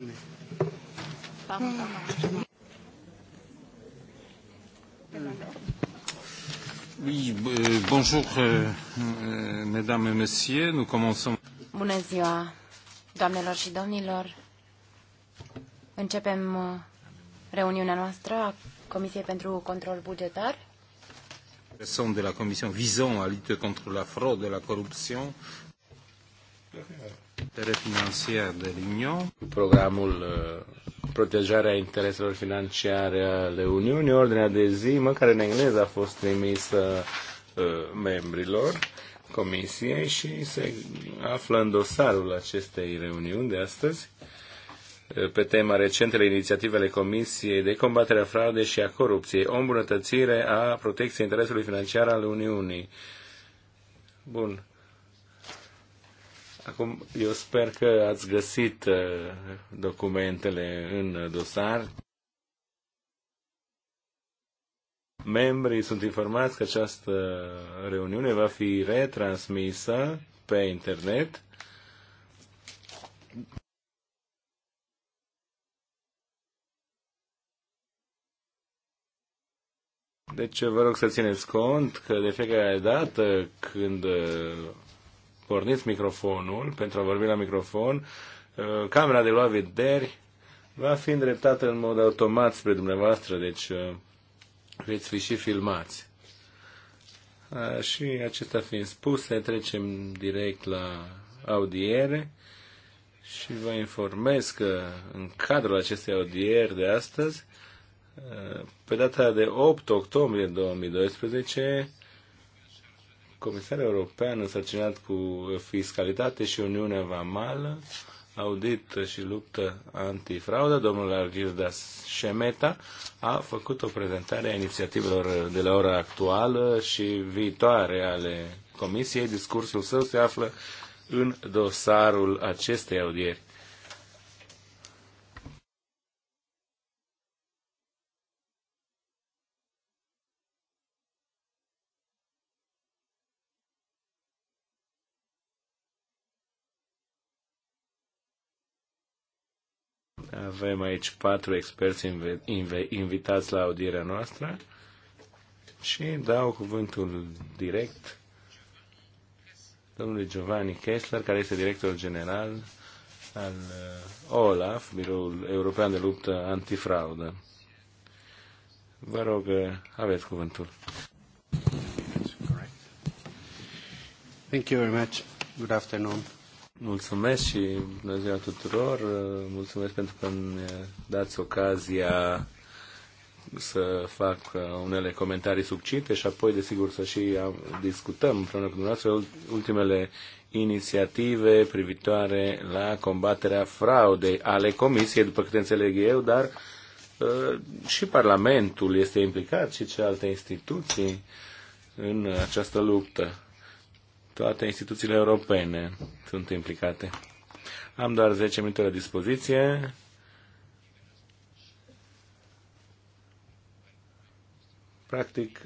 Oui, euh, bonjour, euh, euh, mesdames et messieurs, nous commençons. Bună ziua, doamnelor și domnilor. Începem uh, reuniunea noastră a Comisiei pentru Control Bugetar. Sunt de la Comisie vizant a lutte contra la fraude la corupție d'intérêt financier de l'Union. Programul uh, protejarea intereselor financiare ale Uniunii, ordinea de zi, măcar în engleză a fost trimisă uh, membrilor comisiei și se află în dosarul acestei reuniuni de astăzi uh, pe tema recentele inițiativele Comisiei de combatere a fraudei și a corupției, o îmbunătățire a protecției interesului financiar al Uniunii. Bun. Acum, eu sper că ați găsit uh, documentele în dosar. Membrii sunt informați că această reuniune va fi retransmisă pe internet. Deci vă rog să țineți cont că de fiecare dată când uh, porniți microfonul pentru a vorbi la microfon, uh, camera de luat vederi va fi îndreptată în mod automat spre dumneavoastră, deci uh, veți fi și filmați. Uh, și acesta fiind spuse, trecem direct la audiere și vă informez că în cadrul acestei audieri de astăzi, pe data de 8 octombrie 2012, Comisarul European însărcinat cu fiscalitate și Uniunea Vamală, audit și luptă antifraudă, domnul Argirdas Șemeta, a făcut o prezentare a inițiativelor de la ora actuală și viitoare ale Comisiei. Discursul său se află în dosarul acestei audieri. avem aici patru experți inv- inv- invitați la audierea noastră și dau cuvântul direct domnului Giovanni Kessler, care este director general al uh, OLAF, Biroul European de Luptă Antifraudă. Vă rog, uh, aveți cuvântul. Thank you very much. Good afternoon. Mulțumesc și bună ziua tuturor. Mulțumesc pentru că îmi dați ocazia să fac unele comentarii subcinte și apoi, desigur, să și discutăm împreună cu dumneavoastră ultimele inițiative privitoare la combaterea fraudei ale Comisiei, după câte înțeleg eu, dar uh, și Parlamentul este implicat și celelalte instituții în această luptă toate instituțiile europene sunt implicate. Am doar 10 minute la dispoziție. Practic,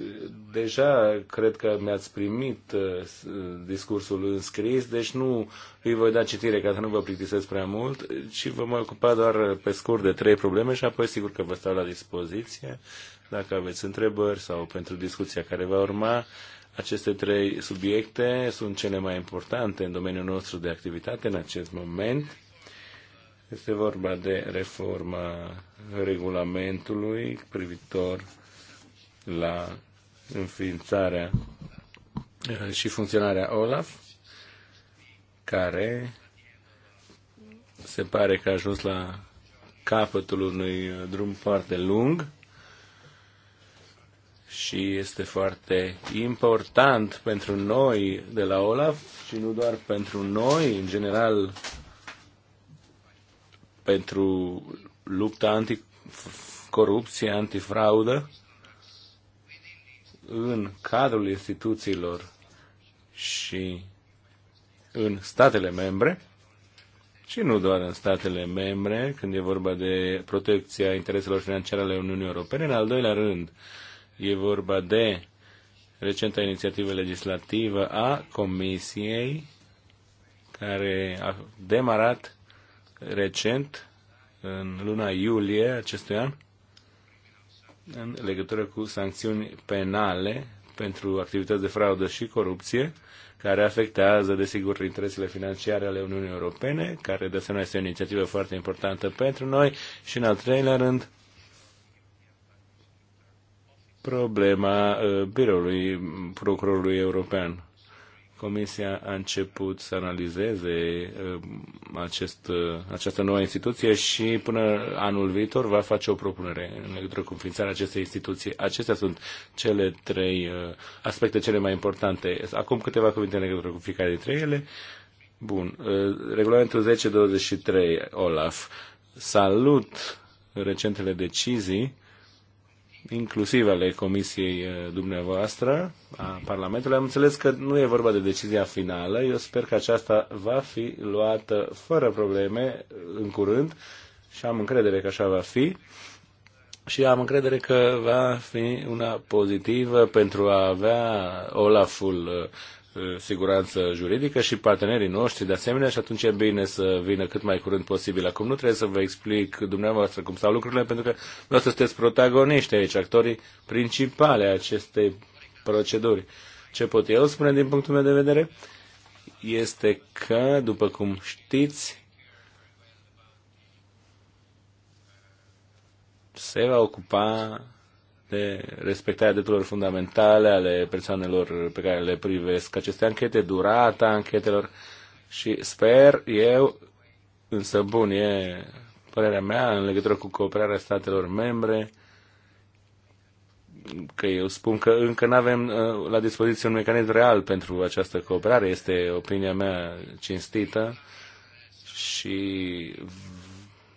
deja cred că mi-ați primit uh, uh, discursul în scris, deci nu îi voi da citire ca să nu vă plictisesc prea mult, ci vă mă ocupa doar pe scurt de trei probleme și apoi sigur că vă stau la dispoziție dacă aveți întrebări sau pentru discuția care va urma aceste trei subiecte sunt cele mai importante în domeniul nostru de activitate în acest moment. Este vorba de reforma regulamentului privitor la înființarea eh, și funcționarea OLAF, care se pare că a ajuns la capătul unui eh, drum foarte lung și este foarte important pentru noi de la OLAF și nu doar pentru noi, în general pentru lupta anticorupție, antifraudă în cadrul instituțiilor și în statele membre și nu doar în statele membre, când e vorba de protecția intereselor financiare ale Uniunii Europene, în al doilea rând, E vorba de recenta inițiativă legislativă a Comisiei care a demarat recent, în luna iulie acestui an, în legătură cu sancțiuni penale pentru activități de fraudă și corupție, care afectează, desigur, interesele financiare ale Uniunii Europene, care de asemenea este o inițiativă foarte importantă pentru noi și, în al treilea rând, problema uh, biroului procurorului european. Comisia a început să analizeze uh, acest, uh, această nouă instituție și până anul viitor va face o propunere în legătură cu înființarea acestei instituții. Acestea sunt cele trei aspecte cele mai importante. Acum câteva cuvinte în legătură cu fiecare dintre ele. Bun. Regulamentul 1023 OLAF. Salut recentele decizii inclusiv ale comisiei eh, dumneavoastră, a Parlamentului. Am înțeles că nu e vorba de decizia finală. Eu sper că aceasta va fi luată fără probleme eh, în curând și am încredere că așa va fi și am încredere că va fi una pozitivă pentru a avea Olaful eh, Uh, siguranță juridică și partenerii noștri de asemenea și atunci e bine să vină cât mai curând posibil. Acum nu trebuie să vă explic dumneavoastră cum stau lucrurile pentru că să sunteți protagoniști aici, actorii principale a acestei proceduri. Ce pot eu spune din punctul meu de vedere este că, după cum știți, se va ocupa de respectarea drepturilor fundamentale ale persoanelor pe care le privesc aceste anchete, durata anchetelor și sper eu, însă bun, e părerea mea în legătură cu cooperarea statelor membre, că eu spun că încă nu avem uh, la dispoziție un mecanism real pentru această cooperare, este opinia mea cinstită și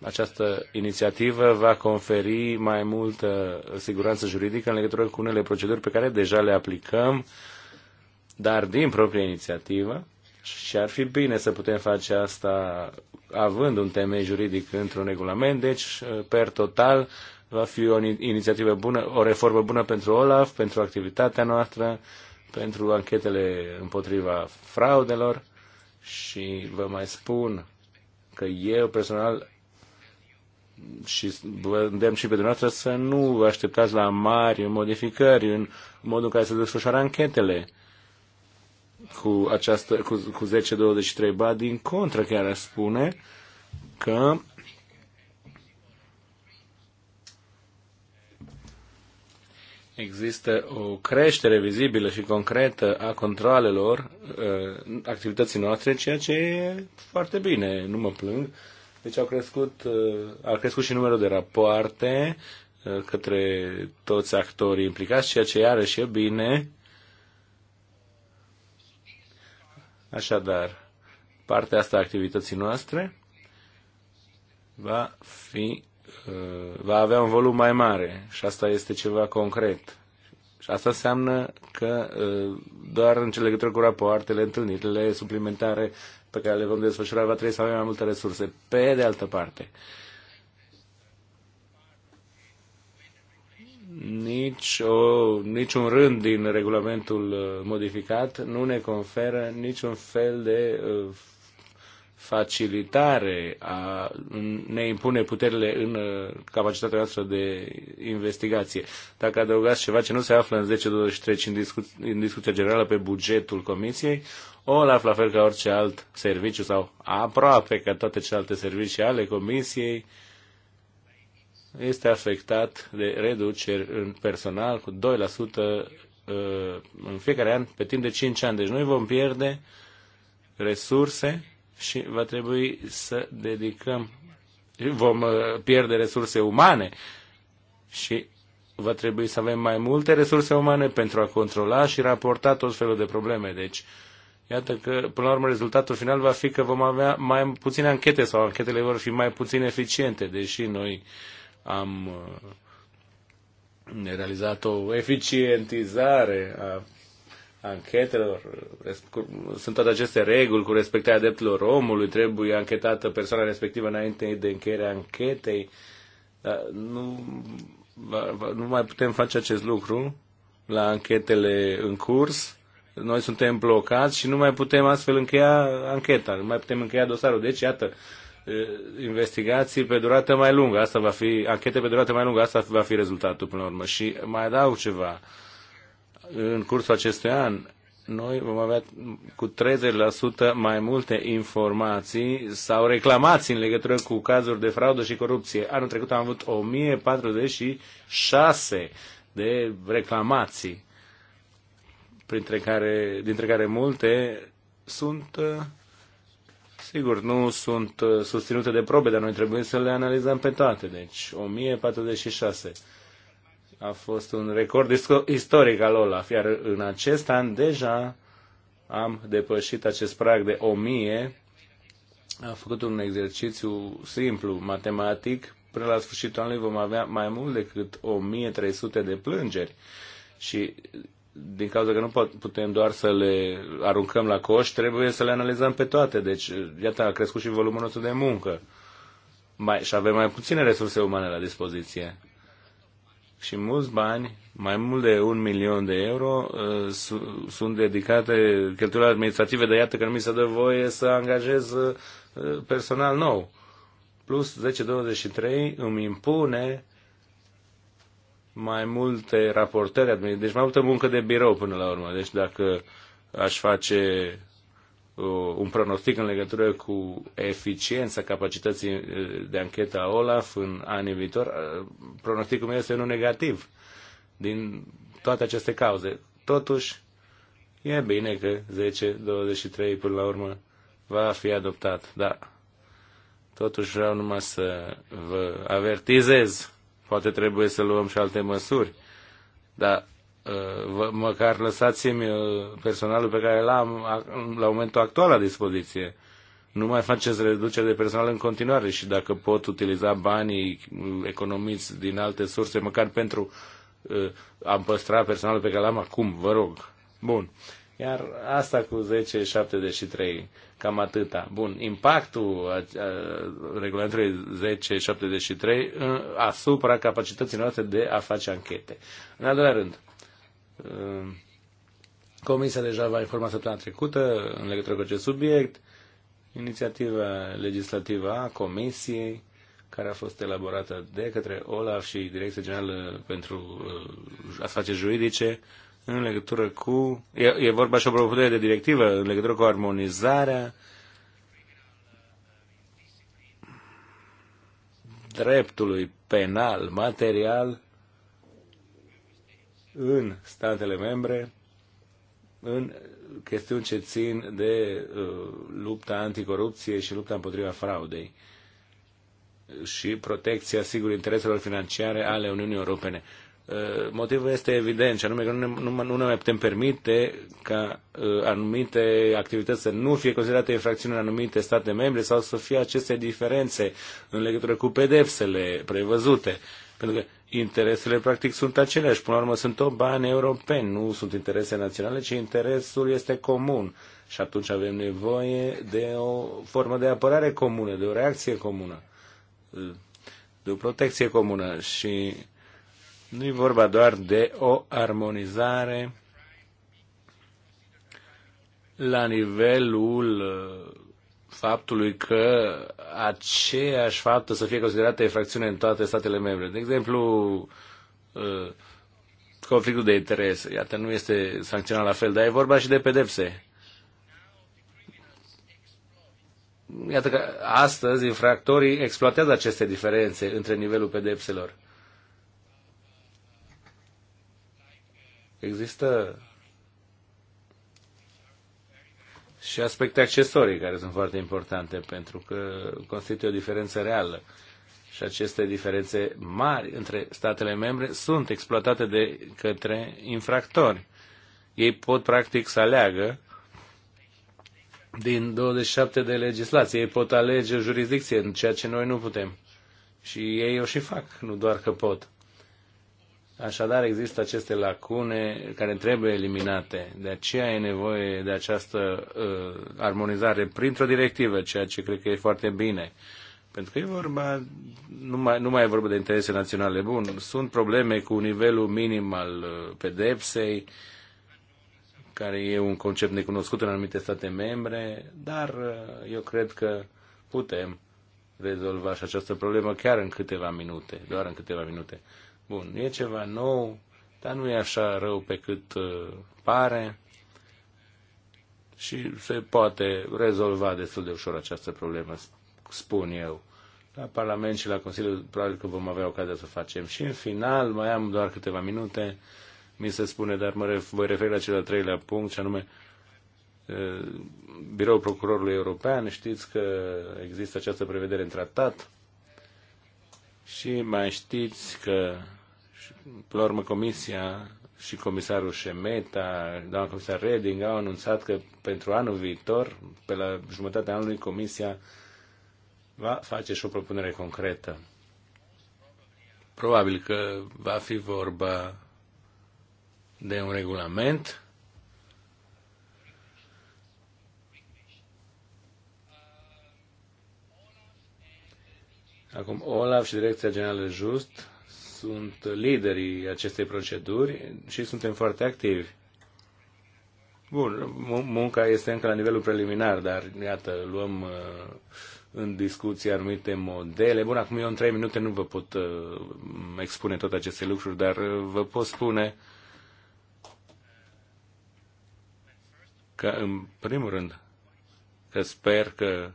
această inițiativă va conferi mai multă siguranță juridică în legătură cu unele proceduri pe care deja le aplicăm, dar din propria inițiativă. Și ar fi bine să putem face asta având un temei juridic într-un regulament, deci, per total, va fi o inițiativă bună, o reformă bună pentru OLAF, pentru activitatea noastră, pentru anchetele împotriva fraudelor și vă mai spun că eu personal și vă îndemn și pe dumneavoastră să nu vă așteptați la mari modificări în modul în care se desfășoară anchetele cu, această, cu, cu 10-23 ba, din contră chiar spune că există o creștere vizibilă și concretă a controlelor uh, activității noastre, ceea ce e foarte bine, nu mă plâng. Deci au crescut, uh, a crescut și numărul de rapoarte uh, către toți actorii implicați, ceea ce iarăși e bine. Așadar, partea asta a activității noastre va fi uh, va avea un volum mai mare și asta este ceva concret. Și asta înseamnă că doar în cele legătură cu rapoartele, întâlnirile suplimentare pe care le vom desfășura va trebui să avem mai multe resurse. Pe de altă parte, nici, o, nici un rând din regulamentul uh, modificat nu ne conferă niciun fel de uh, facilitare a ne impune puterile în uh, capacitatea noastră de investigație. Dacă adăugați ceva ce nu se află în 23 în, discu- în discuția generală pe bugetul comisiei, OLAF, la fel ca orice alt serviciu sau aproape ca toate celelalte servicii ale comisiei, este afectat de reduceri în personal cu 2% uh, în fiecare an pe timp de 5 ani. Deci noi vom pierde resurse și va trebui să dedicăm, vom uh, pierde resurse umane și va trebui să avem mai multe resurse umane pentru a controla și raporta tot felul de probleme. Deci, iată că, până la urmă, rezultatul final va fi că vom avea mai puține anchete sau anchetele vor fi mai puțin eficiente, deși noi am uh, realizat o eficientizare a anchetelor, sunt toate aceste reguli cu respectarea drepturilor omului, trebuie anchetată persoana respectivă înainte de încheierea anchetei. Dar nu, nu mai putem face acest lucru la anchetele în curs. Noi suntem blocați și nu mai putem astfel încheia ancheta, nu mai putem încheia dosarul. Deci, iată, investigații pe durată mai lungă, asta va fi, anchete pe durată mai lungă, asta va fi rezultatul până la urmă. Și mai adaug ceva în cursul acestui an noi vom avea cu 30% mai multe informații sau reclamații în legătură cu cazuri de fraudă și corupție. Anul trecut am avut 1046 de reclamații, printre care, dintre care multe sunt, uh, sigur, nu sunt uh, susținute de probe, dar noi trebuie să le analizăm pe toate. Deci, 1046. A fost un record istoric al Olaf, iar în acest an deja am depășit acest prag de 1000. Am făcut un exercițiu simplu, matematic. Până la sfârșitul anului vom avea mai mult decât 1300 de plângeri. Și din cauza că nu putem doar să le aruncăm la coș, trebuie să le analizăm pe toate. Deci, iată, a crescut și volumul nostru de muncă. Mai, și avem mai puține resurse umane la dispoziție și mulți bani, mai mult de un milion de euro, uh, sunt dedicate cheltuielor administrative, de iată că nu mi se dă voie să angajez uh, personal nou. Plus 10-23 îmi impune mai multe raportări, deci mai multă muncă de birou până la urmă. Deci dacă aș face Uh, un pronostic în legătură cu eficiența capacității uh, de anchetă a OLAF în anii viitor, uh, pronosticul meu este unul negativ din toate aceste cauze. Totuși, e bine că 10-23 până la urmă va fi adoptat, da. Totuși vreau numai să vă avertizez. Poate trebuie să luăm și alte măsuri. Dar Uh, măcar lăsați-mi uh, personalul pe care l-am la momentul actual la dispoziție. Nu mai faceți reducere de personal în continuare și dacă pot utiliza banii uh, economiți din alte surse, măcar pentru a păstra personalul pe care l-am acum, vă rog. Bun. Iar asta cu 10.73, cam atâta. Bun, impactul a, a, regulamentului 10.73 asupra capacității noastre de a face anchete. În al doilea rând, Ehm, comisia deja va informa săptămâna trecută în legătură cu acest subiect, inițiativa legislativă a Comisiei, care a fost elaborată de către OLAF și Direcția Generală pentru eh, Asfaceri Juridice, în legătură cu... E, e vorba și o propunere de directivă în legătură cu armonizarea dreptului penal, material, în statele membre în chestiuni ce țin de uh, lupta anticorupție și lupta împotriva fraudei și protecția, sigur, intereselor financiare ale Uniunii Europene. Uh, motivul este evident, și anume că nu ne, nu, nu ne mai putem permite ca uh, anumite activități să nu fie considerate infracțiuni în anumite state membre sau să fie aceste diferențe în legătură cu pedepsele prevăzute. Pentru că interesele practic sunt aceleași. Până la urmă sunt tot bani europeni, nu sunt interese naționale, ci interesul este comun. Și atunci avem nevoie de o formă de apărare comună, de o reacție comună, de o protecție comună. Și nu e vorba doar de o armonizare la nivelul faptului că aceeași faptă să fie considerată infracțiune în toate statele membre. De exemplu, uh, conflictul de interes, iată, nu este sancționat la fel, dar e vorba și de pedepse. Iată că astăzi infractorii exploatează aceste diferențe între nivelul pedepselor. Există și aspecte accesorii care sunt foarte importante pentru că constituie o diferență reală. Și aceste diferențe mari între statele membre sunt exploatate de către infractori. Ei pot practic să aleagă din 27 de legislații. Ei pot alege jurisdicție, în ceea ce noi nu putem. Și ei o și fac, nu doar că pot. Așadar, există aceste lacune care trebuie eliminate. De aceea e nevoie de această uh, armonizare printr-o directivă, ceea ce cred că e foarte bine. Pentru că e vorba, nu mai, nu mai e vorba de interese naționale. Bun, sunt probleme cu nivelul minim al uh, pedepsei, care e un concept necunoscut în anumite state membre, dar uh, eu cred că putem rezolva și această problemă chiar în câteva minute, doar în câteva minute. Bun, e ceva nou, dar nu e așa rău pe cât uh, pare și se poate rezolva destul de ușor această problemă, spun eu. La Parlament și la Consiliu probabil că vom avea ocazia să facem. Și în final, mai am doar câteva minute, mi se spune, dar mă ref, voi referi la cel al treilea punct, și anume uh, Biroul Procurorului European. Știți că există această prevedere în tratat și mai știți că, pe urmă, Comisia și comisarul Șemeta, doamna comisar Reding, au anunțat că pentru anul viitor, pe la jumătatea anului, Comisia va face și o propunere concretă. Probabil că va fi vorba de un regulament Acum, OLAF și Direcția Generală Just sunt liderii acestei proceduri și suntem foarte activi. Bun, munca este încă la nivelul preliminar, dar iată, luăm uh, în discuție anumite modele. Bun, acum eu în trei minute nu vă pot uh, expune toate aceste lucruri, dar uh, vă pot spune că, în primul rând, că sper că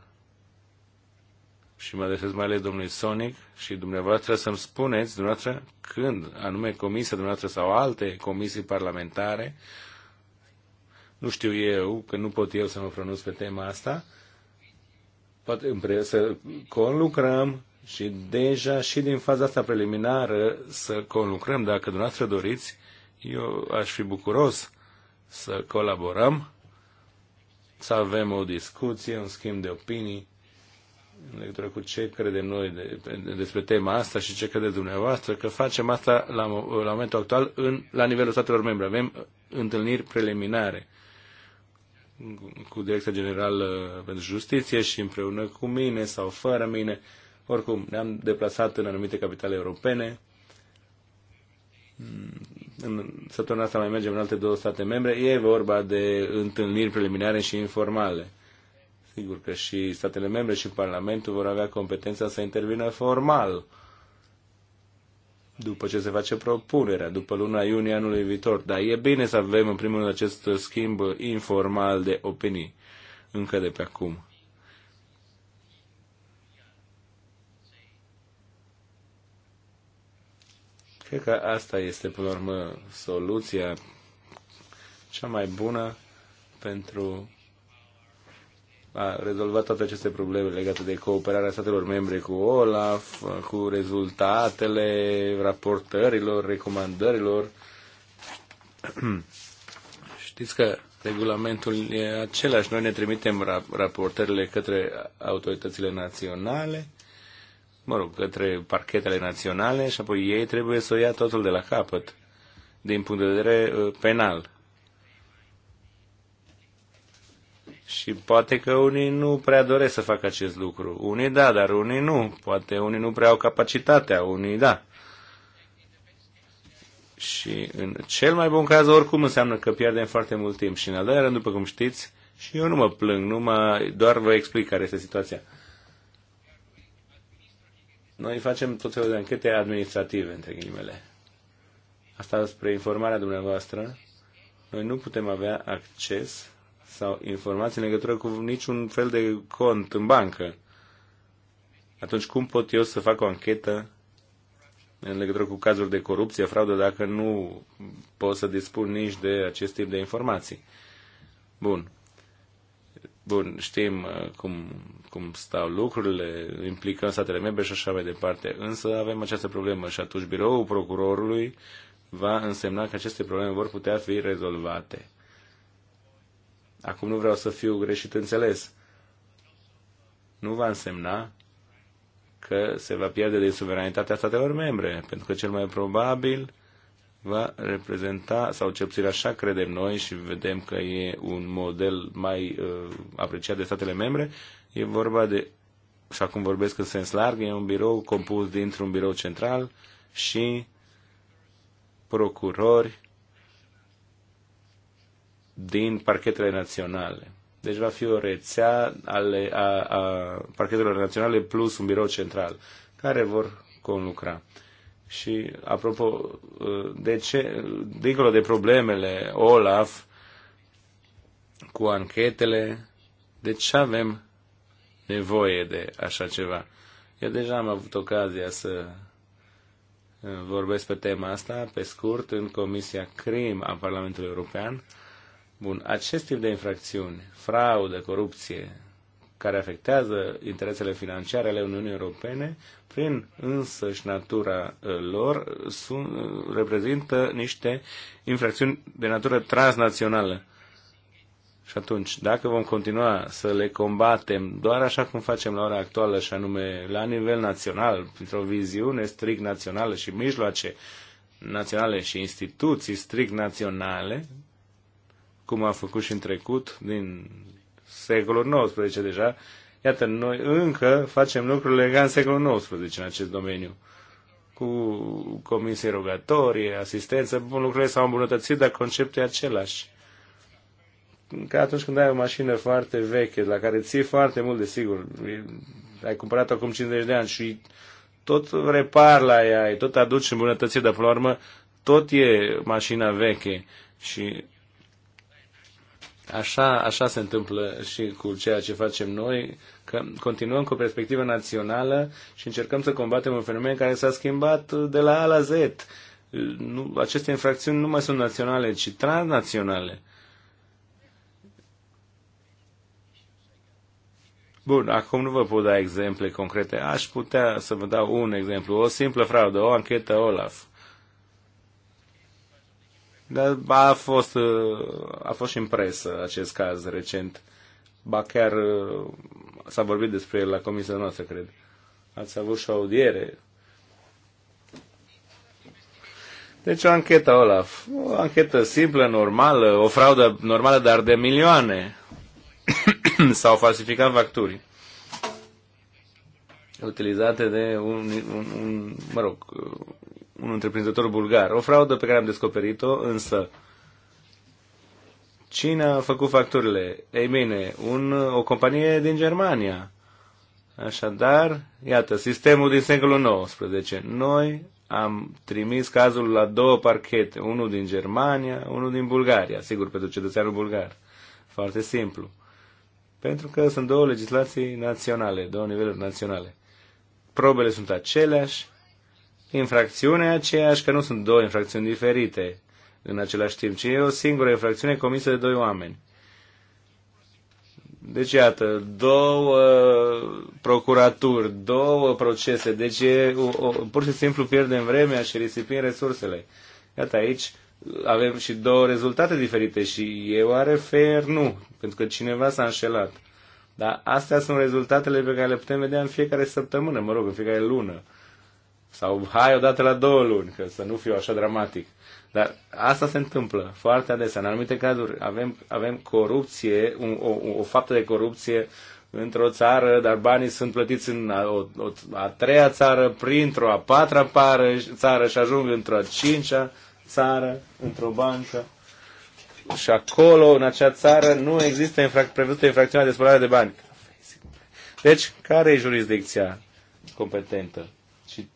și mă adresez mai ales domnului Sonic și dumneavoastră să-mi spuneți, dumneavoastră, când anume comisia dumneavoastră sau alte comisii parlamentare, nu știu eu, că nu pot eu să mă pronunț pe tema asta, poate împreună să conlucrăm și deja și din faza asta preliminară să conlucrăm, dacă dumneavoastră doriți, eu aș fi bucuros să colaborăm, să avem o discuție, un schimb de opinii, în legătură cu ce credem noi de, de, despre tema asta și ce crede dumneavoastră, că facem asta la, la momentul actual în, la nivelul statelor membre. Avem uh, întâlniri preliminare cu Direcția Generală pentru Justiție și împreună cu mine sau fără mine. Oricum, ne-am deplasat în anumite capitale europene. Mm, în săptămâna asta mai mergem în alte două state membre. E vorba de întâlniri preliminare și informale Sigur că și statele membre și Parlamentul vor avea competența să intervină formal după ce se face propunerea, după luna iunie anului viitor. Dar e bine să avem în primul rând acest schimb informal de opinii încă de pe acum. Cred că asta este, până la urmă, soluția cea mai bună pentru a rezolvat toate aceste probleme legate de cooperarea statelor membre cu OLAF, cu rezultatele raportărilor, recomandărilor. Știți că regulamentul e același. Noi ne trimitem raportările către autoritățile naționale, mă rog, către parchetele naționale și apoi ei trebuie să o ia totul de la capăt din punct de vedere uh, penal. Și poate că unii nu prea doresc să facă acest lucru. Unii da, dar unii nu. Poate unii nu prea au capacitatea, unii da. Și în cel mai bun caz, oricum înseamnă că pierdem foarte mult timp. Și în al doilea rând, după cum știți, și eu nu mă plâng, nu mă, doar vă explic care este situația. Noi facem tot felul de anchete administrative, între ghilimele. Asta spre informarea dumneavoastră. Noi nu putem avea acces sau informații în legătură cu niciun fel de cont în bancă. Atunci cum pot eu să fac o anchetă în legătură cu cazuri de corupție, fraudă, dacă nu pot să dispun nici de acest tip de informații? Bun. Bun, știm uh, cum, cum stau lucrurile, implicăm statele membre și așa mai departe, însă avem această problemă și atunci biroul procurorului va însemna că aceste probleme vor putea fi rezolvate. Acum nu vreau să fiu greșit înțeles. Nu va însemna că se va pierde din suveranitatea statelor membre, pentru că cel mai probabil va reprezenta, sau cel puțin așa credem noi și vedem că e un model mai uh, apreciat de statele membre, e vorba de, și acum vorbesc în sens larg, e un birou compus dintr-un birou central și procurori din parchetele naționale. Deci va fi o rețea ale, a, a parchetelor naționale plus un birou central, care vor conlucra. Și, apropo, de ce, dincolo de problemele OLAF cu anchetele, de ce avem nevoie de așa ceva? Eu deja am avut ocazia să vorbesc pe tema asta, pe scurt, în Comisia CRIM a Parlamentului European, Bun, acest tip de infracțiuni, fraudă, corupție, care afectează interesele financiare ale Uniunii Europene, prin însăși natura uh, lor, sunt, uh, reprezintă niște infracțiuni de natură transnațională. Și atunci, dacă vom continua să le combatem doar așa cum facem la ora actuală, și anume la nivel național, printr-o viziune strict națională și mijloace naționale și instituții strict naționale, cum am făcut și în trecut, din secolul XIX deja. Iată, noi încă facem lucrurile ca în secolul XIX în acest domeniu cu comisie rogatorie, asistență, bun, lucrurile s-au îmbunătățit, dar conceptul e același. Ca atunci când ai o mașină foarte veche, la care ții foarte mult, desigur, ai cumpărat-o acum 50 de ani și tot repar la ea, tot aduci îmbunătățiri, dar până la urmă tot e mașina veche și Așa, așa se întâmplă și cu ceea ce facem noi, că continuăm cu o perspectivă națională și încercăm să combatem un fenomen care s-a schimbat de la A la Z. Nu, aceste infracțiuni nu mai sunt naționale, ci transnaționale. Bun, acum nu vă pot da exemple concrete. Aș putea să vă dau un exemplu, o simplă fraudă, o anchetă OLAF dar a fost, uh, a fost și în presă acest caz recent. Ba chiar uh, s-a vorbit despre el la comisia noastră, cred. Ați avut și o audiere. Deci o anchetă, Olaf. O anchetă simplă, normală, o fraudă normală, dar de milioane. S-au falsificat facturi utilizate de un, un, un mă rog, un întreprinzător bulgar. O fraudă pe care am descoperit-o, însă cine a făcut facturile? Ei bine, un, o companie din Germania. Așadar, iată, sistemul din secolul XIX. Noi am trimis cazul la două parchete, unul din Germania, unul din Bulgaria, sigur, pentru cetățeanul bulgar. Foarte simplu. Pentru că sunt două legislații naționale, două niveluri naționale. Probele sunt aceleași, infracțiunea aceeași, că nu sunt două infracțiuni diferite în același timp, ci e o singură infracțiune comisă de doi oameni. Deci, iată, două procuraturi, două procese, deci e, o, o, pur și simplu pierdem vremea și risipim resursele. Iată, aici avem și două rezultate diferite și e are fer, Nu, pentru că cineva s-a înșelat. Dar astea sunt rezultatele pe care le putem vedea în fiecare săptămână, mă rog, în fiecare lună. Sau hai odată la două luni, că să nu fiu așa dramatic. Dar asta se întâmplă foarte adesea. În anumite cazuri avem, avem corupție, un, o, o faptă de corupție într-o țară, dar banii sunt plătiți în a, o, o, a treia țară, printr-o a patra pară, țară și ajung într-o a cincea țară, într-o bancă. Și acolo, în acea țară, nu există infrac- prevăzută infracțiunea de spălare de bani. Deci, care e jurisdicția competentă? Și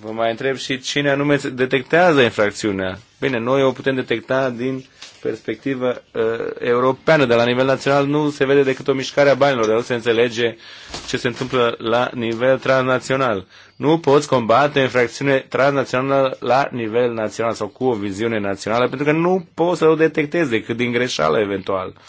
Vă mai întreb și cine anume detectează infracțiunea. Bine, noi o putem detecta din perspectivă uh, europeană, de la nivel național nu se vede decât o mișcare a banilor, dar nu se înțelege ce se întâmplă la nivel transnațional. Nu poți combate infracțiune transnațională la nivel național sau cu o viziune națională, pentru că nu poți să o detectezi decât din greșeală eventual. Uh,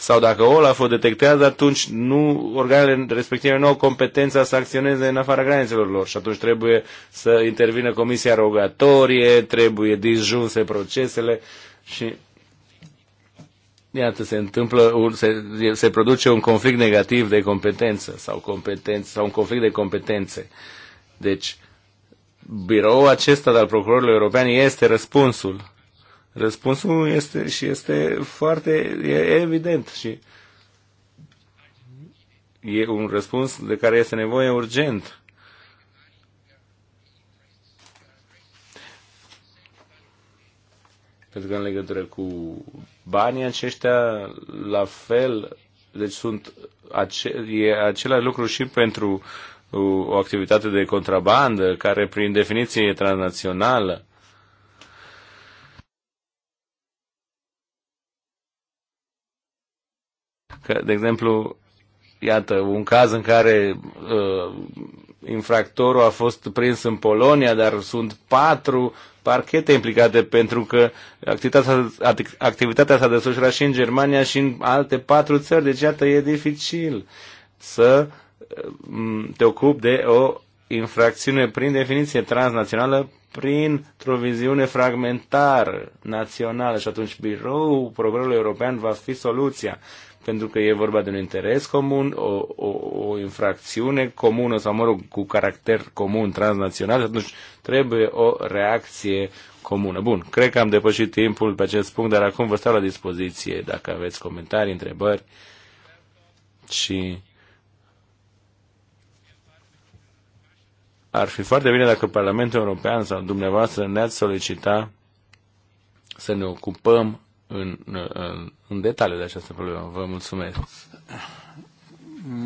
sau dacă Olaf o detectează, atunci nu, organele respective nu au competența să acționeze în afara granițelor lor și atunci trebuie să intervină comisia rogatorie, trebuie disjunse procesele și iată, se întâmplă, se, se produce un conflict negativ de competență sau, competență, sau un conflict de competențe. Deci, biroul acesta al procurorilor europeani este răspunsul Răspunsul este și este foarte e evident și e un răspuns de care este nevoie urgent. Pentru că în legătură cu banii aceștia, la fel, deci sunt ace- e același lucru și pentru uh, o activitate de contrabandă, care prin definiție e transnațională. Că, de exemplu, iată, un caz în care uh, infractorul a fost prins în Polonia, dar sunt patru parchete implicate pentru că activitatea, activitatea s-a desfășurat și în Germania și în alte patru țări, deci iată, e dificil să uh, te ocupi de o infracțiune prin definiție transnațională printr-o viziune fragmentară națională și atunci biroul programului european va fi soluția pentru că e vorba de un interes comun, o, o, o infracțiune comună sau, mă rog, cu caracter comun, transnațional, atunci trebuie o reacție comună. Bun, cred că am depășit timpul pe acest punct, dar acum vă stau la dispoziție dacă aveți comentarii, întrebări și ar fi foarte bine dacă Parlamentul European sau dumneavoastră ne-ați solicita să ne ocupăm în, în, în detaliu de această problemă. Vă mulțumesc.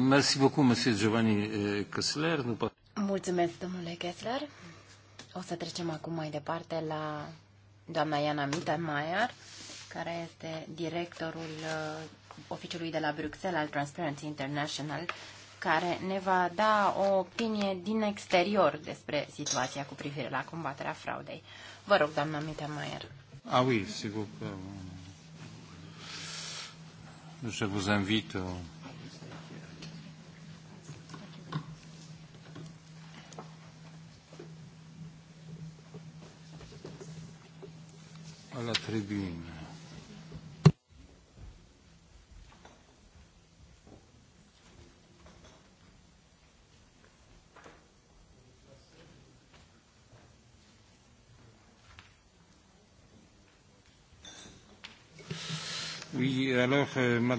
Mersi beaucoup, monsieur Giovanni eh, Kessler. Mulțumesc, domnule Kessler. O să trecem acum mai departe la doamna Iana Mittermeier, care este directorul eh, oficiului de la Bruxelles al Transparency International, care ne va da o opinie din exterior despre situația cu privire la combaterea fraudei. Vă rog, doamna Mittermeier. Ah oui, sigur că... Je vous invite. la tribune.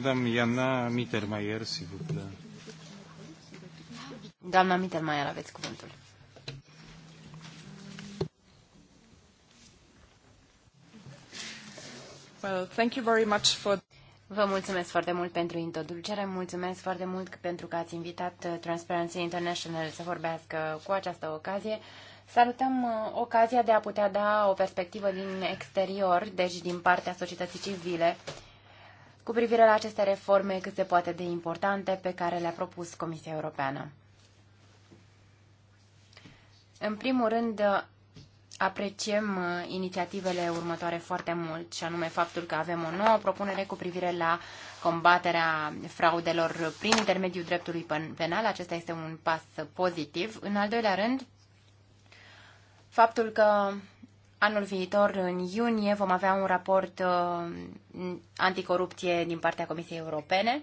Madame Iana Mittermeier, s'il vous plaît. Doamna Mittermeier, aveți cuvântul. Well, thank you very much for... Vă mulțumesc foarte mult pentru introducere, mulțumesc foarte mult pentru că ați invitat uh, Transparency International să vorbească cu această ocazie. Salutăm uh, ocazia de a putea da o perspectivă din exterior, deci din partea societății civile, cu privire la aceste reforme cât se poate de importante pe care le-a propus Comisia Europeană. În primul rând, apreciem uh, inițiativele următoare foarte mult, și anume faptul că avem o nouă propunere cu privire la combaterea fraudelor prin intermediul dreptului penal. Acesta este un pas pozitiv. În al doilea rând, faptul că Anul viitor, în iunie, vom avea un raport uh, anticorupție din partea Comisiei Europene,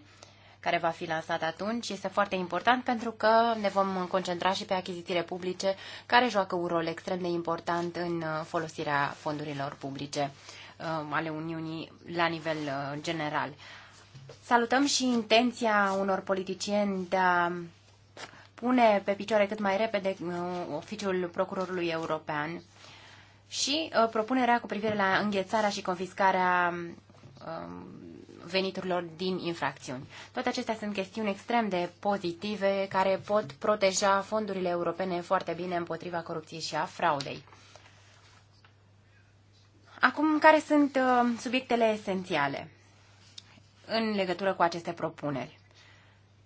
care va fi lansat atunci. Este foarte important pentru că ne vom concentra și pe achizițiile publice, care joacă un rol extrem de important în uh, folosirea fondurilor publice uh, ale Uniunii la nivel uh, general. Salutăm și intenția unor politicieni de a pune pe picioare cât mai repede uh, oficiul procurorului european și uh, propunerea cu privire la înghețarea și confiscarea um, veniturilor din infracțiuni. Toate acestea sunt chestiuni extrem de pozitive care pot proteja fondurile europene foarte bine împotriva corupției și a fraudei. Acum, care sunt uh, subiectele esențiale în legătură cu aceste propuneri?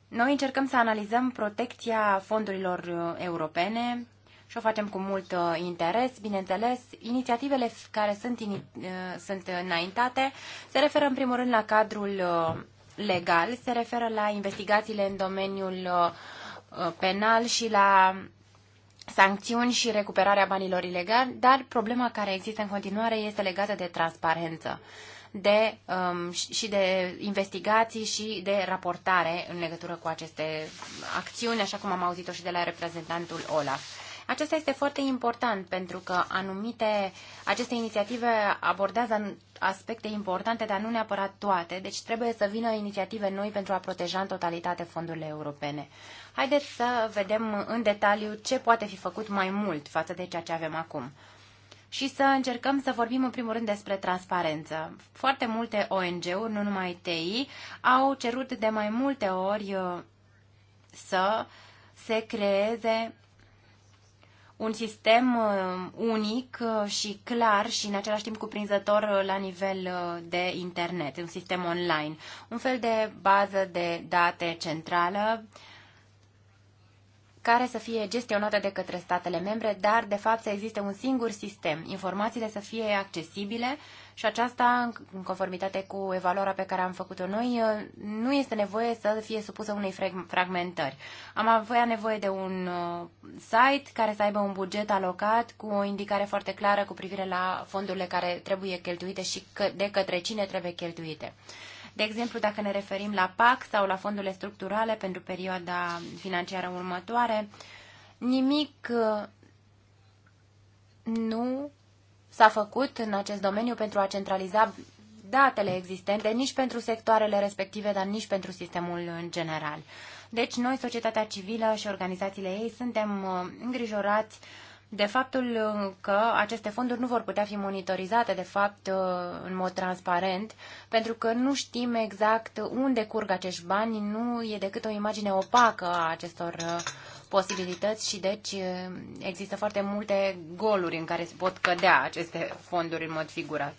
Noi încercăm să analizăm protecția fondurilor uh, europene și o facem cu mult uh, interes. Bineînțeles, inițiativele care sunt, in, uh, sunt înaintate se referă în primul rând la cadrul uh, legal, se referă la investigațiile în domeniul penal și la sancțiuni și recuperarea banilor ilegali, dar problema care există în continuare este legată de transparență de, um, și de investigații și de raportare în legătură cu aceste acțiuni, așa cum am auzit-o și de la reprezentantul Olaf. Acesta este foarte important pentru că anumite, aceste inițiative abordează aspecte importante, dar nu neapărat toate, deci trebuie să vină inițiative noi pentru a proteja în totalitate fondurile europene. Haideți să vedem în detaliu ce poate fi făcut mai mult față de ceea ce avem acum și să încercăm să vorbim în primul rând despre transparență. Foarte multe ONG-uri, nu numai TI, au cerut de mai multe ori uh, să se creeze un sistem uh, unic uh, și clar și în același timp cuprinzător uh, la nivel de internet, un sistem online, un fel de bază de date centrală care să fie gestionată de către statele membre, dar de fapt să existe un singur sistem, informațiile să fie accesibile și aceasta, în conformitate cu evaluarea pe care am făcut-o noi, uh, nu este nevoie să fie supusă unei fragmentări. Am avea nevoie de un uh, site care să aibă un buget alocat cu o indicare foarte clară cu privire la fondurile care trebuie cheltuite și de către cine trebuie cheltuite. De exemplu, dacă ne referim la PAC sau la fondurile structurale pentru perioada financiară următoare, nimic uh, nu s-a făcut în acest domeniu pentru a centraliza datele existente, nici pentru sectoarele respective, dar nici pentru sistemul în general. Deci noi, societatea civilă și organizațiile ei, suntem uh, îngrijorați uh, de faptul uh, că aceste fonduri nu vor putea fi monitorizate, de fapt, uh, în mod transparent, pentru că nu știm exact unde curg acești bani, nu e decât o imagine opacă a acestor uh, posibilități și deci există foarte multe goluri în care se pot cădea aceste fonduri în mod figurat.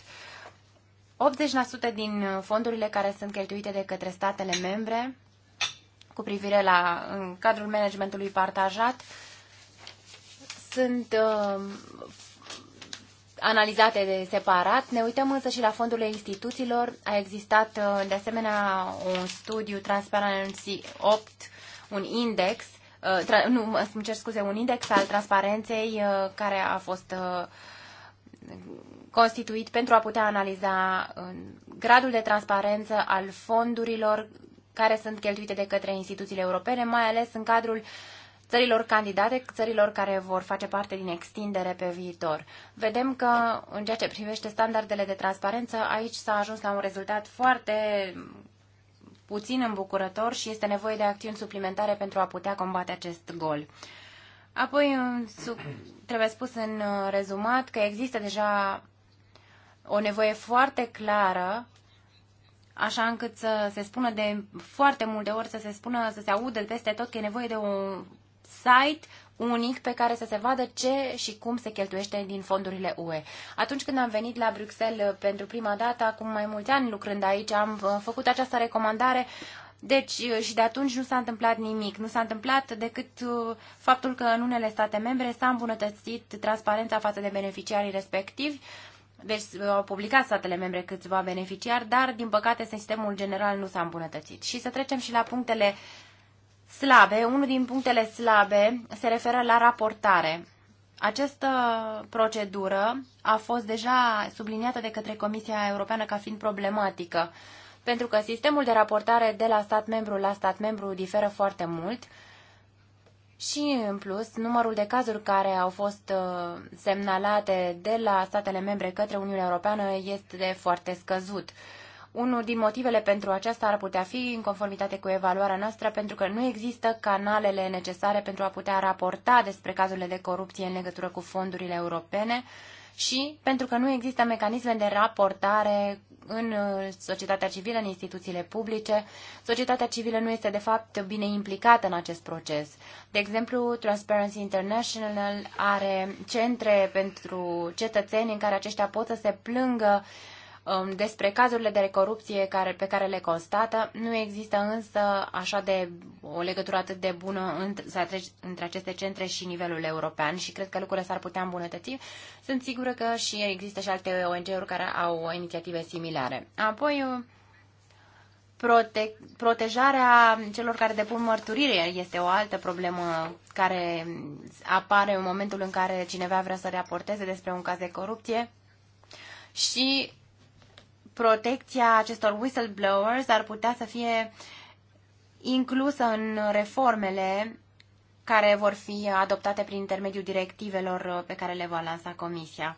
80% din fondurile care sunt cheltuite de către statele membre cu privire la în cadrul managementului partajat sunt uh, analizate de separat. Ne uităm însă și la fondurile instituțiilor. A existat uh, de asemenea un studiu Transparency 8, un index, uh, tra- nu, îmi cer scuze, un index al transparenței uh, care a fost uh, constituit pentru a putea analiza uh, gradul de transparență al fondurilor care sunt cheltuite de către instituțiile europene, mai ales în cadrul uh, țărilor candidate, țărilor care vor face parte din extindere pe viitor. Vedem că, în ceea ce privește standardele de transparență, aici s-a ajuns la un rezultat foarte puțin îmbucurător și este nevoie de acțiuni suplimentare pentru a putea combate acest gol. Apoi, trebuie spus în rezumat că există deja o nevoie foarte clară așa încât să se spună de foarte multe ori, să se spună, să se audă peste tot că e nevoie de o site unic pe care să se vadă ce și cum se cheltuiește din fondurile UE. Atunci când am venit la Bruxelles uh, pentru prima dată, acum mai mulți ani lucrând aici, am uh, făcut această recomandare deci, uh, și de atunci nu s-a întâmplat nimic. Nu s-a întâmplat decât faptul că în unele state membre s-a îmbunătățit transparența față de beneficiarii respectivi. Deci au publicat statele membre câțiva beneficiari, dar din păcate sistemul general nu s-a îmbunătățit. Și să trecem și la punctele uh, slabe, unul din punctele slabe se referă la raportare. Această procedură a fost deja subliniată de către Comisia Europeană ca fiind problematică, pentru că sistemul de raportare de la stat membru la stat membru diferă foarte mult și, în plus, numărul de cazuri care au fost uh, semnalate de la statele membre către Uniunea Europeană este foarte scăzut. Unul din motivele pentru aceasta ar putea fi, în conformitate cu evaluarea noastră, pentru că nu există canalele necesare pentru a putea raporta despre cazurile de corupție în legătură cu fondurile europene și pentru că nu există mecanisme de raportare în uh, societatea civilă, în instituțiile publice. Societatea civilă nu este, de fapt, bine implicată în acest proces. De exemplu, Transparency International are centre pentru cetățeni în care aceștia pot să se plângă uh, Um, despre cazurile de corupție care, pe care le constată. Nu există însă așa de o legătură atât de bună între, între aceste centre și nivelul european și cred că lucrurile s-ar putea îmbunătăți. Sunt sigură că și există și alte ONG-uri care au inițiative similare. Apoi, um, prote- protejarea celor care depun mărturire este o altă problemă care apare în momentul în care cineva vrea să raporteze despre un caz de corupție. Și protecția acestor whistleblowers ar putea să fie inclusă în reformele care vor fi adoptate prin intermediul directivelor pe care le va lansa Comisia.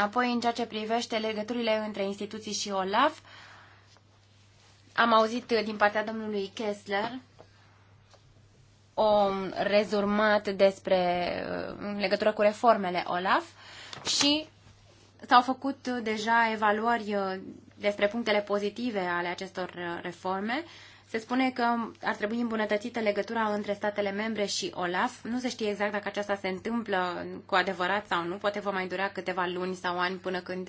Apoi, în ceea ce privește legăturile între instituții și OLAF, am auzit din partea domnului Kessler o rezurmat despre legătură cu reformele OLAF și S-au făcut uh, deja evaluări uh, despre punctele pozitive ale acestor uh, reforme. Se spune că ar trebui îmbunătățită legătura între statele membre și OLAF. Nu se știe exact dacă aceasta se întâmplă cu adevărat sau nu. Poate va mai dura câteva luni sau ani până când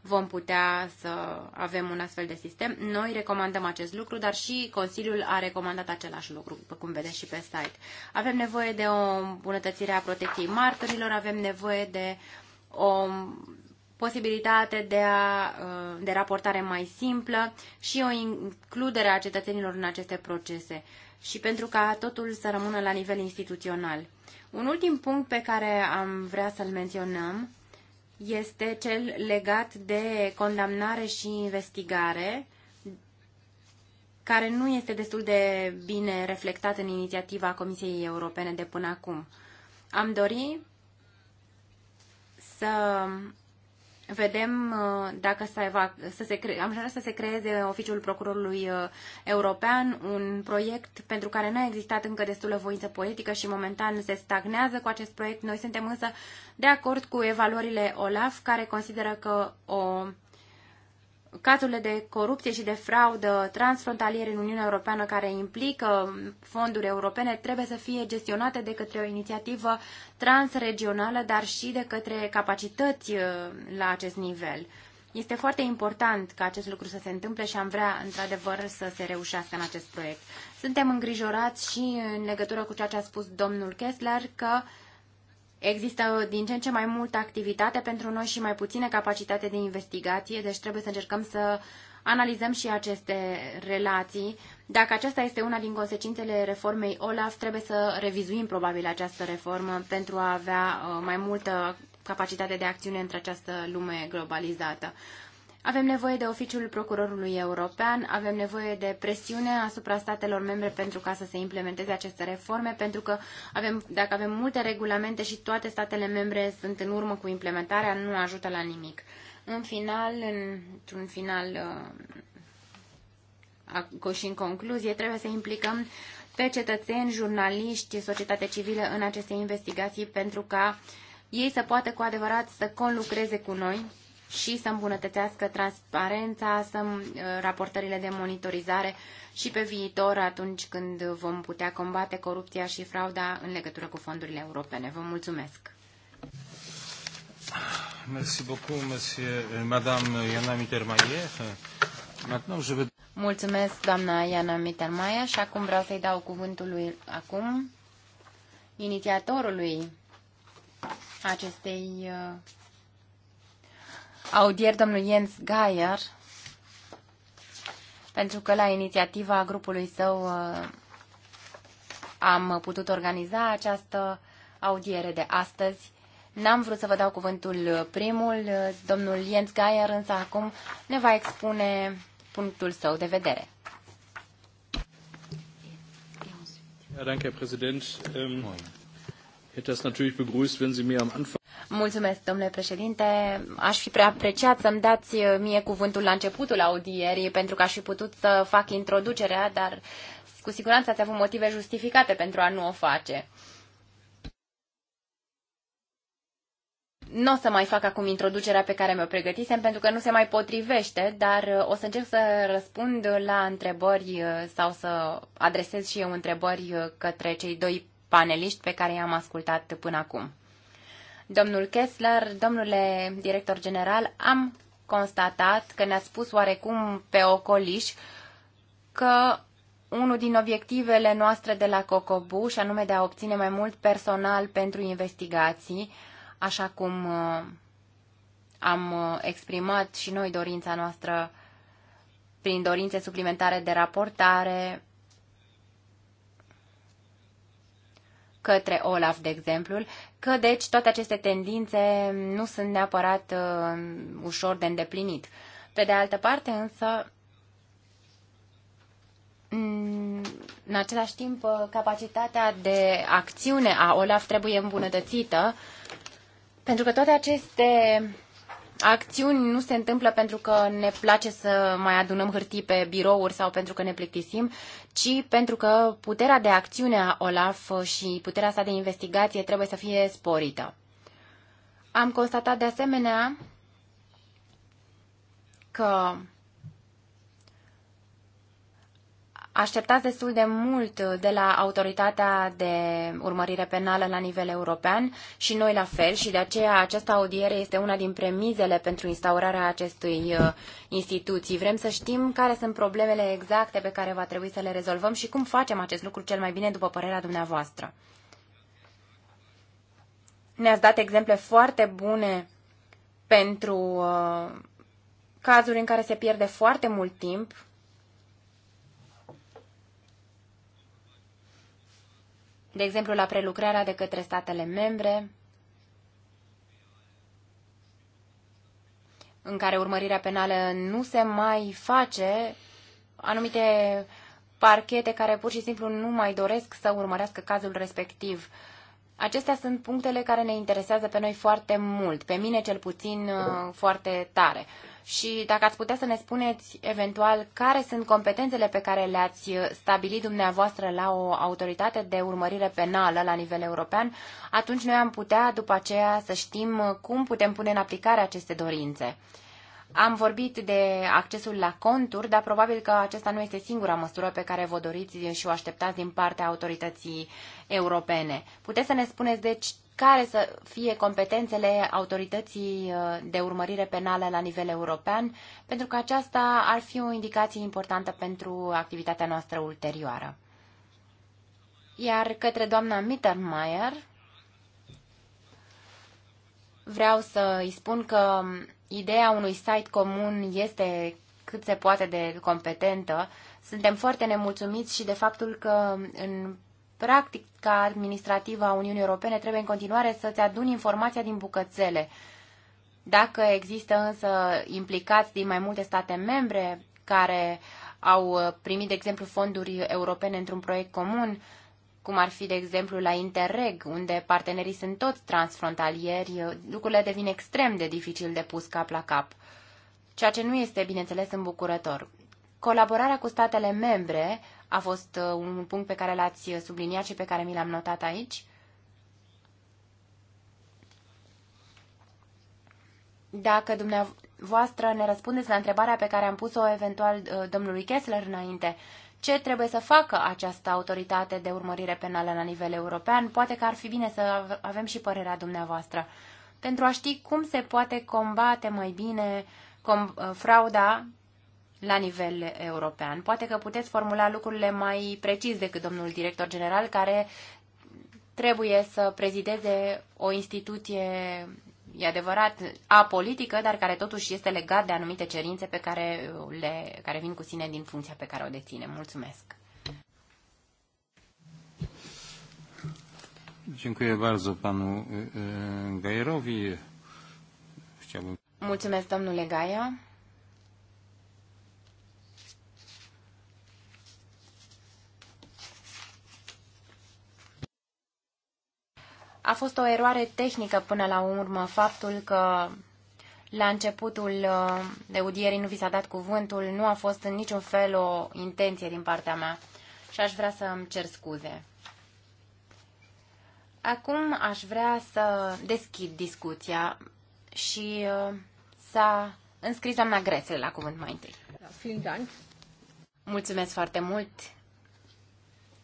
vom putea să avem un astfel de sistem. Noi recomandăm acest lucru, dar și Consiliul a recomandat același lucru, după cum vedeți și pe site. Avem nevoie de o îmbunătățire a protecției martorilor, avem nevoie de o posibilitate de, a, uh, de raportare mai simplă și o includere a cetățenilor în aceste procese și pentru ca totul să rămână la nivel instituțional. Un ultim punct pe care am vrea să-l menționăm este cel legat de condamnare și investigare, care nu este destul de bine reflectat în inițiativa Comisiei Europene de până acum. Am dori să vedem uh, dacă să, să se cre, am încercat să se creeze oficiul procurorului uh, european, un proiect pentru care nu a existat încă destulă voință politică și momentan se stagnează cu acest proiect. Noi suntem însă de acord cu evaluările OLAF, care consideră că o cazurile de corupție și de fraudă transfrontaliere în Uniunea Europeană care implică fonduri europene trebuie să fie gestionate de către o inițiativă transregională, dar și de către capacități uh, la acest nivel. Este foarte important ca acest lucru să se întâmple și am vrea, într-adevăr, să se reușească în acest proiect. Suntem îngrijorați și în legătură cu ceea ce a spus domnul Kessler, că uh, Există din ce în ce mai multă activitate pentru noi și mai puține capacitate de investigație, deci trebuie să încercăm să analizăm și aceste relații. Dacă aceasta este una din consecințele reformei OLAF, trebuie să revizuim probabil această reformă pentru a avea uh, mai multă capacitate de acțiune într această lume globalizată. Avem nevoie de oficiul procurorului european, avem nevoie de presiune asupra statelor membre pentru ca să se implementeze aceste reforme, pentru că avem, dacă avem multe regulamente și toate statele membre sunt în urmă cu implementarea, nu ajută la nimic. În final, într-un final uh, și în concluzie, trebuie să implicăm pe cetățeni, jurnaliști, societate civilă în aceste investigații pentru ca ei să poată cu adevărat să conlucreze cu noi și să îmbunătățească transparența, să uh, raportările de monitorizare și pe viitor atunci când vom putea combate corupția și frauda în legătură cu fondurile europene. Vă mulțumesc! Merci beaucoup, monsieur, euh, madame Iana Maintenant, je vais... Mulțumesc, doamna Iana Mitermaia. și acum vreau să-i dau cuvântul lui acum inițiatorului acestei uh, audier domnul Jens Geier, pentru că la inițiativa grupului său uh, am putut organiza această audiere de astăzi. N-am vrut să vă dau cuvântul primul, domnul Jens Geier însă acum ne va expune punctul său de vedere. Ja, danke, Herr Präsident. Ähm, hätte das natürlich begrüßt, wenn Sie mir am Anfang Mulțumesc, domnule președinte. Aș fi prea apreciat să-mi dați uh, mie cuvântul la începutul audierii, pentru că aș fi putut să fac introducerea, dar cu siguranță ați avut motive justificate pentru a nu o face. Nu o să mai fac acum introducerea pe care mi-o pregătisem, pentru că nu se mai potrivește, dar uh, o să încerc să răspund la întrebări uh, sau să adresez și eu întrebări către cei doi paneliști pe care i-am ascultat până acum domnul Kessler, domnule director general, am constatat că ne-a spus oarecum pe ocoliș că unul din obiectivele noastre de la Cocobu, și anume de a obține mai mult personal pentru investigații, așa cum uh, am uh, exprimat și noi dorința noastră prin dorințe suplimentare de raportare, către Olaf, de exemplu, că deci toate aceste tendințe nu sunt neapărat uh, ușor de îndeplinit. Pe de altă parte, însă, mm, în același timp, uh, capacitatea de acțiune a Olaf trebuie îmbunătățită, pentru că toate aceste acțiuni nu se întâmplă pentru că ne place să mai adunăm hârtii pe birouri sau pentru că ne plictisim, ci pentru că puterea de acțiune a OLAF și puterea sa de investigație trebuie să fie sporită. Am constatat de asemenea că așteptați destul de mult de la autoritatea de urmărire penală la nivel european și noi la fel și de aceea această audiere este una din premizele pentru instaurarea acestui uh, instituții. Vrem să știm care sunt problemele exacte pe care va trebui să le rezolvăm și cum facem acest lucru cel mai bine după părerea dumneavoastră. Ne-ați dat exemple foarte bune pentru uh, cazuri în care se pierde foarte mult timp de exemplu la prelucrarea de către statele membre, în care urmărirea penală nu se mai face, anumite parchete care pur și simplu nu mai doresc să urmărească cazul respectiv. Acestea sunt punctele care ne interesează pe noi foarte mult, pe mine cel puțin uh, foarte tare și dacă ați putea să ne spuneți eventual care sunt competențele pe care le-ați uh, stabilit dumneavoastră la o autoritate de urmărire penală la nivel european, atunci noi am putea după aceea să știm uh, cum putem pune în aplicare aceste dorințe. Am vorbit de accesul la conturi, dar probabil că acesta nu este singura măsură pe care vă doriți și o așteptați din partea autorității europene. Puteți să ne spuneți, deci, care să fie competențele autorității uh, de urmărire penală la nivel european, pentru că aceasta ar fi o indicație importantă pentru activitatea noastră ulterioară. Iar către doamna Mittermeier, vreau să îi spun că ideea unui site comun este cât se poate de competentă. Suntem foarte nemulțumiți și de faptul că în practica administrativă a Uniunii Europene trebuie în continuare să-ți aduni informația din bucățele. Dacă există însă implicați din mai multe state membre care au primit, de exemplu, fonduri europene într-un proiect comun, cum ar fi, de exemplu, la Interreg, unde partenerii sunt toți transfrontalieri, lucrurile devin extrem de dificil de pus cap la cap, ceea ce nu este, bineînțeles, îmbucurător. Colaborarea cu statele membre a fost uh, un punct pe care l-ați uh, subliniat și pe care mi l-am notat aici. Dacă dumneavoastră ne răspundeți la întrebarea pe care am pus-o eventual uh, domnului Kessler înainte, ce trebuie să facă această autoritate de urmărire penală la nivel european, poate că ar fi bine să avem și părerea dumneavoastră pentru a ști cum se poate combate mai bine frauda la nivel european. Poate că puteți formula lucrurile mai precis decât domnul director general, care trebuie să prezideze o instituție, e adevărat, apolitică, dar care totuși este legat de anumite cerințe pe care, le, care vin cu sine din funcția pe care o deține. Mulțumesc! Dziękuję bardzo panu Gajerowi. Chciałbym... Mulțumesc, domnule Gaia. A fost o eroare tehnică până la urmă faptul că la începutul de uh, audierii nu vi s-a dat cuvântul, nu a fost în niciun fel o intenție din partea mea și aș vrea să îmi cer scuze. Acum aș vrea să deschid discuția și uh, să înscris doamna Gresel la cuvânt mai întâi. Da, Mulțumesc foarte mult!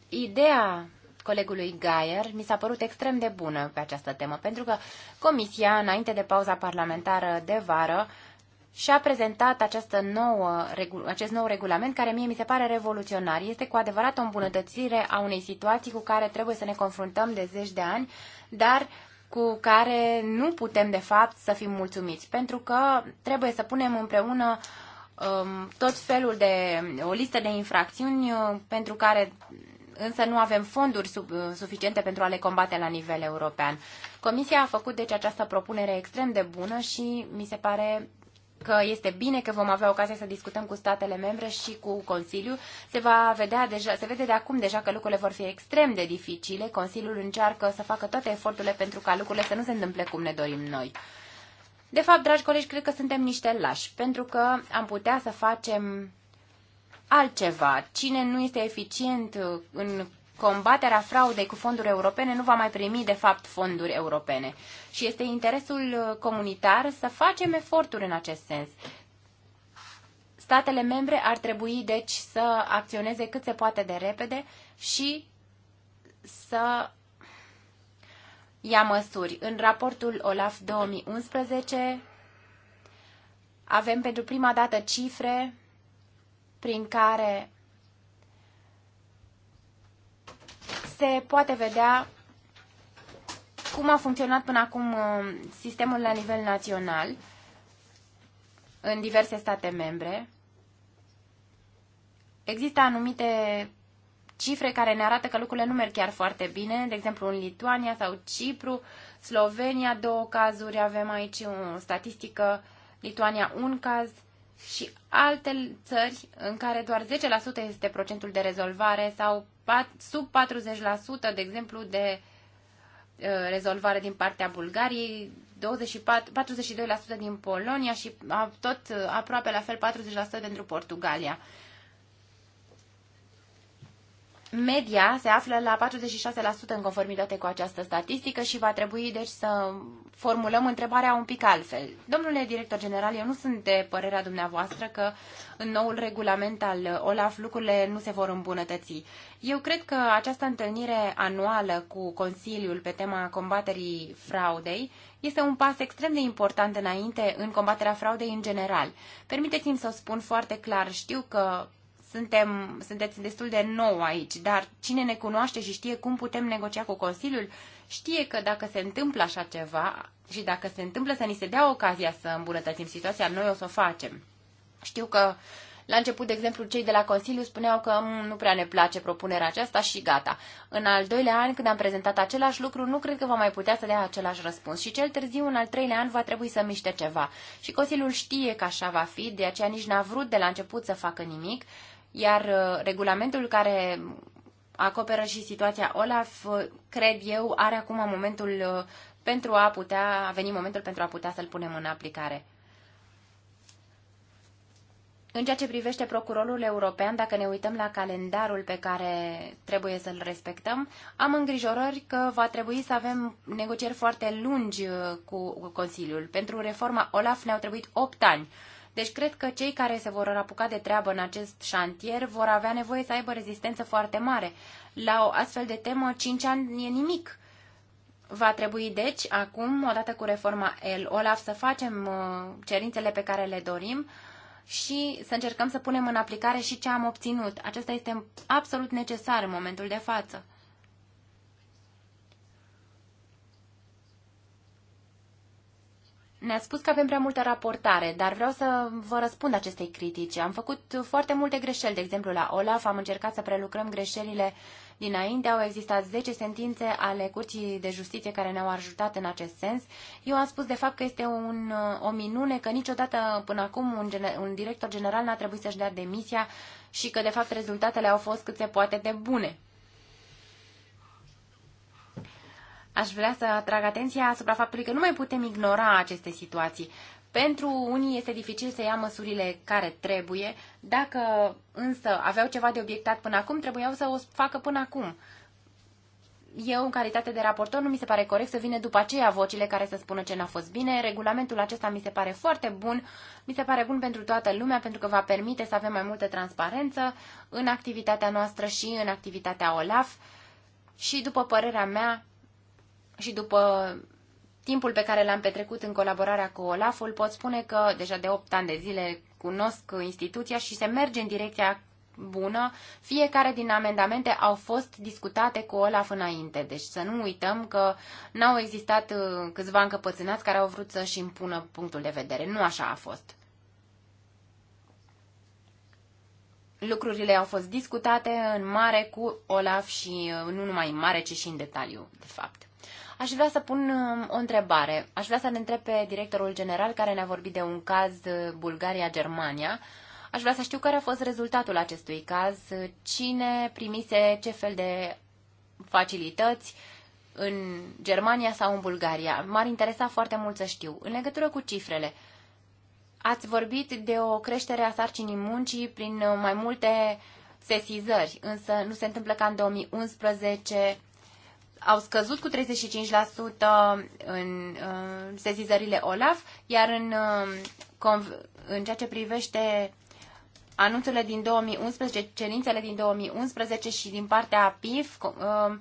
Ideea colegului Gaier mi s-a părut extrem de bună pe această temă, pentru că Comisia, înainte de pauza parlamentară de vară, și-a prezentat această nouă, acest nou regulament care mie mi se pare revoluționar. Este cu adevărat o îmbunătățire a unei situații cu care trebuie să ne confruntăm de zeci de ani, dar cu care nu putem, de fapt, să fim mulțumiți, pentru că trebuie să punem împreună um, tot felul de o listă de infracțiuni uh, pentru care însă nu avem fonduri sub, uh, suficiente pentru a le combate la nivel european. Comisia a făcut deci această propunere extrem de bună și mi se pare că este bine că vom avea ocazia să discutăm cu statele membre și cu Consiliul. Se, va vedea deja, se vede de acum deja că lucrurile vor fi extrem de dificile. Consiliul încearcă să facă toate eforturile pentru ca lucrurile să nu se întâmple cum ne dorim noi. De fapt, dragi colegi, cred că suntem niște lași, pentru că am putea să facem altceva. Cine nu este eficient uh, în combaterea fraudei cu fonduri europene nu va mai primi, de fapt, fonduri europene. Și este interesul uh, comunitar să facem eforturi în acest sens. Statele membre ar trebui, deci, să acționeze cât se poate de repede și să ia măsuri. În raportul OLAF 2011 avem pentru prima dată cifre prin care se poate vedea cum a funcționat până acum uh, sistemul la nivel național în diverse state membre. Există anumite cifre care ne arată că lucrurile nu merg chiar foarte bine, de exemplu în Lituania sau Cipru, Slovenia două cazuri, avem aici o statistică, Lituania un caz, și alte țări în care doar 10% este procentul de rezolvare sau sub 40%, de exemplu, de uh, rezolvare din partea Bulgariei, 24, 42% din Polonia și tot uh, aproape la fel 40% pentru Portugalia media se află la 46% în conformitate cu această statistică și va trebui deci să formulăm întrebarea un pic altfel. Domnule director general, eu nu sunt de părerea dumneavoastră că în noul regulament al OLAF lucrurile nu se vor îmbunătăți. Eu cred că această întâlnire anuală cu Consiliul pe tema combaterii fraudei este un pas extrem de important înainte în combaterea fraudei în general. Permiteți-mi să o spun foarte clar, știu că suntem, sunteți destul de nou aici, dar cine ne cunoaște și știe cum putem negocia cu Consiliul, știe că dacă se întâmplă așa ceva și dacă se întâmplă să ni se dea ocazia să îmbunătățim situația, noi o să o facem. Știu că la început, de exemplu, cei de la Consiliu spuneau că mm, nu prea ne place propunerea aceasta și gata. În al doilea an, când am prezentat același lucru, nu cred că va mai putea să dea același răspuns și cel târziu, în al treilea an, va trebui să miște ceva. Și Consiliul știe că așa va fi, de aceea nici n-a vrut de la început să facă nimic iar uh, regulamentul care acoperă și situația Olaf, uh, cred eu, are acum momentul uh, pentru a putea, a venit momentul pentru a putea să-l punem în aplicare. În ceea ce privește procurorul european, dacă ne uităm la calendarul pe care trebuie să-l respectăm, am îngrijorări că va trebui să avem negocieri foarte lungi cu Consiliul. Pentru reforma OLAF ne-au trebuit 8 ani. Deci cred că cei care se vor apuca de treabă în acest șantier vor avea nevoie să aibă rezistență foarte mare. La o astfel de temă, 5 ani e nimic. Va trebui, deci, acum, odată cu reforma el Olaf, să facem uh, cerințele pe care le dorim și să încercăm să punem în aplicare și ce am obținut. Acesta este absolut necesar în momentul de față. ne a spus că avem prea multă raportare, dar vreau să vă răspund acestei critici. Am făcut foarte multe greșeli, de exemplu la OLAF am încercat să prelucrăm greșelile dinainte, au existat 10 sentințe ale Curții de Justiție care ne-au ajutat în acest sens. Eu am spus de fapt că este un, o minune că niciodată până acum un, un director general n-a trebuit să-și dea demisia și că de fapt rezultatele au fost cât se poate de bune. Aș vrea să atrag atenția asupra faptului că nu mai putem ignora aceste situații. Pentru unii este dificil să ia măsurile care trebuie, dacă însă aveau ceva de obiectat până acum, trebuiau să o facă până acum. Eu, în calitate de raportor, nu mi se pare corect să vină după aceea vocile care să spună ce n-a fost bine. Regulamentul acesta mi se pare foarte bun, mi se pare bun pentru toată lumea, pentru că va permite să avem mai multă transparență în activitatea noastră și în activitatea OLAF. Și, după părerea mea, și după timpul pe care l-am petrecut în colaborarea cu Olaful, pot spune că deja de 8 ani de zile cunosc instituția și se merge în direcția bună. Fiecare din amendamente au fost discutate cu Olaf înainte, deci să nu uităm că n-au existat uh, câțiva încăpățânați care au vrut să-și impună punctul de vedere. Nu așa a fost. Lucrurile au fost discutate în mare cu Olaf și uh, nu numai în mare, ci și în detaliu, de fapt. Aș vrea să pun um, o întrebare. Aș vrea să ne întreb pe directorul general care ne-a vorbit de un caz uh, Bulgaria-Germania. Aș vrea să știu care a fost rezultatul acestui caz, uh, cine primise ce fel de facilități în Germania sau în Bulgaria. M-ar interesa foarte mult să știu. În legătură cu cifrele, ați vorbit de o creștere a sarcinii muncii prin uh, mai multe sesizări, însă nu se întâmplă ca în 2011 au scăzut cu 35% în uh, sezizările OLAF, iar în, uh, în ceea ce privește anunțurile din 2011, cerințele din 2011 și din partea PIF, uh, um,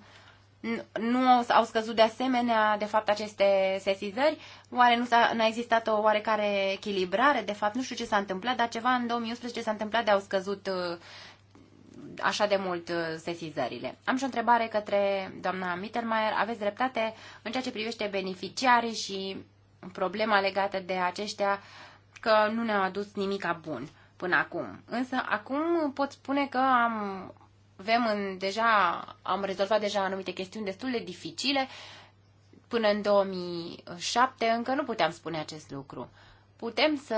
nu au scăzut de asemenea, de fapt, aceste sesizări? Oare nu a n-a existat o oarecare echilibrare? De fapt, nu știu ce s-a întâmplat, dar ceva în 2011 s-a întâmplat de au scăzut uh, așa de mult uh, sesizările. Am și o întrebare către doamna Mittermeier. Aveți dreptate în ceea ce privește beneficiarii și problema legată de aceștia că nu ne-au adus nimica bun până acum. Însă acum pot spune că am, avem în, deja, am rezolvat deja anumite chestiuni destul de dificile. Până în 2007 încă nu puteam spune acest lucru. Putem să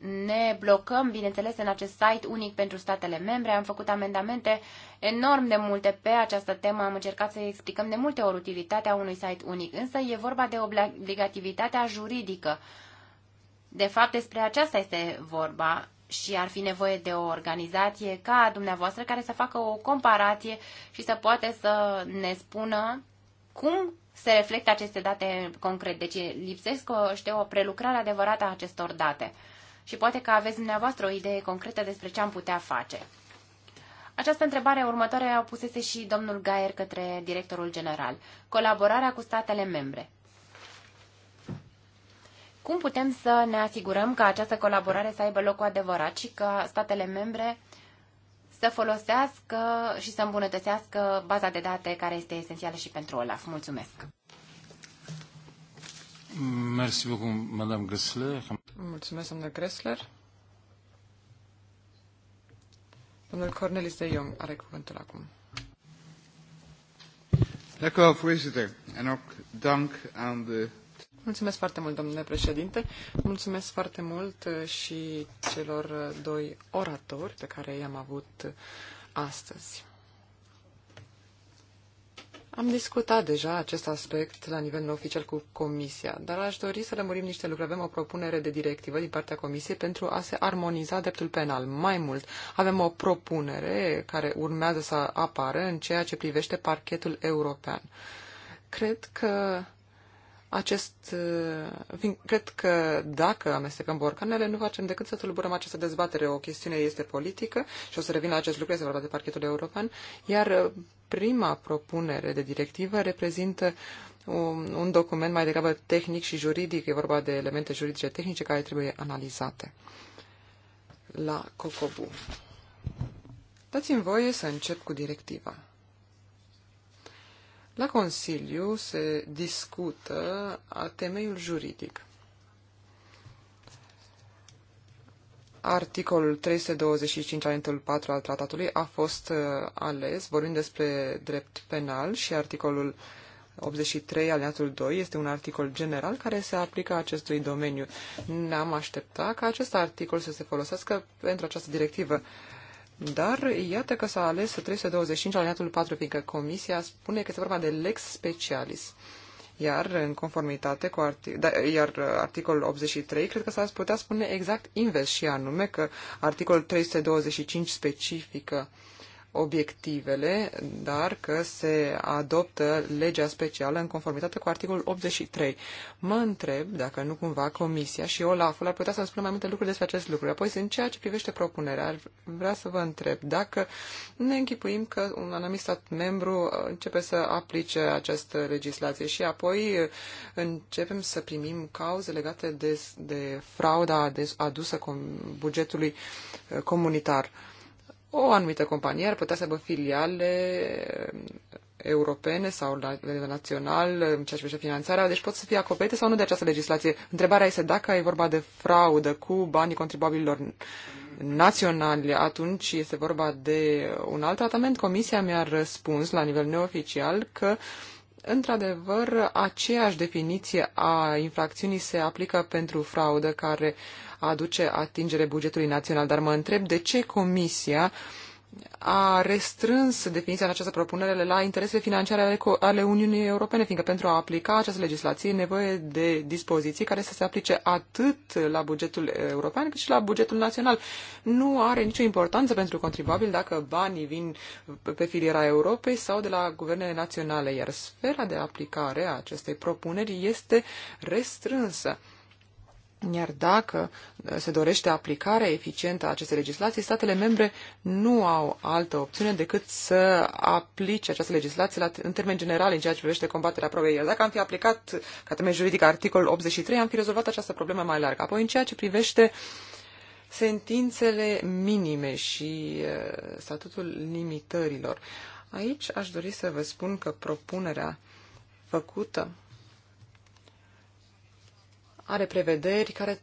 ne blocăm, bineînțeles, în acest site unic pentru statele membre. Am făcut amendamente enorm de multe pe această temă. Am încercat să explicăm de multe ori utilitatea unui site unic. Însă e vorba de obligativitatea juridică. De fapt, despre aceasta este vorba și ar fi nevoie de o organizație ca dumneavoastră care să facă o comparație și să poate să ne spună cum se reflectă aceste date concret. Deci lipsesc o, știu, o prelucrare adevărată a acestor date și poate că aveți dumneavoastră o idee concretă despre ce am putea face. Această întrebare următoare a pusese și domnul Gaier către directorul general. Colaborarea cu statele membre. Cum putem să ne asigurăm că această colaborare să aibă loc cu adevărat și că statele membre să folosească și să îmbunătățească baza de date care este esențială și pentru OLAF? Mulțumesc! Mersi beaucoup, Madame Gressler. Mulțumesc, doamnă Gressler. Domnul Cornelis de Jong are cuvântul acum. Mulțumesc foarte mult, domnule președinte. Mulțumesc foarte mult uh, și celor uh, doi oratori pe care i-am avut uh, astăzi. Am discutat deja acest aspect la nivel oficial cu Comisia, dar aș dori să lămurim niște lucruri. Avem o propunere de directivă din partea Comisiei pentru a se armoniza dreptul penal. Mai mult, avem o propunere care urmează să apară în ceea ce privește parchetul european. Cred că acest, uh, cred că dacă amestecăm borcanele, nu facem decât să tulburăm această dezbatere. O chestiune este politică și o să revin la acest lucru, este vorba de parchetul european, iar uh, prima propunere de directivă reprezintă un, document mai degrabă tehnic și juridic, e vorba de elemente juridice tehnice care trebuie analizate la COCOBU. Dați-mi voie să încep cu directiva. La Consiliu se discută a temeiul juridic. Articolul 325 alentul 4 al tratatului a fost uh, ales, vorbind despre drept penal și articolul 83 aliatul 2 este un articol general care se aplică acestui domeniu. Ne-am aștepta ca acest articol să se folosească pentru această directivă. Dar iată că s-a ales 325 aliatul 4, fiindcă Comisia spune că este vorba de lex specialis. Iar în conformitate cu arti- da, iar uh, articolul 83, cred că s-ar putea spune exact invers și anume că articolul 325 specifică uh, obiectivele, dar că se adoptă legea specială în conformitate cu articolul 83. Mă întreb dacă nu cumva Comisia și Olaful ar putea să-mi spună mai multe lucruri despre acest lucru. Apoi, în ceea ce privește propunerea, ar vrea să vă întreb dacă ne închipuim că un anumit stat membru începe să aplice această legislație și apoi începem să primim cauze legate de, de frauda adusă bugetului eh, comunitar o anumită companie ar putea să aibă filiale eh, europene sau la nivel național eh, în ceea ce privește finanțarea, deci pot să fie acoperite sau nu de această legislație. Întrebarea este dacă e vorba de fraudă cu banii contribuabililor naționali, atunci este vorba de un alt tratament. Comisia mi-a răspuns la nivel neoficial că uh, într-adevăr, aceeași definiție a infracțiunii se aplică pentru fraudă care aduce atingere bugetului național, dar mă întreb de ce Comisia uh, a restrâns definiția în această propunere la interesele financiare ale, ale Uniunii Europene, fiindcă pentru a aplica această legislație e nevoie de dispoziții care să se aplice atât la bugetul european cât și la bugetul național. Nu are nicio importanță pentru contribuabil dacă banii vin pe filiera Europei sau de la guvernele naționale, iar sfera de aplicare a acestei propuneri este restrânsă. Iar dacă uh, se dorește aplicarea eficientă a acestei legislații, statele membre nu au altă opțiune decât să aplice această legislație la, în termeni generali în ceea ce privește combaterea probei. Iar dacă am fi aplicat, ca termen juridic, articolul 83, am fi rezolvat această problemă mai largă. Apoi, în ceea ce privește sentințele minime și uh, statutul limitărilor, aici aș dori să vă spun că propunerea făcută are prevederi care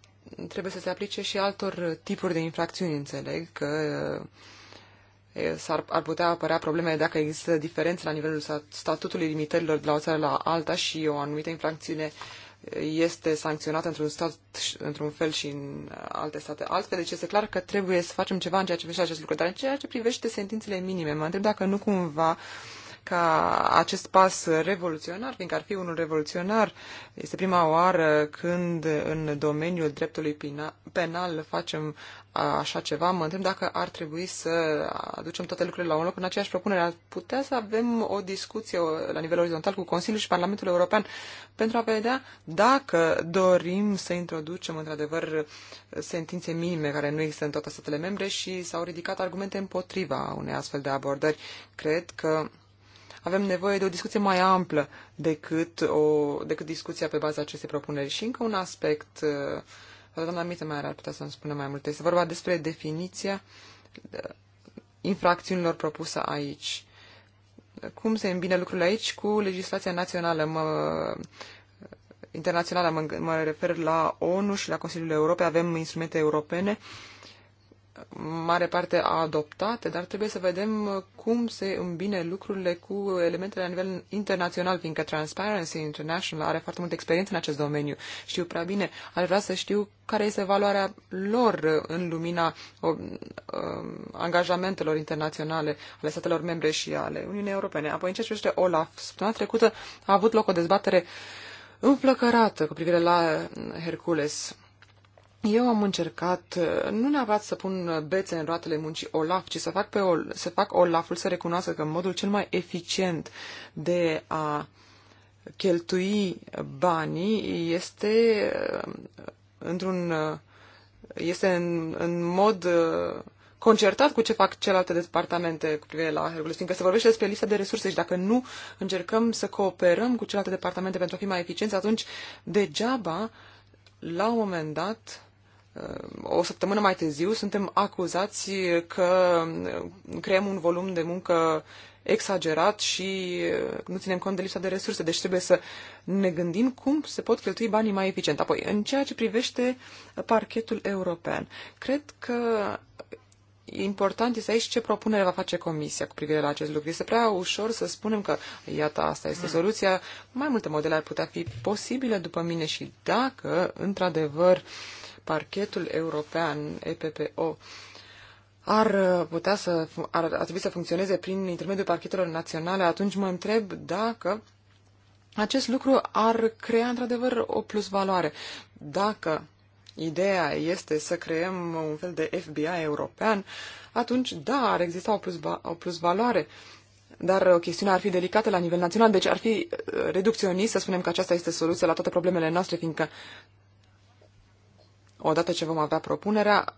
trebuie să se aplice și altor tipuri de infracțiuni. Înțeleg că s-ar, ar putea apărea probleme dacă există diferențe la nivelul statutului limitărilor de la o țară la alta și o anumită infracțiune este sancționată într-un stat într-un fel și în alte state altfel. Deci este clar că trebuie să facem ceva în ceea ce privește acest lucru. Dar în ceea ce privește sentințele minime, mă întreb dacă nu cumva uh, ca acest pas revoluționar, fiindcă ar fi unul revoluționar, este prima oară când în domeniul dreptului penal facem așa ceva, mă întreb dacă ar trebui să aducem toate lucrurile la un loc în aceeași propunere. Ar putea să avem o discuție la nivel orizontal cu Consiliul și Parlamentul European pentru a vedea dacă dorim să introducem într-adevăr sentințe minime care nu există în toate statele membre și s-au ridicat argumente împotriva unei astfel de abordări. Cred că avem nevoie de o discuție mai amplă decât, o, decât discuția pe baza acestei propuneri. Și încă un aspect, uh, doamna mai ar putea să-mi spună mai multe, este vorba despre definiția uh, infracțiunilor propuse aici. Cum se îmbină lucrurile aici cu legislația națională? Mă, uh, internațională, mă, mă refer la ONU și la Consiliul Europei, avem instrumente europene uh, mare parte adoptate, dar trebuie să vedem cum se îmbine lucrurile cu elementele la nivel internațional, fiindcă Transparency International are foarte multă experiență în acest domeniu. Știu prea bine, ar vrea să știu care este valoarea lor în lumina um, angajamentelor internaționale ale statelor membre și ale Uniunii Europene. Apoi, în ce privește Olaf, săptămâna trecută a avut loc o dezbatere înflăcărată cu privire la Hercules eu am încercat nu neapărat să pun bețe în roatele muncii OLAF, ci să fac, pe OL, să fac olaful să recunoască că modul cel mai eficient de a cheltui banii este într-un este în, în mod concertat cu ce fac celelalte departamente cu privire la Hercules, fiindcă se vorbește despre lista de resurse și dacă nu încercăm să cooperăm cu celelalte departamente pentru a fi mai eficienți, atunci degeaba la un moment dat o săptămână mai târziu suntem acuzați că creăm un volum de muncă exagerat și uh, nu ținem cont de lipsa de resurse. Deci trebuie să ne gândim cum se pot cheltui banii mai eficient. Apoi, în ceea ce privește parchetul european, cred că important este aici ce propunere va face Comisia cu privire la acest lucru. Este prea ușor să spunem că, iată, asta este soluția. Mai multe modele ar putea fi posibile după mine și dacă, într-adevăr, uh, parchetul european EPPO ar uh, putea să ar, ar trebui să funcționeze prin intermediul parchetelor naționale, atunci mă întreb dacă acest lucru ar crea într-adevăr o plusvaloare. Dacă ideea este să creăm un fel de FBI european, atunci da, ar exista o, plus o plusvaloare. Dar o uh, chestiune ar fi delicată la nivel național, deci ar fi uh, reducționist să spunem că aceasta este soluția la toate problemele noastre, fiindcă odată ce vom avea propunerea,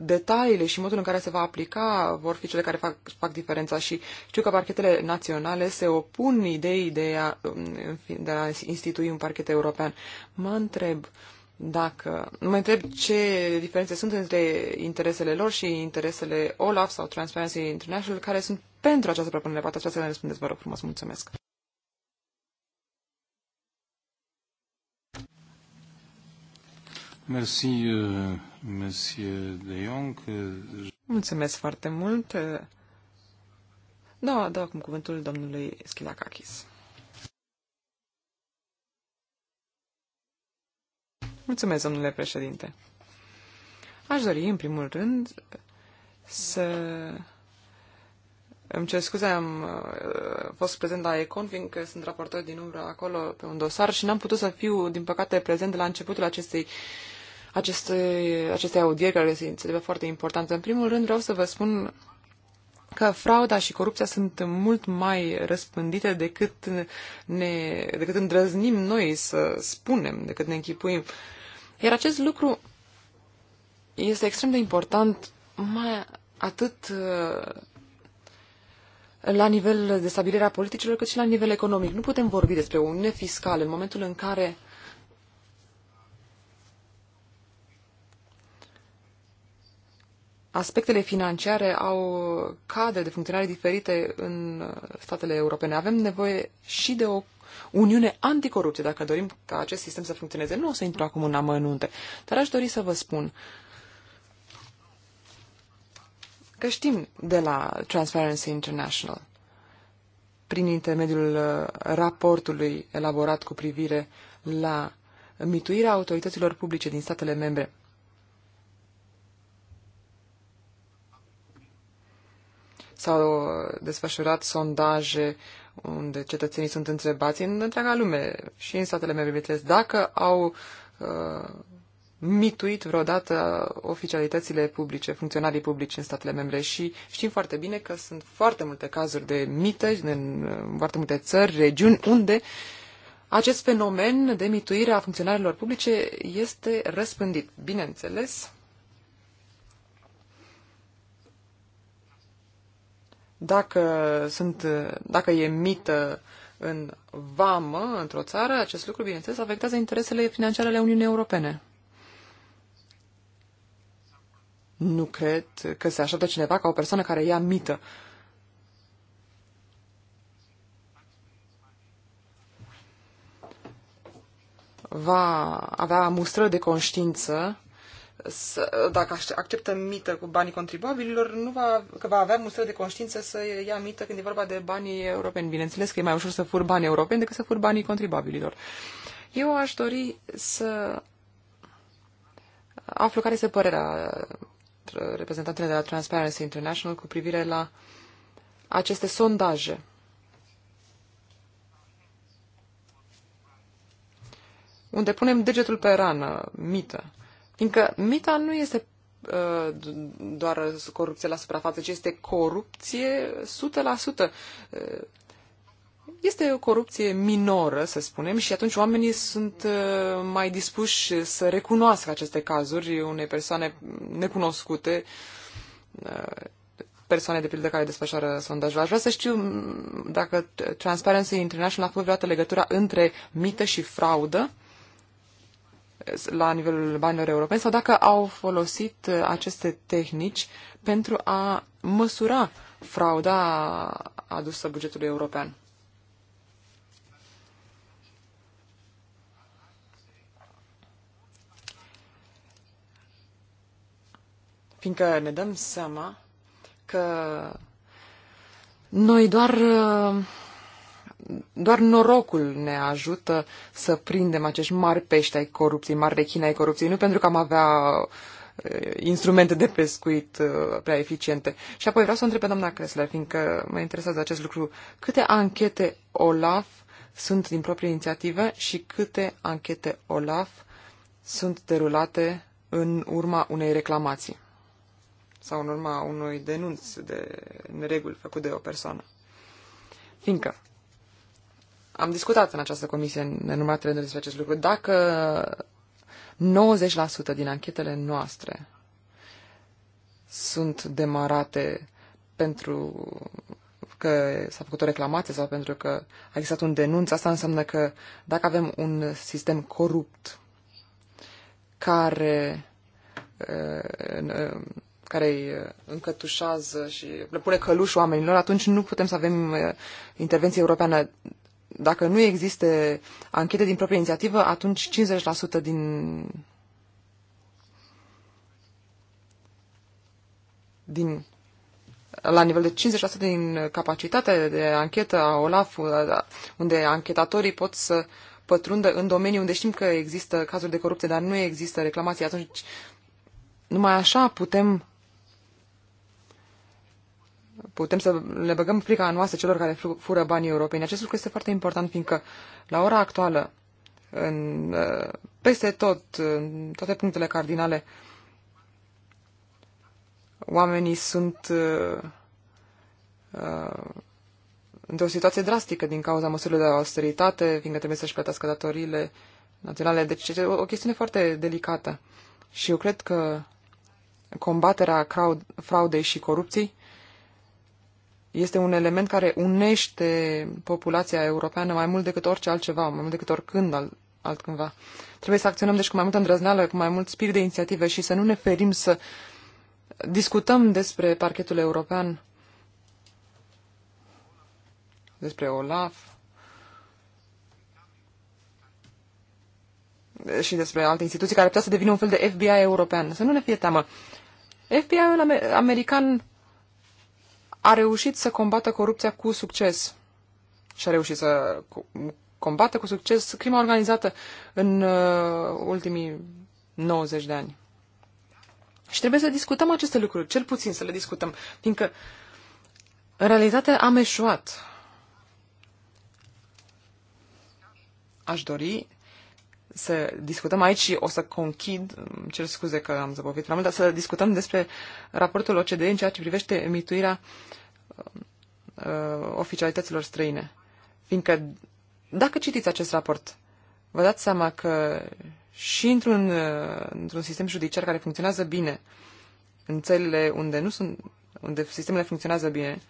detaliile și modul în care se va aplica vor fi cele care fac, fac diferența și știu că parchetele naționale se opun ideii de a, de a institui un parchet european. Mă întreb dacă, mă întreb ce diferențe sunt între interesele lor și interesele OLAF sau Transparency International care sunt pentru această propunere. Poate aceasta ne răspundeți, vă rog frumos, mulțumesc. Merci, euh, Monsieur De Jong. Mulțumesc foarte mult. Da, dau acum cuvântul domnului Schilacakis. Mulțumesc, domnule președinte. Aș dori, în primul rând, să... Îmi cer scuze, am uh, fost prezent la Econ, fiindcă sunt raportor din umbră acolo pe un dosar și n-am putut să fiu, din păcate, prezent de la începutul acestei uh, aceste aceste audieri, care se înțelege foarte importantă. În primul rând, vreau să vă spun că frauda și corupția sunt mult mai răspândite decât, ne, decât îndrăznim noi să spunem, decât ne închipuim. Iar acest lucru este extrem de important, mai atât uh, la nivel de stabilirea politicilor, cât și la nivel economic. Nu putem vorbi despre o fiscală în momentul în care aspectele financiare au cadre de funcționare diferite în statele europene. Avem nevoie și de o uniune anticorupție, dacă dorim ca acest sistem să funcționeze. Nu o să intru acum în amănunte, dar aș dori să vă spun că știm de la Transparency International, prin intermediul uh, raportului elaborat cu privire la mituirea autorităților publice din statele membre, S-au desfășurat sondaje unde cetățenii sunt întrebați în întreaga lume și în statele membre, bineînțeles, dacă au uh, mituit vreodată oficialitățile publice, funcționarii publici în statele membre și știm foarte bine că sunt foarte multe cazuri de mită în foarte multe țări, regiuni, unde acest fenomen de mituire a funcționarilor publice este răspândit. Bineînțeles, Dacă, sunt, dacă e mită în vamă, într-o țară, acest lucru, bineînțeles, afectează interesele financiare ale Uniunii Europene. Nu cred că se așteaptă cineva ca o persoană care ia mită. Va avea mustră de conștiință să, dacă acceptă mită cu banii contribuabililor, nu va, că va avea mustră de conștiință să ia mită când e vorba de banii europeni. Bineînțeles că e mai ușor să fur banii europeni decât să fur banii contribuabililor. Eu aș dori să aflu care este părerea reprezentantele de la Transparency International cu privire la aceste sondaje. Unde punem degetul pe rană, mită. Fiindcă mita nu este uh, doar corupție la suprafață, ci este corupție 100%. Este o corupție minoră, să spunem, și atunci oamenii sunt uh, mai dispuși să recunoască aceste cazuri unei persoane necunoscute, uh, persoane de pildă care desfășoară sondajul. Aș vrea să știu dacă Transparency International a făcut vreodată legătura între mită și fraudă la nivelul banilor europeni sau dacă au folosit aceste tehnici pentru a măsura frauda adusă bugetului european. Fiindcă ne dăm seama că noi doar uh, doar norocul ne ajută să prindem acești mari pești ai corupției, mari rechine ai corupției, nu pentru că am avea uh, instrumente de pescuit uh, prea eficiente. Și apoi vreau să o întreb pe doamna Cresler, fiindcă mă interesează acest lucru. Câte anchete OLAF sunt din proprie inițiativă și câte anchete OLAF sunt derulate în urma unei reclamații sau în urma unui denunț de nereguli făcut de o persoană? Fiindcă am discutat în această comisie în nenumărate rânduri despre acest lucru. Dacă 90% din anchetele noastre sunt demarate pentru că s-a făcut o reclamație sau pentru că a existat un denunț, asta înseamnă că dacă avem un sistem corupt care, uh, uh, care îi uh, încătușează și le pune căluș oamenilor, atunci nu putem să avem intervenție europeană dacă nu există anchete din proprie inițiativă, atunci 50% din din la nivel de 50% din capacitate de anchetă a OLAF, unde anchetatorii pot să pătrundă în domenii unde știm că există cazuri de corupție, dar nu există reclamații, atunci numai așa putem putem să le băgăm frica noastră celor care fură banii europeni. Acest lucru este foarte important, fiindcă la ora actuală, în, uh, peste tot, în toate punctele cardinale, oamenii sunt uh, uh, într-o situație drastică din cauza măsurilor de austeritate, fiindcă trebuie să-și plătească datoriile naționale. Deci este o, o chestiune foarte delicată. Și eu cred că combaterea fraudei și corupției este un element care unește populația europeană mai mult decât orice altceva, mai mult decât oricând alt, altcândva. Trebuie să acționăm deci cu mai multă îndrăzneală, cu mai mult spirit de inițiative și să nu ne ferim să discutăm despre parchetul european, despre OLAF și despre alte instituții care putea să devină un fel de FBI european. Să nu ne fie teamă. FBI-ul american a reușit să combată corupția cu succes și a reușit să combată cu succes crima organizată în uh, ultimii 90 de ani. Și trebuie să discutăm aceste lucruri, cel puțin să le discutăm, fiindcă în realitate am eșuat. Aș dori să discutăm aici și o să conchid, îmi cer scuze că am zăbovit prea mult, dar să discutăm despre raportul OCDE în ceea ce privește mituirea uh, uh, oficialităților străine. Fiindcă dacă citiți acest raport, vă dați seama că și într-un, uh, într-un sistem judiciar care funcționează bine, în țările unde nu sunt, unde sistemele funcționează bine,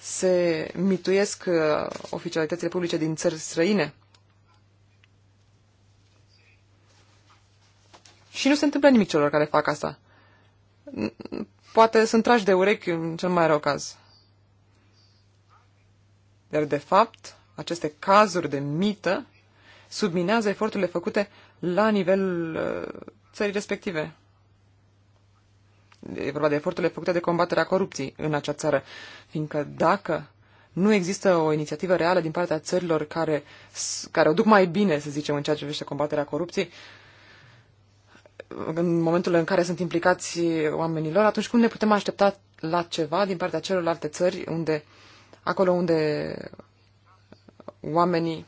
se mituiesc uh, oficialitățile publice din țări străine. Și nu se întâmplă nimic celor care fac asta. Poate sunt trași de urechi în cel mai rău caz. Dar, de fapt, aceste cazuri de mită subminează eforturile făcute la uh, țării respective. E vorba de eforturile făcute de combaterea corupției în acea țară, fiindcă dacă nu există o inițiativă reală din partea țărilor care, care o duc mai bine, să zicem, în ceea ce privește combaterea corupției, în momentul în care sunt implicați oamenilor, atunci cum ne putem aștepta la ceva din partea celorlalte țări unde uh, acolo unde oamenii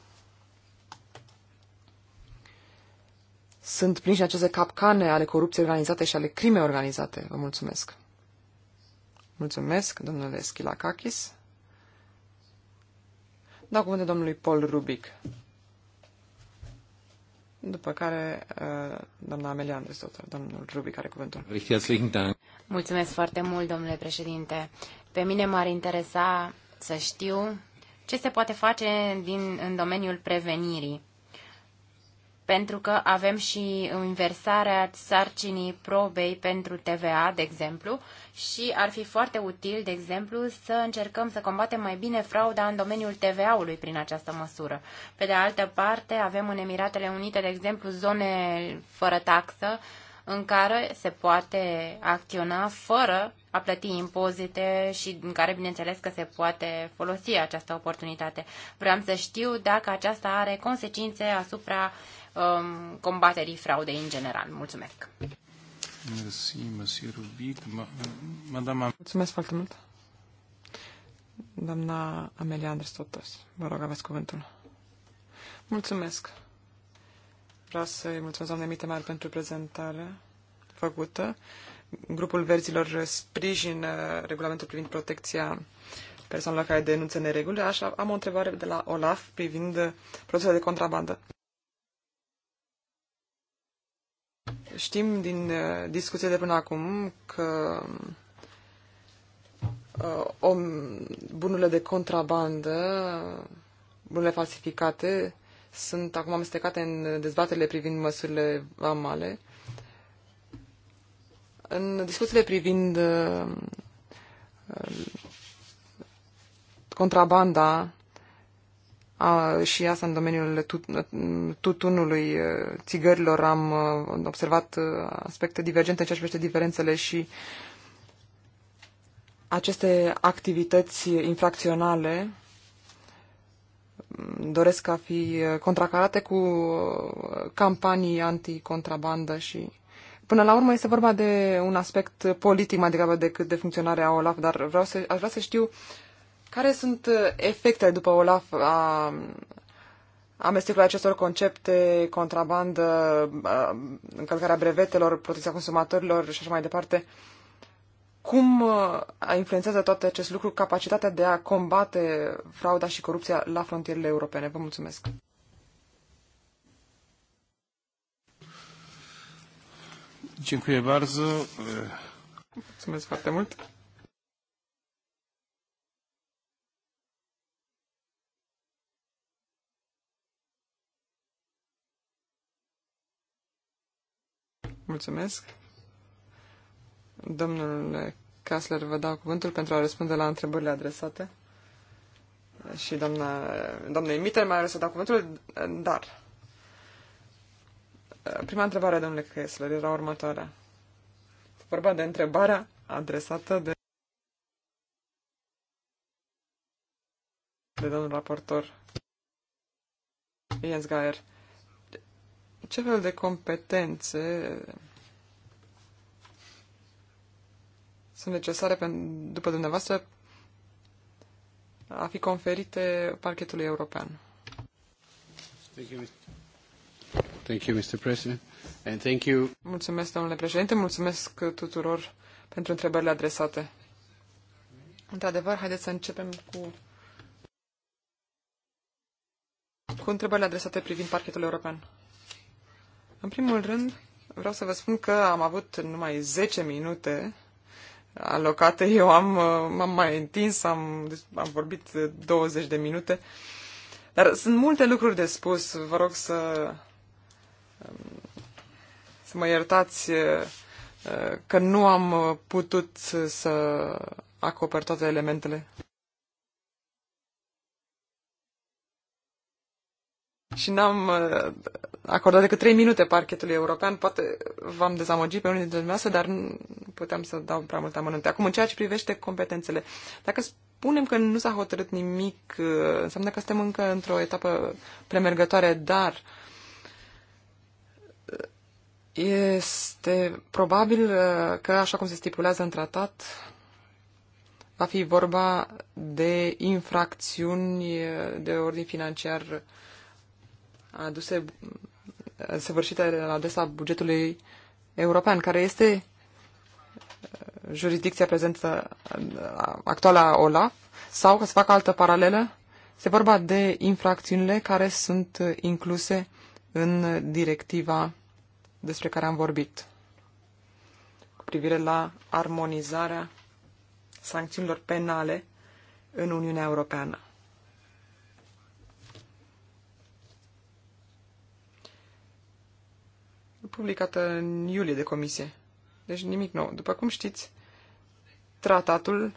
sunt prinși în aceste capcane ale corupției organizate și ale crimei organizate. Vă mulțumesc. Mulțumesc, domnule Schilakakis. Dau cuvântul domnului Paul Rubic. După care, uh, doamna Amelia Andresotă, domnul Rubic are cuvântul. Mulțumesc foarte mult, domnule președinte. Pe mine m-ar interesa să știu ce se poate face din, în domeniul prevenirii. Pentru că avem și inversarea sarcinii probei pentru TVA, de exemplu, și ar fi foarte util, de exemplu, să încercăm să combatem mai bine frauda în domeniul TVA-ului prin această măsură. Pe de altă parte, avem în Emiratele Unite, de exemplu, zone fără taxă, uh, în care se poate acționa fără a plăti impozite și în care, bineînțeles, că se poate folosi această oportunitate. Vreau să știu dacă aceasta are consecințe asupra um, combaterii fraudei în general. Mulțumesc! Mulțumesc foarte mult! Doamna Amelia Andres Totos, vă rog, aveți cuvântul. Mulțumesc! Vreau să-i mulțumesc doamnei Mitemar pentru prezentare făcută. Grupul Verzilor sprijin regulamentul privind protecția persoanelor care denunță nereguli. Așa, am o întrebare de la Olaf privind procesul de contrabandă. Știm din uh, discuție de până acum că uh, bunurile de contrabandă, bunurile falsificate, sunt acum amestecate în dezbaterile privind măsurile vamale. În discuțiile privind uh, uh, contrabanda a, și asta în domeniul uh, tutunului, țigărilor, am observat aspecte divergente în ceea ce privește diferențele și aceste activități infracționale doresc a fi contracarate cu campanii anticontrabandă și... Până la urmă este vorba de un aspect politic mai degrabă decât de funcționarea OLAF, dar vreau să, aș vrea să știu care sunt efectele după OLAF a amestecul acestor concepte, contrabandă, încălcarea brevetelor, protecția consumatorilor și așa mai departe. Uh, cum uh, a influențează toate acest lucru capacitatea de a combate frauda și corupția la frontierele europene? Vă mulțumesc! Dziękuję bardzo. Mulțumesc foarte mult. Mulțumesc. Domnul Kassler, vă dau cuvântul pentru a răspunde la întrebările adresate. Și doamna, doamnei Mitter mai ales să dau cuvântul, dar... Prima întrebare, domnule Kessler, era următoarea. Vorba de întrebarea adresată de, de domnul raportor Jens Geier. Ce fel de competențe sunt necesare, după dumneavoastră, a fi conferite parchetului european. Thank you, Thank you, Mr. President. And thank you. Mulțumesc, domnule președinte, mulțumesc tuturor pentru întrebările adresate. Într-adevăr, haideți să începem cu, cu întrebările adresate privind parchetul european. În primul rând, vreau să vă spun că am avut numai 10 minute alocată. Eu am, m-am mai întins, am, am vorbit 20 de minute. Dar sunt multe lucruri de spus. Vă rog să, să mă iertați că nu am putut să acoper toate elementele. și n-am uh, acordat decât 3 minute parchetului european. Poate v-am dezamăgit pe unii dintre dumneavoastră, dar nu puteam să dau prea multe amănunte. Acum, în ceea ce privește competențele, dacă spunem că nu s-a hotărât nimic, uh, înseamnă că suntem încă într-o etapă premergătoare, dar uh, este probabil că, așa cum se stipulează în tratat, va fi vorba de infracțiuni de ordin financiar uh, aduse săvârșite la adresa bugetului european, care este uh, jurisdicția prezentă uh, actuala OLAF, sau, ca să fac altă paralelă, se vorba de infracțiunile care sunt incluse în directiva despre care am vorbit, cu privire la armonizarea sancțiunilor penale în Uniunea Europeană. publicată în iulie de comisie. Deci nimic nou. După cum știți, tratatul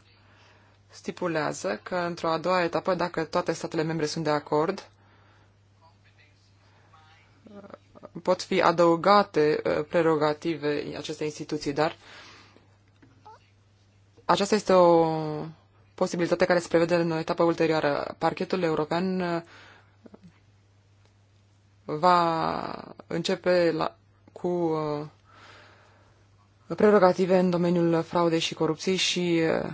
stipulează că într-o a doua etapă, dacă toate statele membre sunt de acord, pot fi adăugate uh, prerogative acestei instituții, dar aceasta este o posibilitate care se prevede în o etapă ulterioară. Parchetul european uh, va începe la, cu uh, prerogative în domeniul fraudei și corupției și uh,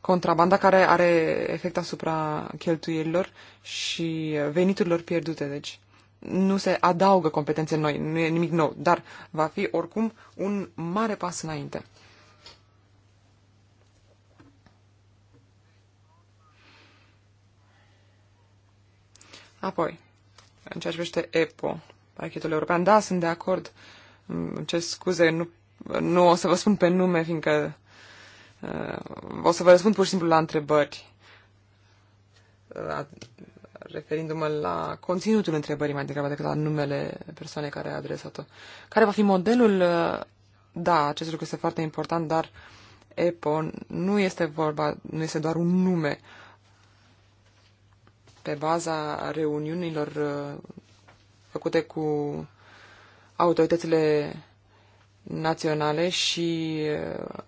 contrabanda care are efect asupra cheltuielilor și veniturilor pierdute. Deci nu se adaugă competențe noi, nu e nimic nou, dar va fi oricum un mare pas înainte. Apoi, în ceea ce privește EPO, Parchetul european. Da, sunt de acord. Îmi cer scuze, nu, nu o să vă spun pe nume, fiindcă uh, o să vă răspund pur și simplu la întrebări, la, uh, referindu-mă la conținutul întrebării mai degrabă decât la numele persoanei care a adresat-o. Care va fi modelul? Uh, da, acest lucru este foarte important, dar EPO nu este vorba, nu este doar un nume. Pe baza reuniunilor uh, făcute cu autoritățile naționale și uh,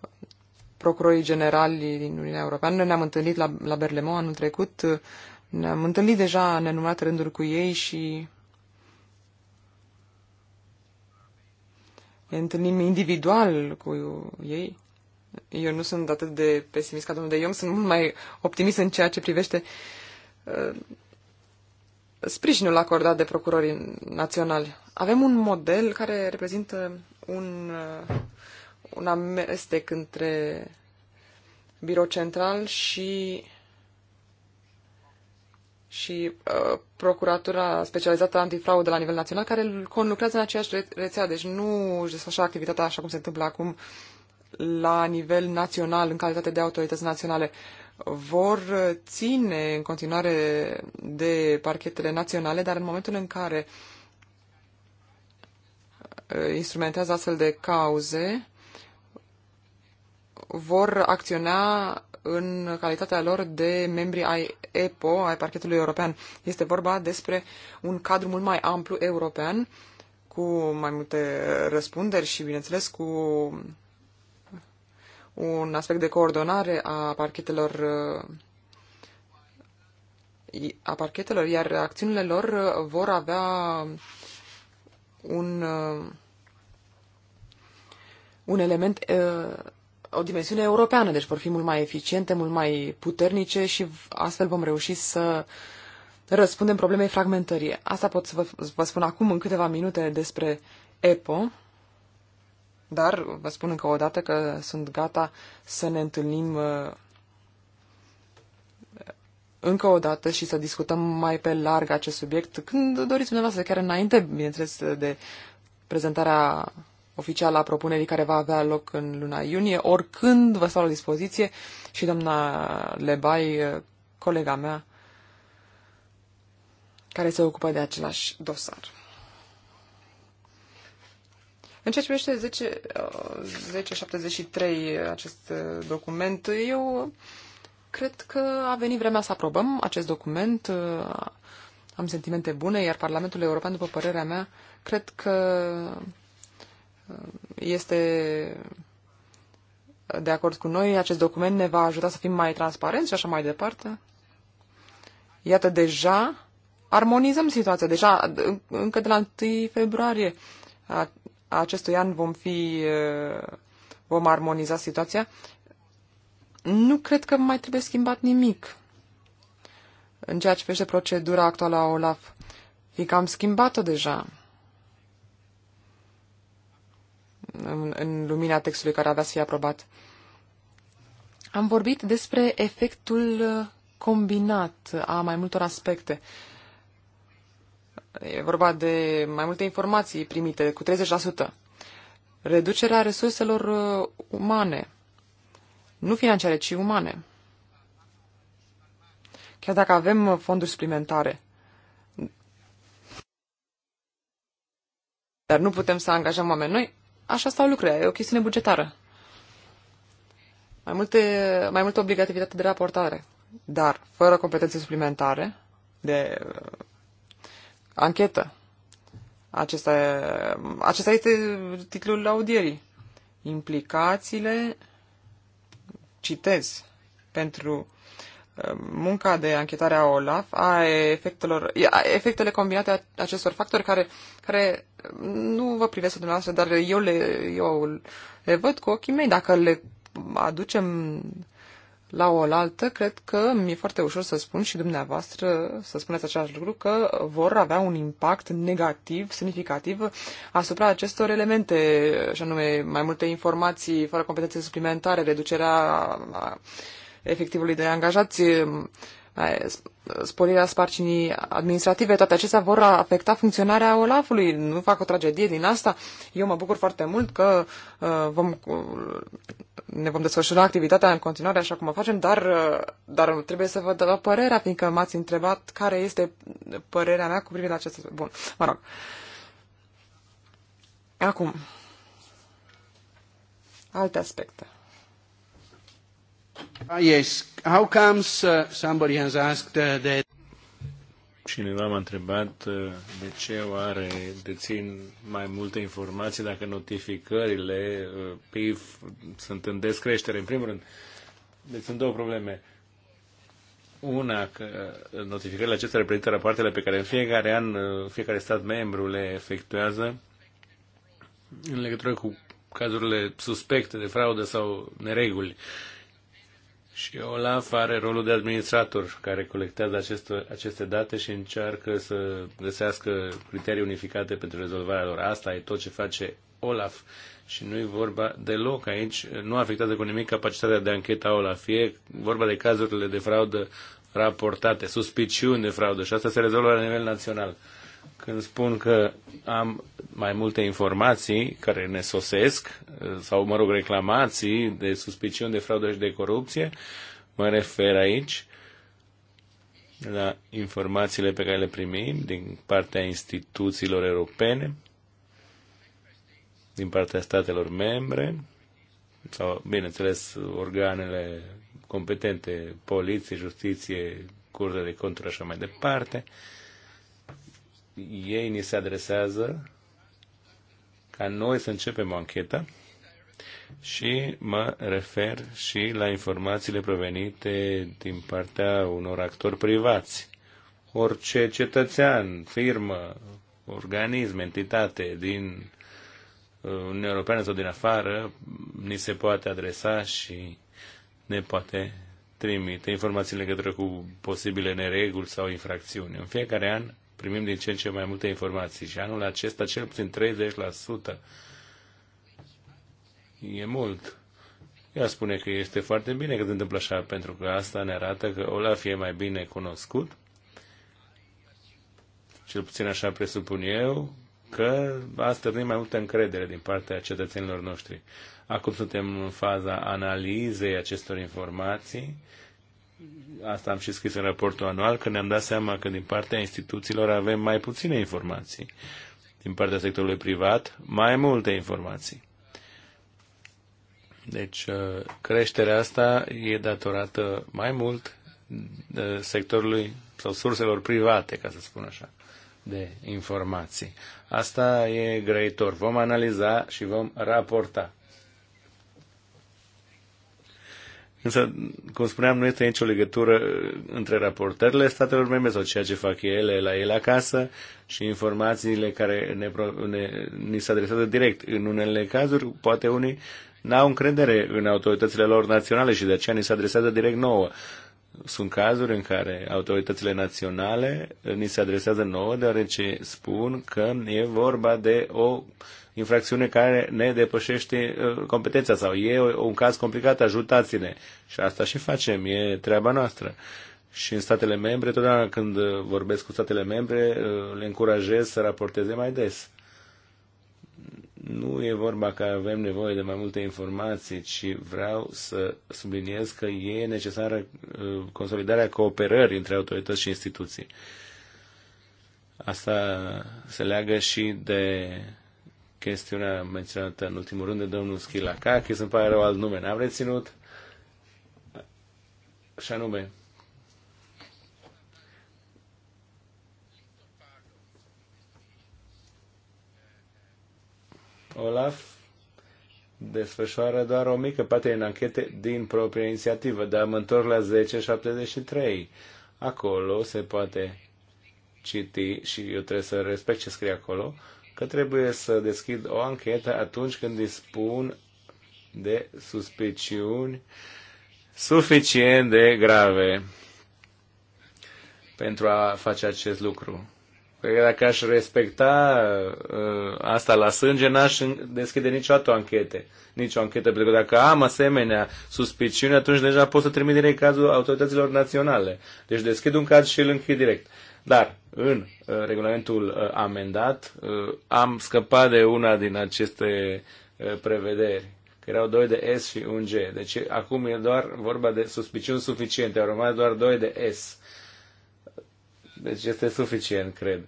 procurorii generali din Uniunea Europeană. Ne-am întâlnit la, la Berlemo anul trecut, ne-am întâlnit deja în nenumărate rânduri cu ei și ne întâlnim individual cu ei. Eu nu sunt atât de pesimist ca domnul de Iom, sunt mult mai optimist în ceea ce privește uh, sprijinul acordat de procurorii naționali. Avem un model care reprezintă un, uh, un amestec între birou central și și uh, Procuratura Specializată Antifraudă la nivel național, care conlucrează în aceeași rețea, deci nu își desfășoară activitatea așa cum se întâmplă acum la nivel național, în calitate de autorități naționale, vor ține în continuare de parchetele naționale, dar în momentul în care uh, instrumentează astfel de cauze, vor acționa în calitatea lor de membri ai EPO, ai parchetului european. Este vorba despre un cadru mult mai amplu european, cu mai multe răspunderi și, bineînțeles, cu un aspect de coordonare a parchetelor a parchetelor, iar acțiunile lor vor avea un, un element, o dimensiune europeană, deci vor fi mult mai eficiente, mult mai puternice și astfel vom reuși să răspundem problemei fragmentării. Asta pot să vă, vă spun acum în câteva minute despre EPO. Dar vă spun încă o dată că sunt gata să ne întâlnim uh, încă o dată și să discutăm mai pe larg acest subiect când doriți dumneavoastră, chiar înainte, bineînțeles, de prezentarea oficială a propunerii care va avea loc în luna iunie, oricând vă stau la dispoziție și doamna Lebai, uh, colega mea, care se ocupă de același dosar. În ceea ce privește 10, uh, uh, acest uh, document, eu cred că a venit vremea să aprobăm acest document. Am sentimente bune, iar Parlamentul European, după părerea mea, cred că este de acord cu noi. Acest document ne va ajuta să fim mai transparenți și așa mai departe. Iată, deja armonizăm situația. Deja, încă de la 1 februarie, a acestui an vom fi, vom armoniza situația, nu cred că mai trebuie schimbat nimic în ceea ce privește procedura actuală a OLAF, fiindcă am schimbat-o deja în, în lumina textului care avea să fie aprobat. Am vorbit despre efectul combinat a mai multor aspecte. Uh, E vorba de mai multe informații primite cu 30%. Reducerea resurselor uh, umane. Nu financiare, ci umane. Chiar dacă avem uh, fonduri suplimentare. Dar nu putem să angajăm oameni noi. Așa stau lucrurile. E o chestiune bugetară. Mai, multe, mai multă obligativitate de raportare. Dar fără competențe suplimentare de uh, Anchetă. Acesta, acesta este titlul audierii. Implicațiile, citez, pentru uh, munca de anchetare a OLAF, a efectelor, a efectele combinate a acestor factori care, care uh, nu vă privesc dumneavoastră, dar eu le, eu le văd cu ochii mei. Dacă le aducem la oaltă, cred că mi-e foarte ușor să spun și dumneavoastră să spuneți același lucru, că vor avea un impact negativ, semnificativ asupra acestor elemente, și anume mai multe informații fără competențe suplimentare, reducerea efectivului de angajați, sporirea sparcinii administrative, toate acestea vor afecta funcționarea OLAF-ului. Nu fac o tragedie din asta. Eu mă bucur foarte mult că uh, vom, ne vom desfășura activitatea în continuare așa cum o facem, dar, uh, dar trebuie să vă dau părerea, fiindcă m-ați întrebat care este părerea mea cu privire la acest... Bun, mă rog. Acum, alte aspecte. Uh, yes. How comes uh, somebody has asked uh, that cineva m-a întrebat uh, de ce oare dețin mai multe informații dacă notificările uh, PIF sunt în descreștere. În primul rând, deci sunt două probleme. Una, că notificările acestea reprezintă rapoartele pe care în fiecare an uh, fiecare stat membru le efectuează în legătură cu cazurile suspecte de fraudă sau nereguli. Uh, și OLAF are rolul de administrator care colectează aceste, aceste date și încearcă să găsească criterii unificate pentru rezolvarea lor. Asta e tot ce face OLAF. Și nu e vorba deloc aici, nu afectează cu nimic capacitatea de anchetă a OLAF. E vorba de cazurile de fraudă raportate, suspiciuni de fraudă și asta se rezolvă la nivel național când spun că am mai multe informații care ne sosesc, sau, mă rog, reclamații de suspiciuni de fraudă și de corupție, mă refer aici la informațiile pe care le primim din partea instituțiilor europene, din partea statelor membre, sau, bineînțeles, organele competente, poliție, justiție, curte de conturi, așa mai departe, uh, ei ni se adresează ca noi să începem o anchetă și mă refer și la informațiile provenite din partea unor actori privați. Orice cetățean, firmă, organism, entitate din uh, Uniunea Europeană sau din afară ni se poate adresa și ne poate trimite informații în legătură cu posibile nereguli sau infracțiuni. În fiecare an primim din ce în ce mai multe informații și anul acesta cel puțin 30%. E mult. Ea spune că este foarte bine că se întâmplă așa, pentru că asta ne arată că Olaf e mai bine cunoscut, cel puțin așa presupun eu, că a stârnit mai multă încredere din partea cetățenilor noștri. Acum suntem în faza analizei acestor informații asta am și scris în raportul anual, că ne-am dat seama că din partea instituțiilor avem mai puține informații, din partea sectorului privat mai multe informații. Deci uh, creșterea asta e datorată mai mult uh, sectorului sau surselor private, ca să spun așa, de informații. Asta e grăitor. Vom analiza și vom raporta. Însă, cum spuneam, nu este nicio legătură uh, între raportările statelor membre sau ceea ce fac ele la ele acasă și informațiile care ne, ne, ni se adresează direct. În unele cazuri, poate unii n-au încredere în autoritățile lor naționale și de aceea ni se adresează direct nouă. Sunt cazuri în care autoritățile naționale ni se adresează nouă deoarece spun că e vorba de o infracțiune care ne depășește uh, competența sau e un caz complicat, ajutați-ne. Și asta și facem, e treaba noastră. Și în statele membre, totdeauna când vorbesc cu statele membre, uh, le încurajez să raporteze mai des. Nu e vorba că avem nevoie de mai multe informații, ci vreau să subliniez că e necesară uh, consolidarea cooperării între autorități și instituții. Asta se leagă și de chestiunea menționată în ultimul rând de domnul Schilacakis, îmi pare rău alt nume, n-am reținut, și anume, Olaf desfășoară doar o mică parte în anchete din propria inițiativă, dar mă întorc la 1073. Acolo se poate citi și eu trebuie să respect ce scrie acolo. Uh, că trebuie să deschid o anchetă atunci când dispun de suspiciuni suficient de grave pentru a face acest lucru. Că păi dacă aș respecta uh, asta la sânge, n-aș deschide niciodată o anchete. Nici o anchetă, pentru că dacă am asemenea suspiciune, atunci deja pot să trimit direct cazul autorităților naționale. Deci deschid un caz și îl închid direct. Dar în uh, regulamentul uh, amendat uh, am scăpat de una din aceste prevederi că erau doi de S și un G. Deci acum e doar vorba de suspiciuni suficiente, au rămas doar doi de S. Deci este suficient, cred.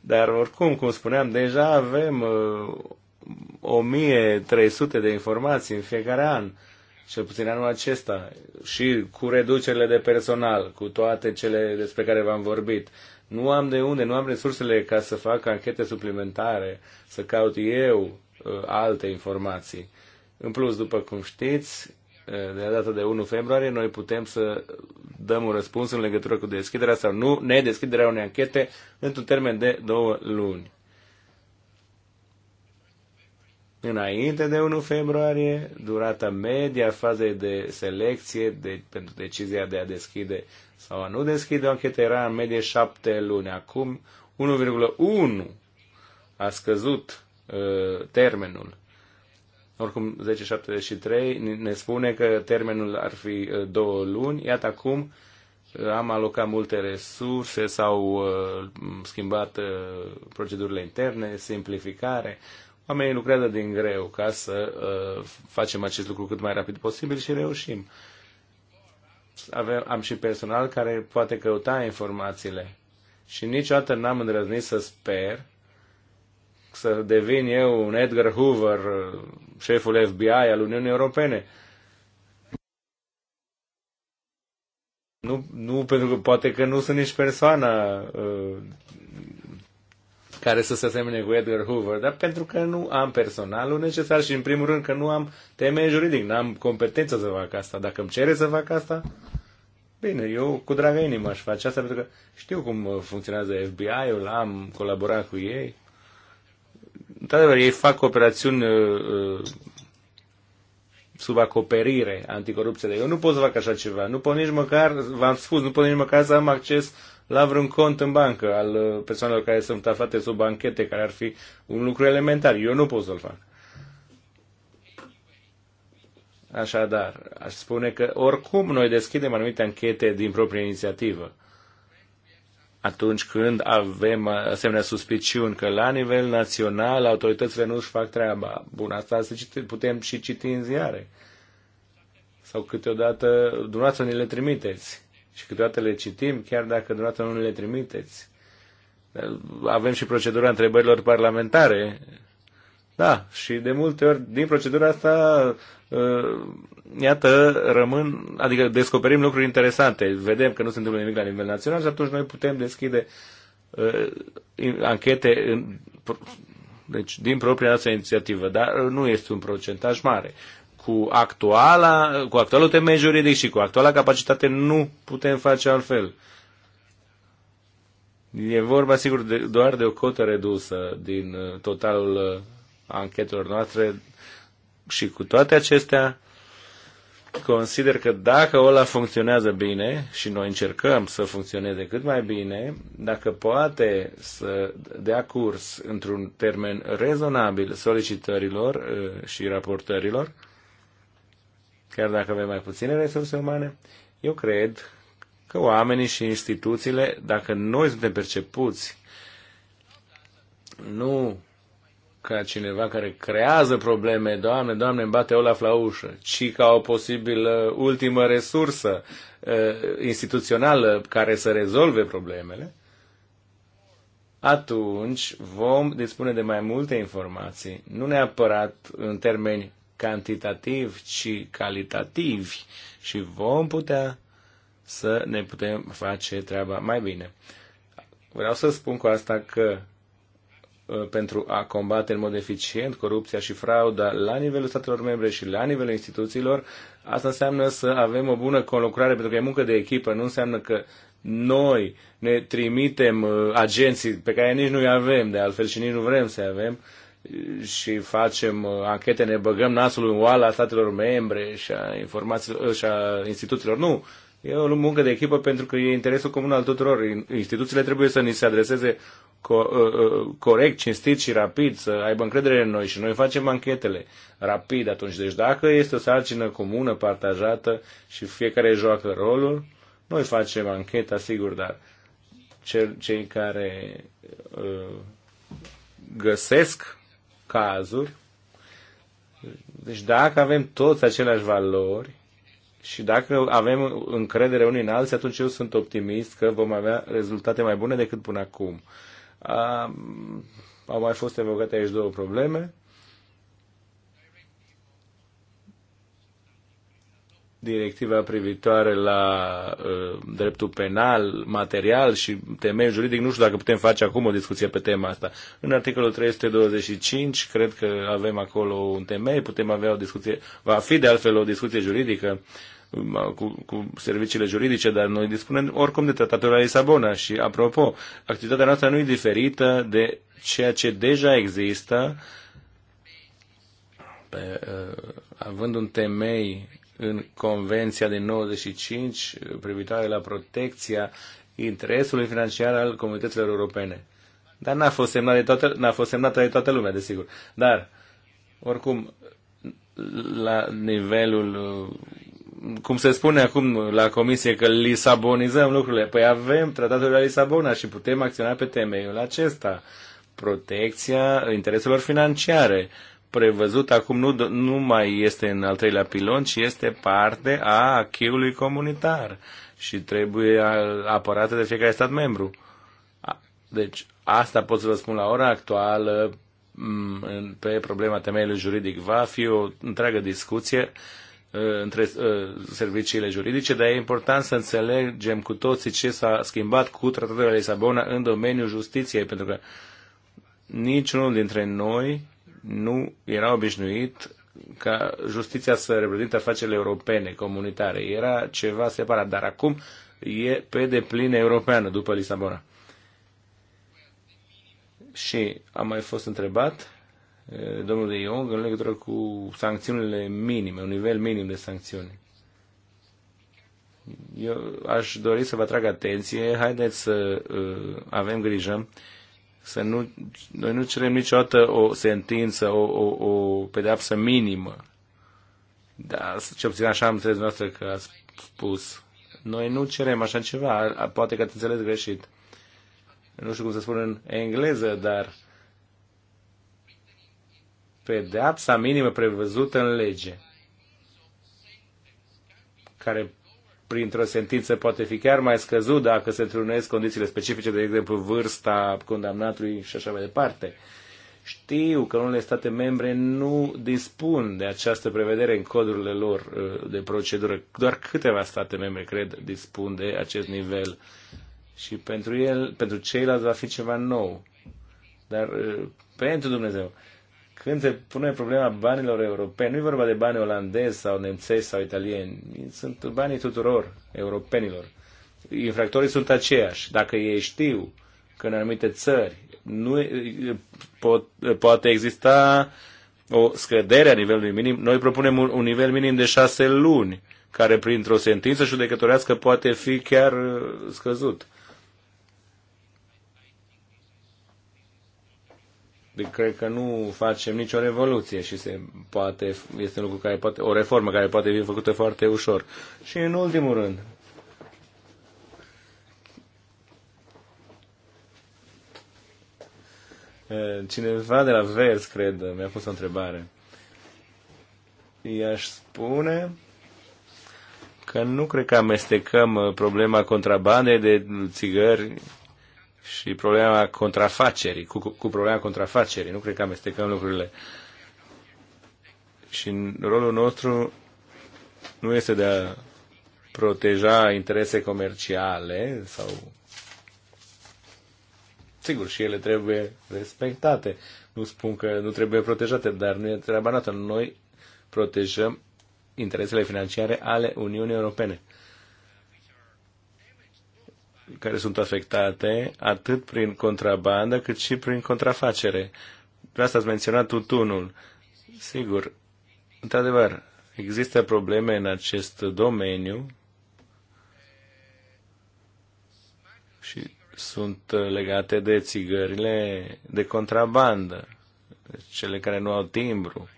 Dar oricum, cum spuneam, deja avem uh, 1300 de informații în fiecare an cel puțin anul acesta, și cu reducerile de personal, cu toate cele despre care v-am vorbit. Nu am de unde, nu am resursele ca să fac anchete suplimentare, să caut eu uh, alte informații. În plus, după cum știți, uh, de la data de 1 februarie, noi putem să dăm un răspuns în legătură cu deschiderea sau nu, nedeschiderea unei anchete într-un termen de două luni înainte de 1 februarie, durata media a fazei de selecție de, pentru decizia de a deschide sau a nu deschide o anchetă era în medie 7 luni. Acum 1,1 a scăzut uh, termenul. Oricum, 1073 ne spune că termenul ar fi uh, două luni. Iată acum uh, am alocat multe resurse, s-au uh, schimbat uh, procedurile interne, simplificare. Oamenii lucrează din greu ca să uh, facem acest lucru cât mai rapid posibil și reușim. Avem, am și personal care poate căuta informațiile. Și niciodată n-am îndrăznit să sper să devin eu un Edgar Hoover, uh, șeful FBI al Uniunii Europene. Nu, nu pentru că poate că nu sunt nici persoana uh, care să se asemene cu Edgar Hoover, dar pentru că nu am personalul necesar și, în primul rând, că nu am teme juridic, nu am competența să fac asta. Dacă îmi cere să fac asta, bine, eu cu dragă inimă aș face asta, pentru că știu cum uh, funcționează FBI-ul, am colaborat cu ei. Într-adevăr, ei fac operațiuni uh, uh, sub acoperire anticorupție. Dar eu nu pot să fac așa ceva. Nu pot nici măcar, v-am spus, nu pot nici măcar să am acces la vreun cont în bancă al uh, persoanelor care sunt aflate sub banchete, care ar fi un lucru elementar. Eu nu pot să-l fac. Așadar, aș spune că oricum noi deschidem anumite anchete din proprie inițiativă atunci când avem asemenea suspiciuni că la nivel național autoritățile nu își fac treaba. Bun, asta se cite, putem și citi în ziare. Sau câteodată dumneavoastră ne le trimiteți și câteodată le citim, chiar dacă dumneavoastră nu le trimiteți. Avem și procedura întrebărilor parlamentare. Da, și de multe ori din procedura asta, uh, iată, rămân, adică descoperim lucruri interesante, vedem că nu se întâmplă nimic la nivel național și atunci noi putem deschide uh, anchete în, deci, din propria noastră inițiativă, dar nu este un procentaj mare cu, actuala, cu actualul temei juridic și cu actuala capacitate nu putem face altfel. E vorba, sigur, de, doar de o cotă redusă din uh, totalul uh, anchetelor noastre și cu toate acestea consider că dacă OLA funcționează bine și noi încercăm să funcționeze cât mai bine, dacă poate să dea curs într-un termen rezonabil solicitărilor uh, și raportărilor, chiar dacă avem mai puține resurse umane, eu cred că oamenii și instituțiile, dacă noi suntem percepuți, nu ca cineva care creează probleme, Doamne, Doamne, îmi bate Olaf la ușă, ci ca o posibilă ultimă resursă uh, instituțională care să rezolve problemele, atunci vom dispune de mai multe informații, nu neapărat în termeni cantitativ, ci calitativ și vom putea să ne putem face treaba mai bine. Vreau să spun cu asta că ă, pentru a combate în mod eficient corupția și frauda la nivelul statelor membre și la nivelul instituțiilor, asta înseamnă să avem o bună conlucrare, pentru că e muncă de echipă, nu înseamnă că noi ne trimitem ă, agenții pe care nici nu-i avem, de altfel și nici nu vrem să avem, și facem uh, anchete, ne băgăm nasul în oala statelor membre și a, informațiilor, uh, și a instituțiilor. Nu, e o muncă de echipă pentru că e interesul comun al tuturor. Instituțiile trebuie să ni se adreseze co- uh, corect, cinstit și rapid, să aibă încredere în noi și noi facem anchetele rapid atunci. Deci dacă este o sarcină comună, partajată și fiecare joacă rolul, noi facem ancheta, sigur, dar cel, cei care uh, găsesc cazuri. Deci dacă avem toți aceleași valori și dacă avem încredere unii în alții, atunci eu sunt optimist că vom avea rezultate mai bune decât până acum. A, au mai fost evocate aici două probleme. directiva privitoare la uh, dreptul penal, material și temei juridic. Nu știu dacă putem face acum o discuție pe tema asta. În articolul 325, cred că avem acolo un temei, putem avea o discuție, va fi de altfel o discuție juridică um, cu, cu serviciile juridice, dar noi dispunem oricum de tratatul la Lisabona și, apropo, activitatea noastră nu e diferită de ceea ce deja există, pe, uh, având un temei în Convenția de 95 privitoare la protecția interesului financiar al comunităților europene. Dar n-a fost, semnat de toată, n-a fost semnată de toată lumea, desigur. Dar, oricum, la nivelul cum se spune acum la comisie că lisabonizăm lucrurile. Păi avem tratatul de la Lisabona și putem acționa pe temeiul acesta. Protecția intereselor financiare prevăzut acum nu, nu mai este în al treilea pilon, ci este parte a acheului comunitar și trebuie apărată de fiecare stat membru. Deci, asta pot să vă spun la ora actuală pe problema temeiului juridic. Va fi o întreagă discuție uh, între uh, serviciile juridice, dar e important să înțelegem cu toții ce s-a schimbat cu tratatul de Lisabona în domeniul justiției, pentru că niciunul dintre noi nu era obișnuit ca justiția să reprezinte afacerile europene, comunitare. Era ceva separat, dar acum e pe deplin europeană după Lisabona. Și am mai fost întrebat domnul de Iong în legătură cu sancțiunile minime, un nivel minim de sancțiuni. Eu aș dori să vă atrag atenție, haideți să uh, avem grijă uh, să nu, noi nu cerem niciodată o sentință, o, o, o pedeapsă minimă. Da, ce puțin așa am înțeles noastră că ați spus. Noi nu cerem așa ceva, poate că ați înțeles greșit. Nu știu cum să spun în engleză, dar pedeapsa minimă prevăzută în lege, care printr-o sentință poate fi chiar mai scăzut dacă se întrunesc condițiile specifice, de exemplu vârsta condamnatului și așa mai departe. Știu că unele state membre nu dispun de această prevedere în codurile lor uh, de procedură. Doar câteva state membre, cred, dispun de acest nivel. Și pentru el, pentru ceilalți va fi ceva nou. Dar uh, pentru Dumnezeu când se pune problema banilor europeni, nu e vorba de bani olandezi sau nemțești sau italieni, sunt banii tuturor europenilor. Infractorii sunt aceiași. Dacă ei știu că în anumite țări nu pot, poate exista o scădere a nivelului minim, noi propunem un, un nivel minim de șase luni, care printr-o sentință judecătorească poate fi chiar uh, scăzut. cred că nu facem nicio revoluție și se poate, este un lucru care poate, o reformă care poate fi făcută foarte ușor. Și în ultimul rând, eh, cineva de la Vers, cred, mi-a pus o întrebare. I-aș spune că nu cred că amestecăm eh, problema contrabandei de țigări și problema contrafacerii, cu, cu problema contrafacerii. Nu cred că amestecăm lucrurile. Și rolul nostru nu este de a proteja interese comerciale sau sigur, și ele trebuie respectate. Nu spun că nu trebuie protejate, dar nu e treaba noastră. Noi protejăm interesele financiare ale Uniunii Europene care sunt afectate atât prin contrabandă cât și prin contrafacere. De asta ați menționat tutunul. Sigur, într-adevăr, există probleme în acest domeniu și sunt legate de țigările de contrabandă, cele care nu au timbru.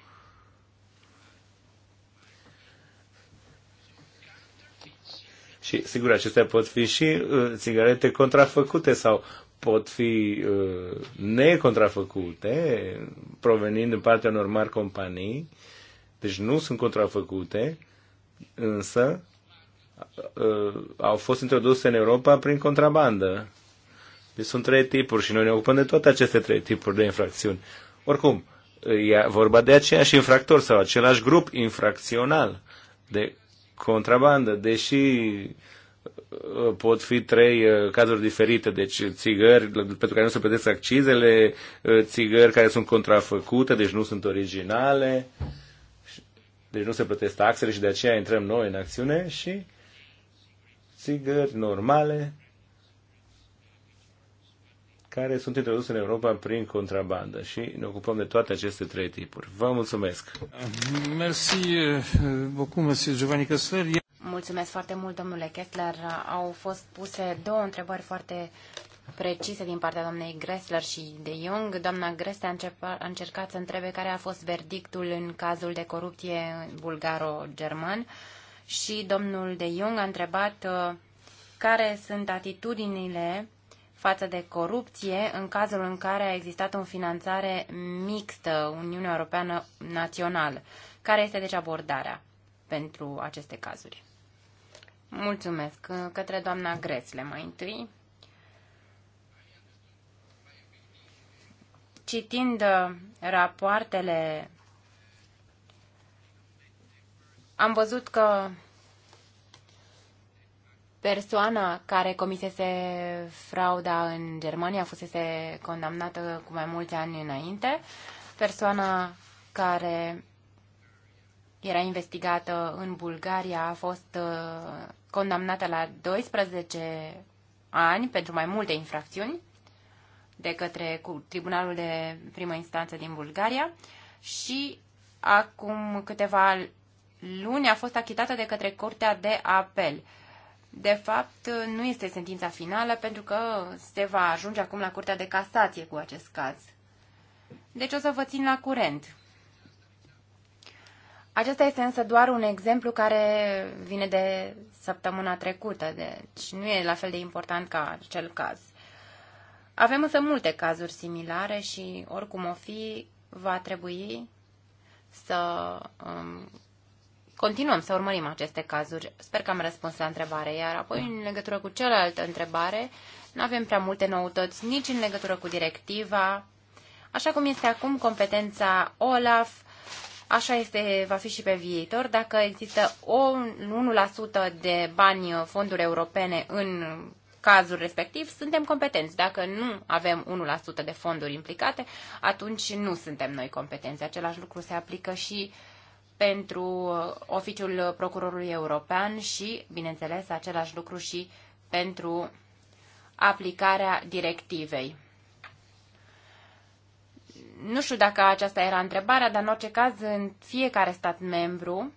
Și, sigur, acestea pot fi și uh, țigarete contrafăcute sau pot fi uh, necontrafăcute, provenind din partea unor mari companii, deci nu sunt contrafăcute, însă uh, au fost introduse în Europa prin contrabandă. Deci sunt trei tipuri și noi ne ocupăm de toate aceste trei tipuri de infracțiuni. Oricum, e vorba de aceeași infractor sau același grup infracțional de contrabandă, deși uh, pot fi trei uh, cazuri diferite, deci țigări pentru care nu se plătesc accizele, uh, țigări care sunt contrafăcute, deci nu sunt originale, deci nu se plătesc taxele și de aceea intrăm noi în acțiune și țigări normale care sunt introduse în Europa prin contrabandă și ne ocupăm de toate aceste trei tipuri. Vă mulțumesc! Mersi euh, beaucoup, monsieur Giovanni Căsler. Mulțumesc foarte mult, domnule Kessler. Au fost puse două întrebări foarte precise din partea doamnei Gressler și de Jung. Doamna Gressler a încercat să întrebe care a fost verdictul în cazul de corupție bulgaro-german și domnul de Jung a întrebat uh, care sunt atitudinile față de corupție în cazul în care a existat o finanțare mixtă Uniunea Europeană națională. Care este deci abordarea pentru aceste cazuri? Mulțumesc. Către doamna Grețle mai întâi. Citind uh, rapoartele, am văzut că Persoana care comisese frauda în Germania fusese condamnată cu mai mulți ani înainte. Persoana care era investigată în Bulgaria a fost uh, condamnată la 12 ani pentru mai multe infracțiuni de către Tribunalul de Primă Instanță din Bulgaria și acum câteva luni a fost achitată de către Curtea de Apel de fapt, nu este sentința finală pentru că se va ajunge acum la Curtea de Casație cu acest caz. Deci o să vă țin la curent. Acesta este însă doar un exemplu care vine de săptămâna trecută, deci nu e la fel de important ca acel caz. Avem însă multe cazuri similare și, oricum o fi, va trebui să um, continuăm să urmărim aceste cazuri. Sper că am răspuns la întrebare, iar apoi în legătură cu cealaltă întrebare, nu avem prea multe noutăți nici în legătură cu directiva. Așa cum este acum competența OLAF, așa este, va fi și pe viitor. Dacă există o 1% de bani fonduri europene în cazul respectiv, suntem competenți. Dacă nu avem 1% de fonduri implicate, atunci nu suntem noi competenți. Același lucru se aplică și uh, pentru uh, oficiul procurorului european și, bineînțeles, același lucru și pentru aplicarea directivei. Nu știu dacă aceasta era întrebarea, dar în orice caz, în fiecare stat membru,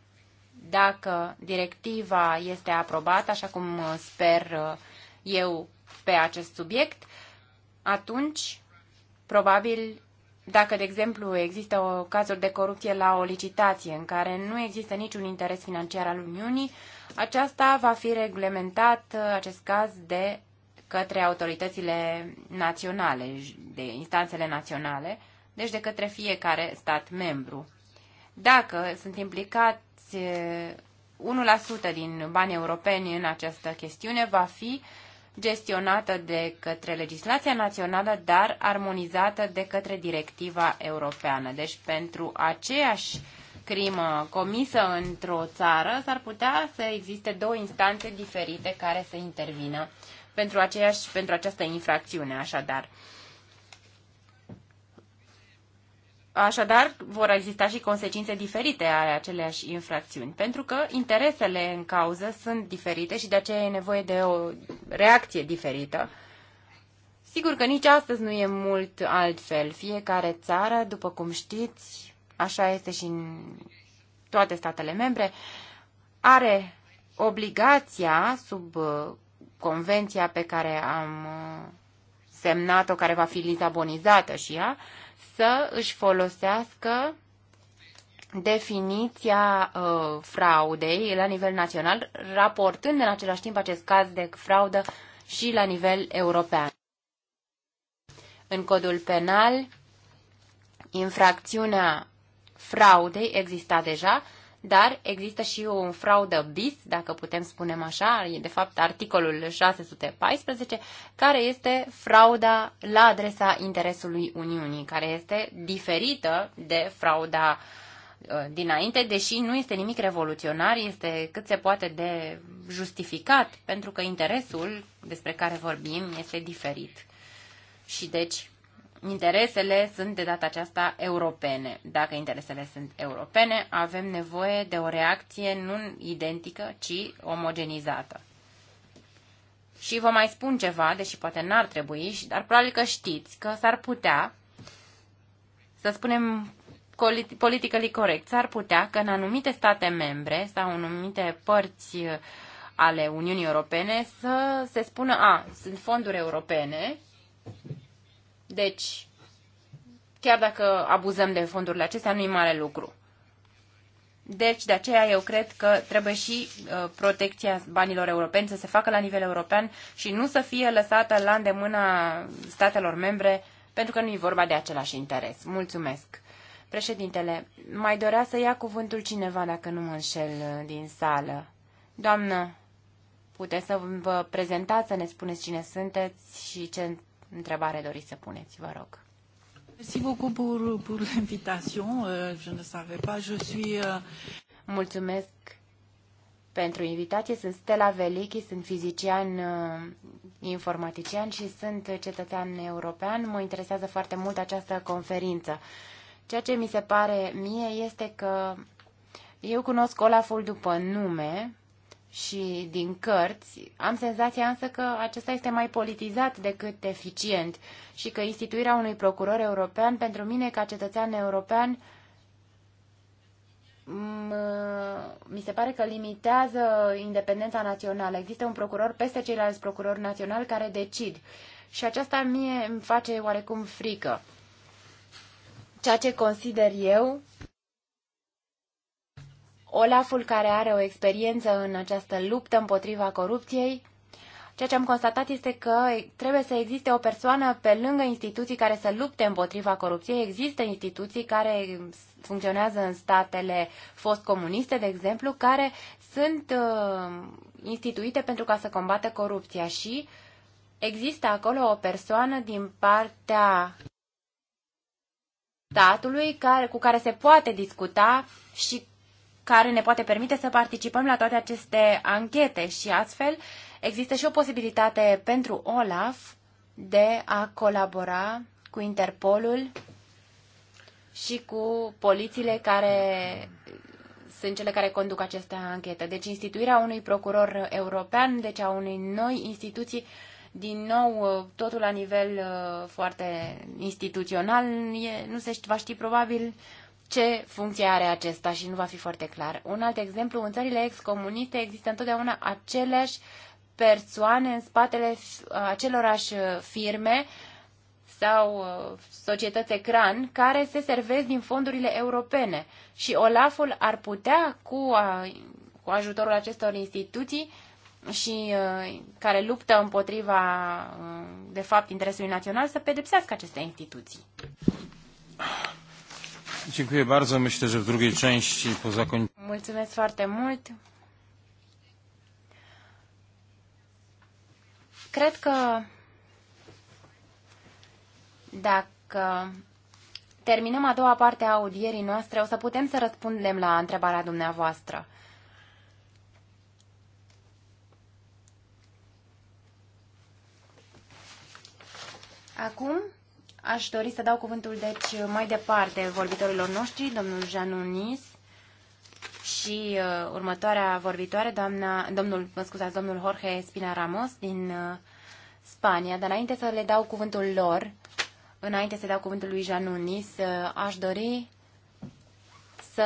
dacă directiva este aprobată, așa cum uh, sper uh, eu pe acest subiect, atunci probabil dacă, de exemplu, există o, cazuri de corupție la o licitație în care nu există niciun interes financiar al Uniunii, aceasta va fi reglementat, uh, acest caz, de către autoritățile naționale, de instanțele naționale, deci de către fiecare stat membru. Dacă sunt implicați 1% uh, din bani europeni în această chestiune, va fi uh, gestionată de către legislația națională, dar armonizată de către directiva europeană. Deci pentru aceeași crimă comisă într-o țară s-ar putea să existe două instanțe diferite care să intervină pentru, aceeași, pentru această infracțiune, așadar. Așadar, vor exista și consecințe diferite ale aceleași infracțiuni, pentru că interesele în cauză sunt diferite și de aceea e nevoie de o reacție diferită. Sigur că nici astăzi nu e mult altfel. Fiecare țară, după cum știți, așa este și în toate statele membre, are obligația sub uh, convenția pe care am uh, semnat-o, care va fi lisabonizată și ea, să își folosească definiția uh, fraudei la nivel național, raportând în același timp acest caz de fraudă și la nivel european. În codul penal, infracțiunea fraudei exista deja, dar există și o fraudă bis, dacă putem spune așa, e de fapt articolul 614, care este frauda la adresa interesului Uniunii, care este diferită de frauda uh, dinainte, deși nu este nimic revoluționar, este cât se poate de justificat, pentru că interesul despre care vorbim este diferit. Și deci interesele sunt de data aceasta europene. Dacă interesele sunt europene, avem nevoie de o reacție nu identică, ci omogenizată. Și vă mai spun ceva, deși poate n-ar trebui, dar probabil că știți că s-ar putea, să spunem politically corect, s-ar putea că în anumite state membre sau în anumite părți uh, ale Uniunii Europene să se spună, a, sunt fonduri europene deci, chiar dacă abuzăm de fondurile acestea, nu e mare lucru. Deci, de aceea eu cred că trebuie și uh, protecția banilor europeni să se facă la nivel european și nu să fie lăsată la îndemâna statelor membre, pentru că nu e vorba de același interes. Mulțumesc. Președintele, mai dorea să ia cuvântul cineva, dacă nu mă înșel, uh, din sală. Doamnă, puteți să vă prezentați, să ne spuneți cine sunteți și ce întrebare doriți să puneți, vă rog. Merci beaucoup pour, pour l'invitation. Euh, je ne savais pas, je suis... Euh, Mulțumesc pentru invitație. Sunt Stella Velichi, sunt fizician, uh, informatician și sunt cetățean european. Mă interesează foarte mult această conferință. Ceea ce mi se pare mie este că eu cunosc Olaful după nume, și din cărți, am senzația însă că acesta este mai politizat decât eficient și că instituirea unui procuror european, pentru mine ca cetățean european, mi se pare că limitează independența națională. Există un procuror peste ceilalți procurori naționali care decid. Și aceasta mie îmi face oarecum frică. Ceea ce consider eu Olaful, care are o experiență în această luptă împotriva corupției, Ceea ce am constatat este că trebuie să existe o persoană pe lângă instituții care să lupte împotriva corupției. Există instituții care funcționează în statele fost comuniste, de exemplu, care sunt uh, instituite pentru ca să combată corupția și există acolo o persoană din partea statului care, cu care se poate discuta și care ne poate permite să participăm la toate aceste anchete și astfel există și o posibilitate pentru OLAF de a colabora cu Interpolul și cu polițiile care sunt cele care conduc aceste anchete. Deci instituirea unui procuror european, deci a unei noi instituții, din nou totul la nivel uh, foarte instituțional, e, nu se va ști probabil ce funcție are acesta și nu va fi foarte clar. Un alt exemplu, în țările excomunite există întotdeauna aceleași persoane în spatele acelorași uh, firme sau uh, societăți ecran care se servesc din fondurile europene și Olaful ar putea cu, a, cu ajutorul acestor instituții și uh, care luptă împotriva, uh, de fapt, interesului național, să pedepsească aceste instituții. Dziękuję bardzo. Myślę, że w drugiej części po zakończeniu... Mulțumesc foarte mult. Cred că dacă terminăm a doua parte a audierii noastre, o să putem să răspundem la întrebarea dumneavoastră. Acum Aș dori să dau cuvântul, deci, mai departe vorbitorilor noștri, domnul Janunis și uh, următoarea vorbitoare, doamna, domnul, mă scuzați, domnul Jorge Spina Ramos din uh, Spania. Dar înainte să le dau cuvântul lor, înainte să dau cuvântul lui Janunis, uh, aș dori să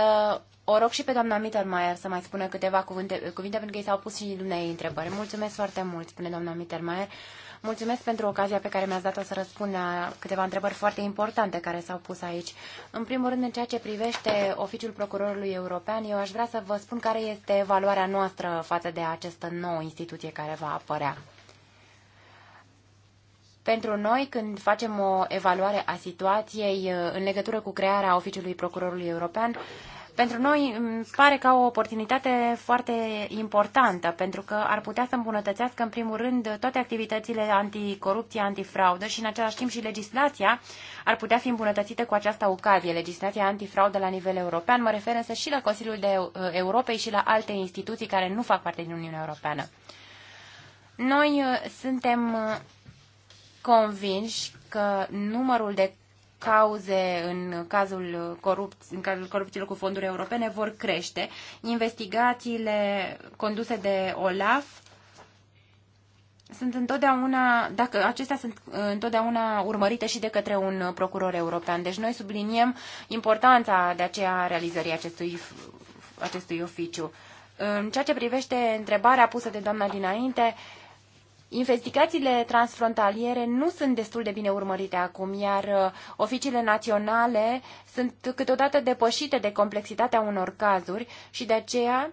o rog și pe doamna Mittermeier să mai spună câteva cuvinte, cuvinte pentru că i s-au pus și dumneavoastră întrebări. Mulțumesc foarte mult, spune doamna Mittermeier. Uh, Mulțumesc pentru ocazia pe care mi-ați dat-o să răspund la câteva întrebări foarte importante care s-au pus aici. În primul rând, în ceea ce privește Oficiul Procurorului European, eu aș vrea să vă spun care este evaluarea noastră față de această nouă instituție care va apărea. Pentru noi, când facem o evaluare a situației în legătură cu crearea Oficiului Procurorului European, pentru noi îmi mm, pare ca o oportunitate foarte importantă, pentru că ar putea să îmbunătățească, în primul rând, toate activitățile anticorupție, antifraudă și, în același timp, și legislația ar putea fi îmbunătățită cu această ocazie, legislația antifraudă la nivel european. Mă refer însă și la Consiliul de uh, Europei și la alte instituții care nu fac parte din Uniunea Europeană. Noi uh, suntem uh, convinși că numărul de cauze în cazul, corupț- în cazul corupțiilor cu fonduri europene vor crește. Investigațiile conduse de OLAF sunt întotdeauna, dacă acestea sunt uh, întotdeauna urmărite și de către un procuror european. Deci noi subliniem importanța de aceea realizării acestui, acestui oficiu. În ceea ce privește întrebarea pusă de doamna dinainte, Investigațiile transfrontaliere nu sunt destul de bine urmărite acum, iar uh, oficiile naționale sunt câteodată depășite de complexitatea unor cazuri și de aceea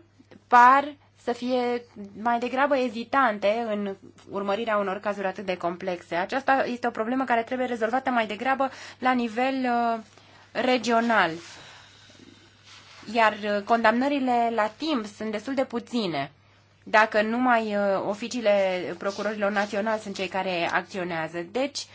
par să fie mai degrabă ezitante în urmărirea unor cazuri atât de complexe. Aceasta este o problemă care trebuie rezolvată mai degrabă la nivel uh, regional. Iar uh, condamnările la timp sunt destul de puține dacă numai uh, oficiile procurorilor naționali sunt cei care acționează. Deci,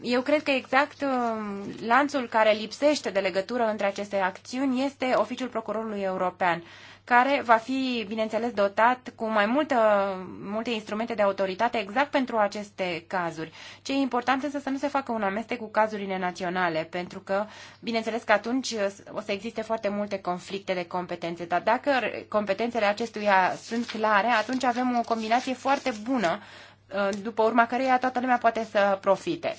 eu cred că exact uh, lanțul care lipsește de legătură între aceste acțiuni este oficiul procurorului european care va fi, bineînțeles, dotat cu mai multă, multe instrumente de autoritate exact pentru aceste cazuri. Ce e important însă să nu se facă un amestec cu cazurile naționale, pentru că, bineînțeles că atunci o să existe foarte multe conflicte de competențe, dar dacă competențele acestuia sunt clare, atunci avem o combinație foarte bună uh, după urma căreia toată lumea poate să profite.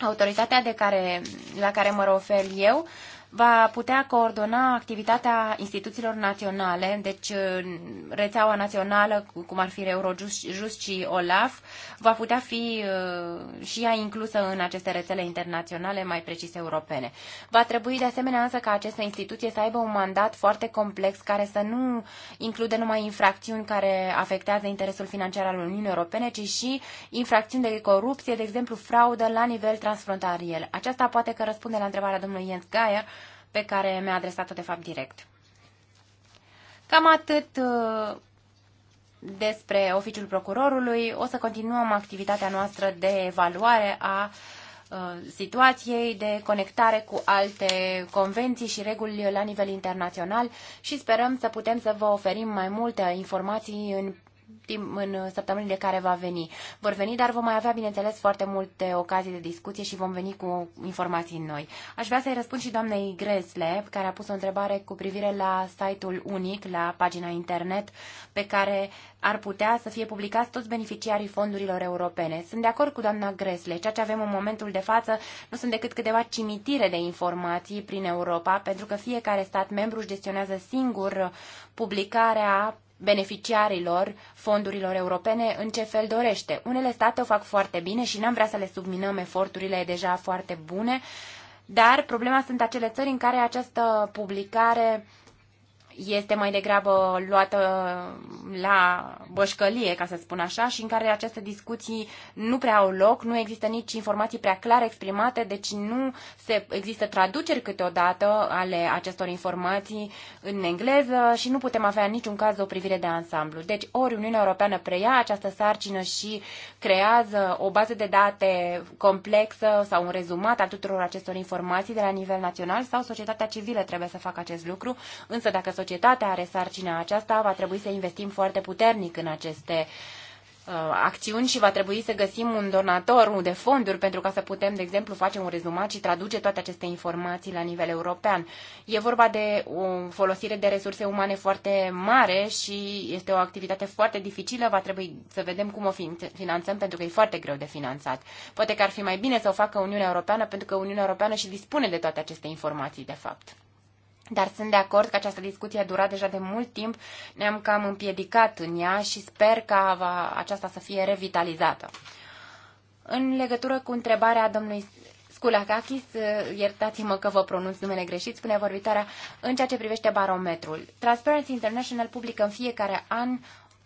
Autoritatea de care, la care mă refer eu va putea coordona activitatea instituțiilor naționale, deci rețeaua națională, cum ar fi Eurojust și OLAF, va putea fi uh, și ea inclusă în aceste rețele internaționale, mai precis europene. Va trebui de asemenea însă ca aceste instituție să aibă un mandat foarte complex care să nu include numai infracțiuni care afectează interesul financiar al Uniunii Europene, ci și infracțiuni de corupție, de exemplu fraudă la nivel transfrontalier. Aceasta poate că răspunde la întrebarea domnului Jens Geier, pe care mi-a adresat-o de fapt direct. Cam atât uh, despre oficiul procurorului. O să continuăm activitatea noastră de evaluare a uh, situației de conectare cu alte convenții și reguli la nivel internațional și sperăm să putem să vă oferim mai multe informații în timp, în săptămânile care va veni. Vor veni, dar vom mai avea, bineînțeles, foarte multe ocazii de discuție și vom veni cu informații noi. Aș vrea să-i răspund și doamnei Gresle, care a pus o întrebare cu privire la site-ul unic, la pagina internet, pe care ar putea să fie publicați toți beneficiarii fondurilor europene. Sunt de acord cu doamna Gresle. Ceea ce avem în momentul de față nu sunt decât câteva cimitire de informații prin Europa, pentru că fiecare stat membru își gestionează singur publicarea beneficiarilor fondurilor europene în ce fel dorește. Unele state o fac foarte bine și n-am vrea să le subminăm eforturile deja foarte bune, dar problema sunt acele țări în care această publicare este mai degrabă luată la bășcălie, ca să spun așa, și în care aceste discuții nu prea au loc, nu există nici informații prea clare exprimate, deci nu se, există traduceri câteodată ale acestor informații în engleză și nu putem avea în niciun caz o privire de ansamblu. Deci ori Uniunea Europeană preia această sarcină și creează o bază de date complexă sau un rezumat al tuturor acestor informații de la nivel național sau societatea civilă trebuie să facă acest lucru, însă dacă societatea societatea are sarcina aceasta, va trebui să investim foarte puternic în aceste uh, acțiuni și va trebui să găsim un donator de fonduri pentru ca să putem, de exemplu, face un rezumat și traduce toate aceste informații la nivel european. E vorba de o folosire de resurse umane foarte mare și este o activitate foarte dificilă. Va trebui să vedem cum o finanțăm pentru că e foarte greu de finanțat. Poate că ar fi mai bine să o facă Uniunea Europeană pentru că Uniunea Europeană și dispune de toate aceste informații, de fapt. Dar sunt de acord că această discuție a durat deja de mult timp, ne-am cam împiedicat în ea și sper ca va, aceasta să fie revitalizată. În legătură cu întrebarea domnului Sculacakis, eh, iertați-mă că vă pronunț numele greșit, spune vorbitoarea, în ceea ce privește barometrul. Transparency International publică în fiecare an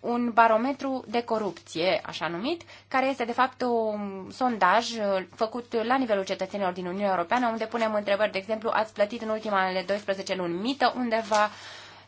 un barometru de corupție, așa numit, care este de fapt un sondaj uh, făcut la nivelul cetățenilor din Uniunea Europeană, unde punem întrebări, de exemplu, ați plătit în ultimele 12 luni mită undeva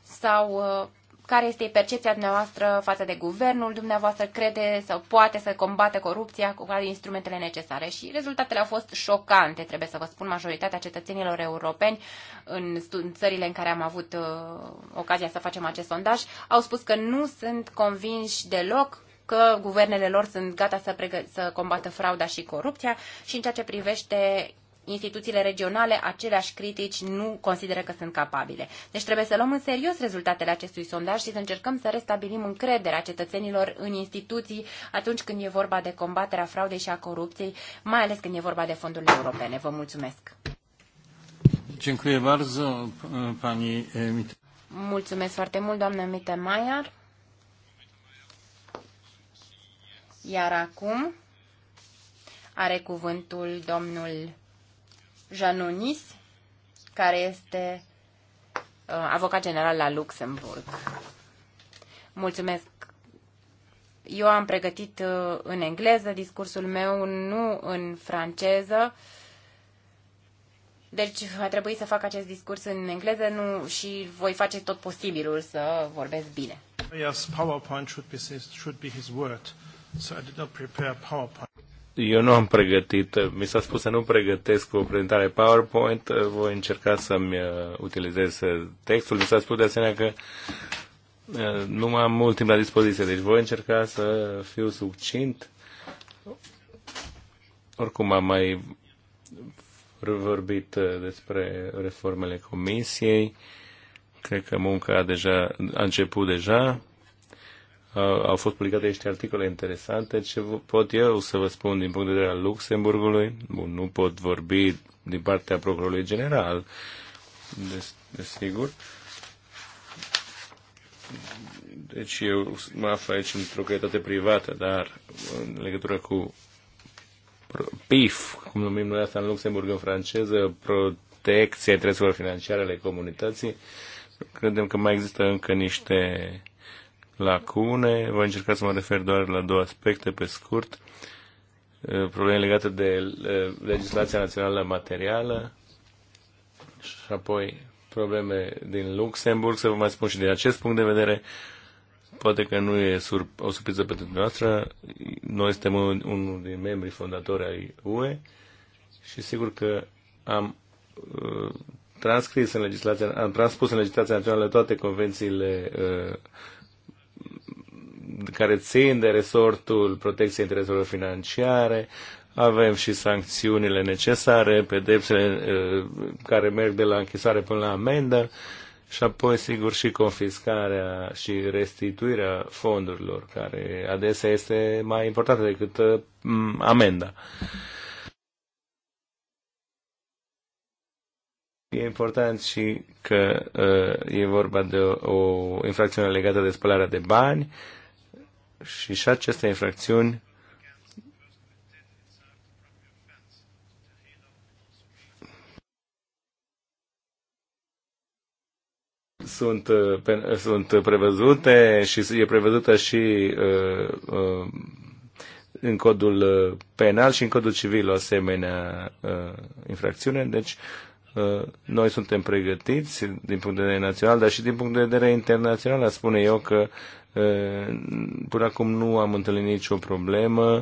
sau uh, care este percepția dumneavoastră față de guvernul dumneavoastră, crede sau poate să combate corupția cu instrumentele necesare. Și rezultatele au fost șocante, trebuie să vă spun, majoritatea cetățenilor europeni în țările în care am avut uh, ocazia să facem acest sondaj, au spus că nu sunt convinși deloc că guvernele lor sunt gata să, pregă- să combată frauda și corupția și în ceea ce privește instituțiile regionale aceleași critici nu consideră că sunt capabile. Deci trebuie să luăm în serios rezultatele acestui sondaj și să încercăm să restabilim încrederea cetățenilor în instituții atunci când e vorba de combaterea fraudei și a corupției, mai ales când e vorba de fondurile europene. Vă mulțumesc! Dziękuję bardzo, pani Mulțumesc foarte mult, doamnă Mittermeier. Iar acum are cuvântul domnul Janonis, care este uh, avocat general la Luxemburg. Mulțumesc. Eu am pregătit uh, în engleză discursul meu, nu în franceză. Deci a trebuit să fac acest discurs în engleză nu, și voi face tot posibilul să vorbesc bine. Yes, PowerPoint should be, should be his word, so I did not prepare PowerPoint eu nu am pregătit, mi s-a spus să nu pregătesc o prezentare PowerPoint, voi încerca să-mi uh, utilizez uh, textul, mi s-a spus de asemenea că uh, nu am mult timp la dispoziție, deci voi încerca să fiu succint. Oricum am mai vorbit despre reformele comisiei, cred că munca a deja a început deja au fost publicate niște articole interesante. Ce pot eu să vă spun din punct de vedere al Luxemburgului? Bun, nu pot vorbi din partea Procurorului General, desigur. De deci eu mă aflu aici într-o calitate privată, dar în legătură cu PIF, cum numim noi asta în Luxemburg în franceză, protecția intereselor financiare ale comunității, credem că mai există încă niște lacune. Voi încerca să mă refer doar la două aspecte pe scurt. Eh, probleme legate de eh, legislația națională materială și apoi probleme din Luxemburg, să vă mai spun și din acest punct de vedere, poate că nu e sur, o surpriză pentru noastră, noi suntem un, unul din membrii fondatori ai UE și sigur că am eh, transcris în legislația, am transpus în legislația națională toate convențiile uh, care țin de resortul protecției intereselor financiare, avem și sancțiunile necesare, pedepsele uh, care merg de la închisoare până la amendă și apoi, sigur, și confiscarea și restituirea fondurilor, care adesea este mai importantă decât uh, amenda. E important și că uh, e vorba de o, o infracțiune legată de spălarea de bani și și aceste infracțiuni sunt, uh, pe, uh, sunt prevăzute și e prevăzută și uh, uh, în codul uh, penal și în codul civil o asemenea uh, infracțiune, deci Uh, noi suntem pregătiți din punct de vedere național, dar și din punct de vedere internațional, A spune eu că uh, până acum nu am întâlnit nicio problemă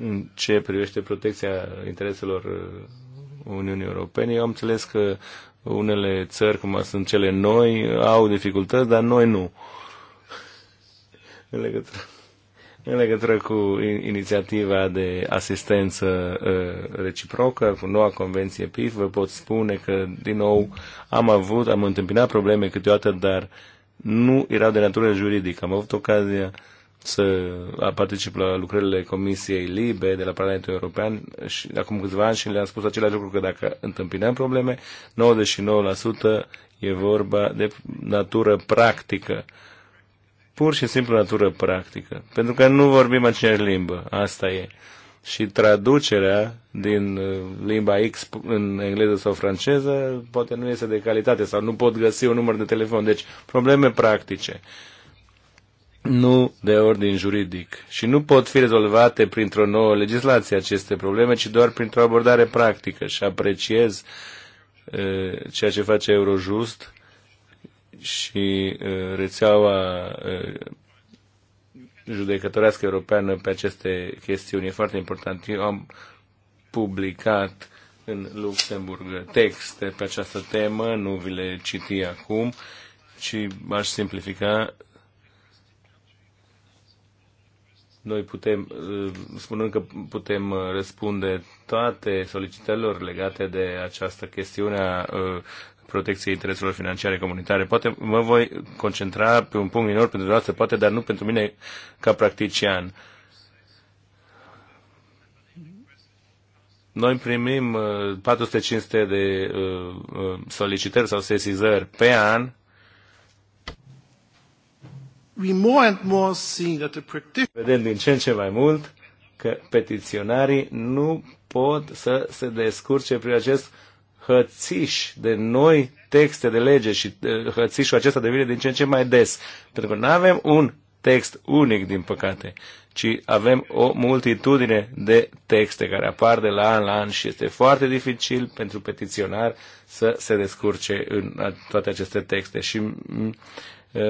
în ce privește protecția intereselor uh, Uniunii Europene. Eu am înțeles că unele țări, cum sunt cele noi, au dificultăți, dar noi nu. În legătură în legătură cu inițiativa de asistență uh, reciprocă, cu noua convenție PIF, vă pot spune că, din nou, am avut, am întâmpinat probleme câteodată, dar nu erau de natură juridică. Am avut ocazia să particip la lucrările Comisiei Libe de la Parlamentul European și acum câțiva ani și le-am spus același lucru că dacă întâmpinăm probleme, 99% e vorba de natură practică pur și simplu natură practică, pentru că nu vorbim aceeași limbă, asta e. Și traducerea din uh, limba X în engleză sau franceză poate nu este de calitate sau nu pot găsi un număr de telefon. Deci probleme practice, nu de ordin juridic. Și nu pot fi rezolvate printr-o nouă legislație aceste probleme, ci doar printr-o abordare practică. Și apreciez uh, ceea ce face Eurojust și uh, rețeaua uh, judecătorească europeană pe aceste chestiuni. E foarte important. Eu am publicat în Luxemburg texte pe această temă, nu vi le citi acum, ci aș simplifica. Noi putem, uh, spunând că putem răspunde toate solicitărilor legate de această chestiune a protecției intereselor financiare comunitare. Poate mă voi concentra pe un punct minor pentru dumneavoastră, poate, dar nu pentru mine ca practician. Noi primim 400 uh, de uh, uh, solicitări sau sesizări pe an we more and more see that the Vedem din ce în ce mai mult că petiționarii nu pot să se descurce prin acest hățiș de noi texte de lege și hățișul acesta devine din ce în ce mai des. Pentru că nu avem un text unic, din păcate, ci avem o multitudine de texte care apar de la an la an și este foarte dificil pentru petiționar să se descurce în toate aceste texte. Și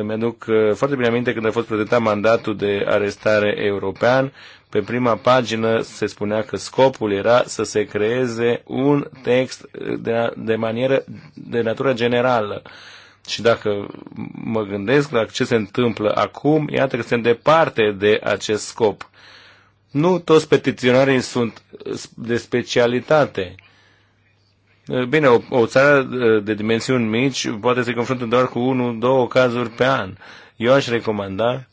mi-aduc foarte bine aminte când a fost prezentat mandatul de arestare european. Pe prima pagină se spunea că scopul era să se creeze un text de, de manieră de natură generală. Și dacă mă gândesc la ce se întâmplă acum, iată că suntem departe de acest scop. Nu toți petiționarii sunt de specialitate. Eh, bine, o, o țară eh, de dimensiuni mici poate se confruntă doar cu unul, două cazuri pe an. Eu aș recomanda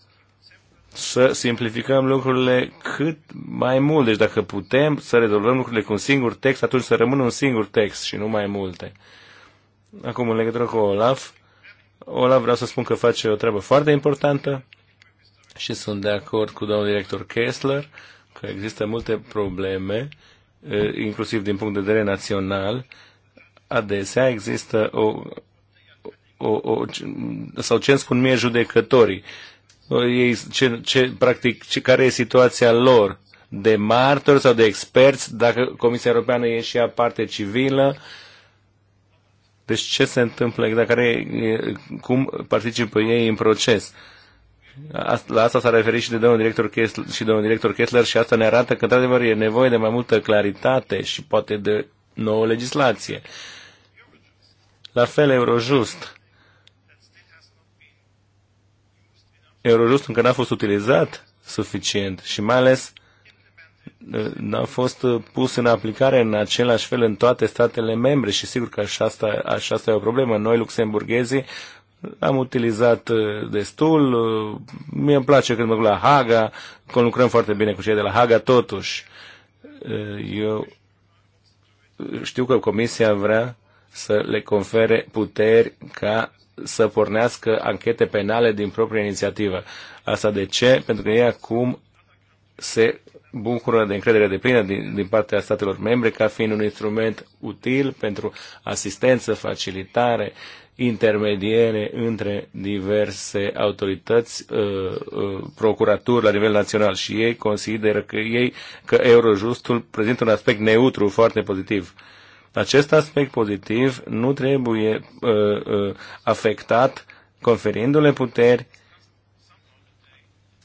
să simplificăm lucrurile cât mai mult. Deci dacă putem să rezolvăm lucrurile cu un singur text, atunci să rămână un singur text și nu mai multe. Acum, în legătură cu Olaf, Olaf vreau să spun că face o treabă foarte importantă și sunt de acord cu domnul director Kessler că există multe probleme uh, inclusiv din punct de vedere național, adesea există o, o, o sau ce îmi spun mie judecătorii, ei, ce, ce, practic, ce, care e situația lor de martori sau de experți, dacă Comisia Europeană e și a parte civilă, deci ce se întâmplă, dacă care, cum participă ei în proces. La asta s-a referit și de domnul director Kessler, și domnul director Kessler și asta ne arată că, într-adevăr, e nevoie de mai multă claritate și poate de nouă legislație. La fel, Eurojust. Eurojust încă n-a fost utilizat suficient și mai ales uh, n-a fost uh, pus în aplicare în același fel în toate statele membre și sigur că așa asta, asta e o problemă. Noi, luxemburghezii, am utilizat uh, destul, uh, mie îmi place când mă duc la Haga, lucrăm foarte bine cu cei de la Haga, totuși, uh, eu știu că Comisia vrea să le confere puteri ca să pornească anchete penale din propria inițiativă. Asta de ce? Pentru că ei acum se bucură de încredere de plină din, din partea statelor membre ca fiind un instrument util pentru asistență, facilitare intermediere între diverse autorități, uh, uh, procuraturi la nivel național și ei consideră că ei că Eurojustul prezintă un aspect neutru foarte pozitiv. Acest aspect pozitiv nu trebuie uh, afectat conferindu-le puteri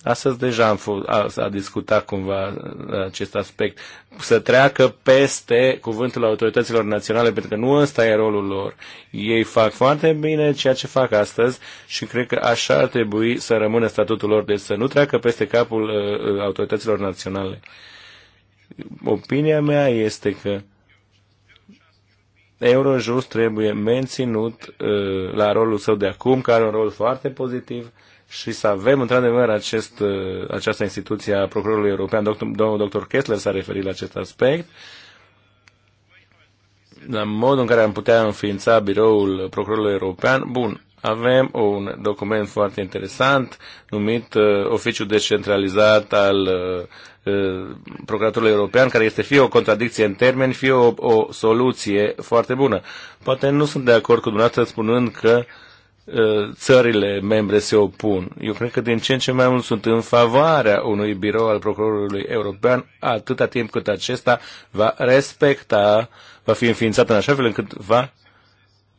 Astăzi deja am fost, a, s-a discutat cumva uh, acest aspect. Să treacă peste cuvântul autorităților naționale, pentru că nu ăsta e rolul lor. Ei fac foarte bine ceea ce fac astăzi și cred că așa ar trebui să rămână statutul lor, deci să nu treacă peste capul uh, uh autorităților naționale. Opinia mea este că Eurojust trebuie menținut uh, la rolul său de acum, care are un rol foarte pozitiv, uh, și să avem într-adevăr uh, această instituție a Procurorului European. Doctor, domnul doctor Kessler s-a referit la acest aspect, la modul în care am putea înființa biroul Procurorului European. Bun, avem un document foarte interesant numit uh, Oficiul Decentralizat al uh, uh, Procuratorului European, care este fie o contradicție în termeni, fie o, o soluție foarte bună. Poate nu sunt de acord cu dumneavoastră spunând că uh, țările membre se opun. Eu cred că din ce în ce mai mult sunt în favoarea unui birou al procurorului european atâta timp cât acesta va respecta, va fi înființat în așa fel încât va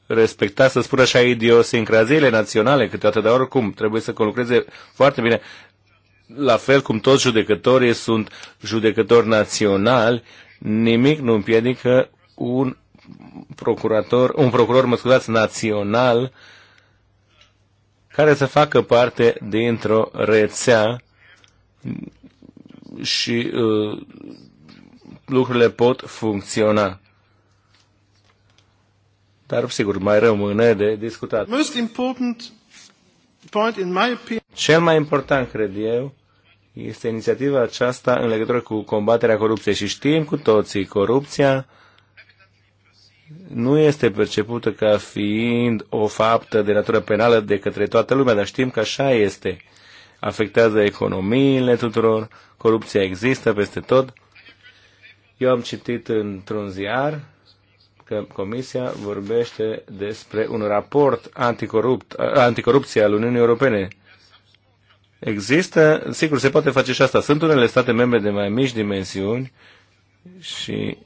respecta, să spun așa, idiosincraziile naționale câteodată, dar oricum trebuie să conlucreze foarte bine. La fel cum toți judecătorii sunt judecători naționali, nimic nu împiedică un procurator, un procuror, mă scuzați, național uh, care să facă parte dintr-o rețea și uh, lucrurile pot funcționa. Dar, sigur, mai rămâne de discutat. Most important point, in my opinion... Cel mai important, cred eu, este inițiativa aceasta în legătură cu combaterea corupției și știm cu toții, corupția nu este percepută ca fiind o faptă de natură penală de către toată lumea, dar știm că așa este. Afectează economiile tuturor, corupția există peste tot. Eu am citit într-un ziar că Comisia vorbește despre un raport anticorupt, anticorupție al Uniunii Europene. Există, sigur, se poate face și asta. Sunt unele state membre de mai mici dimensiuni și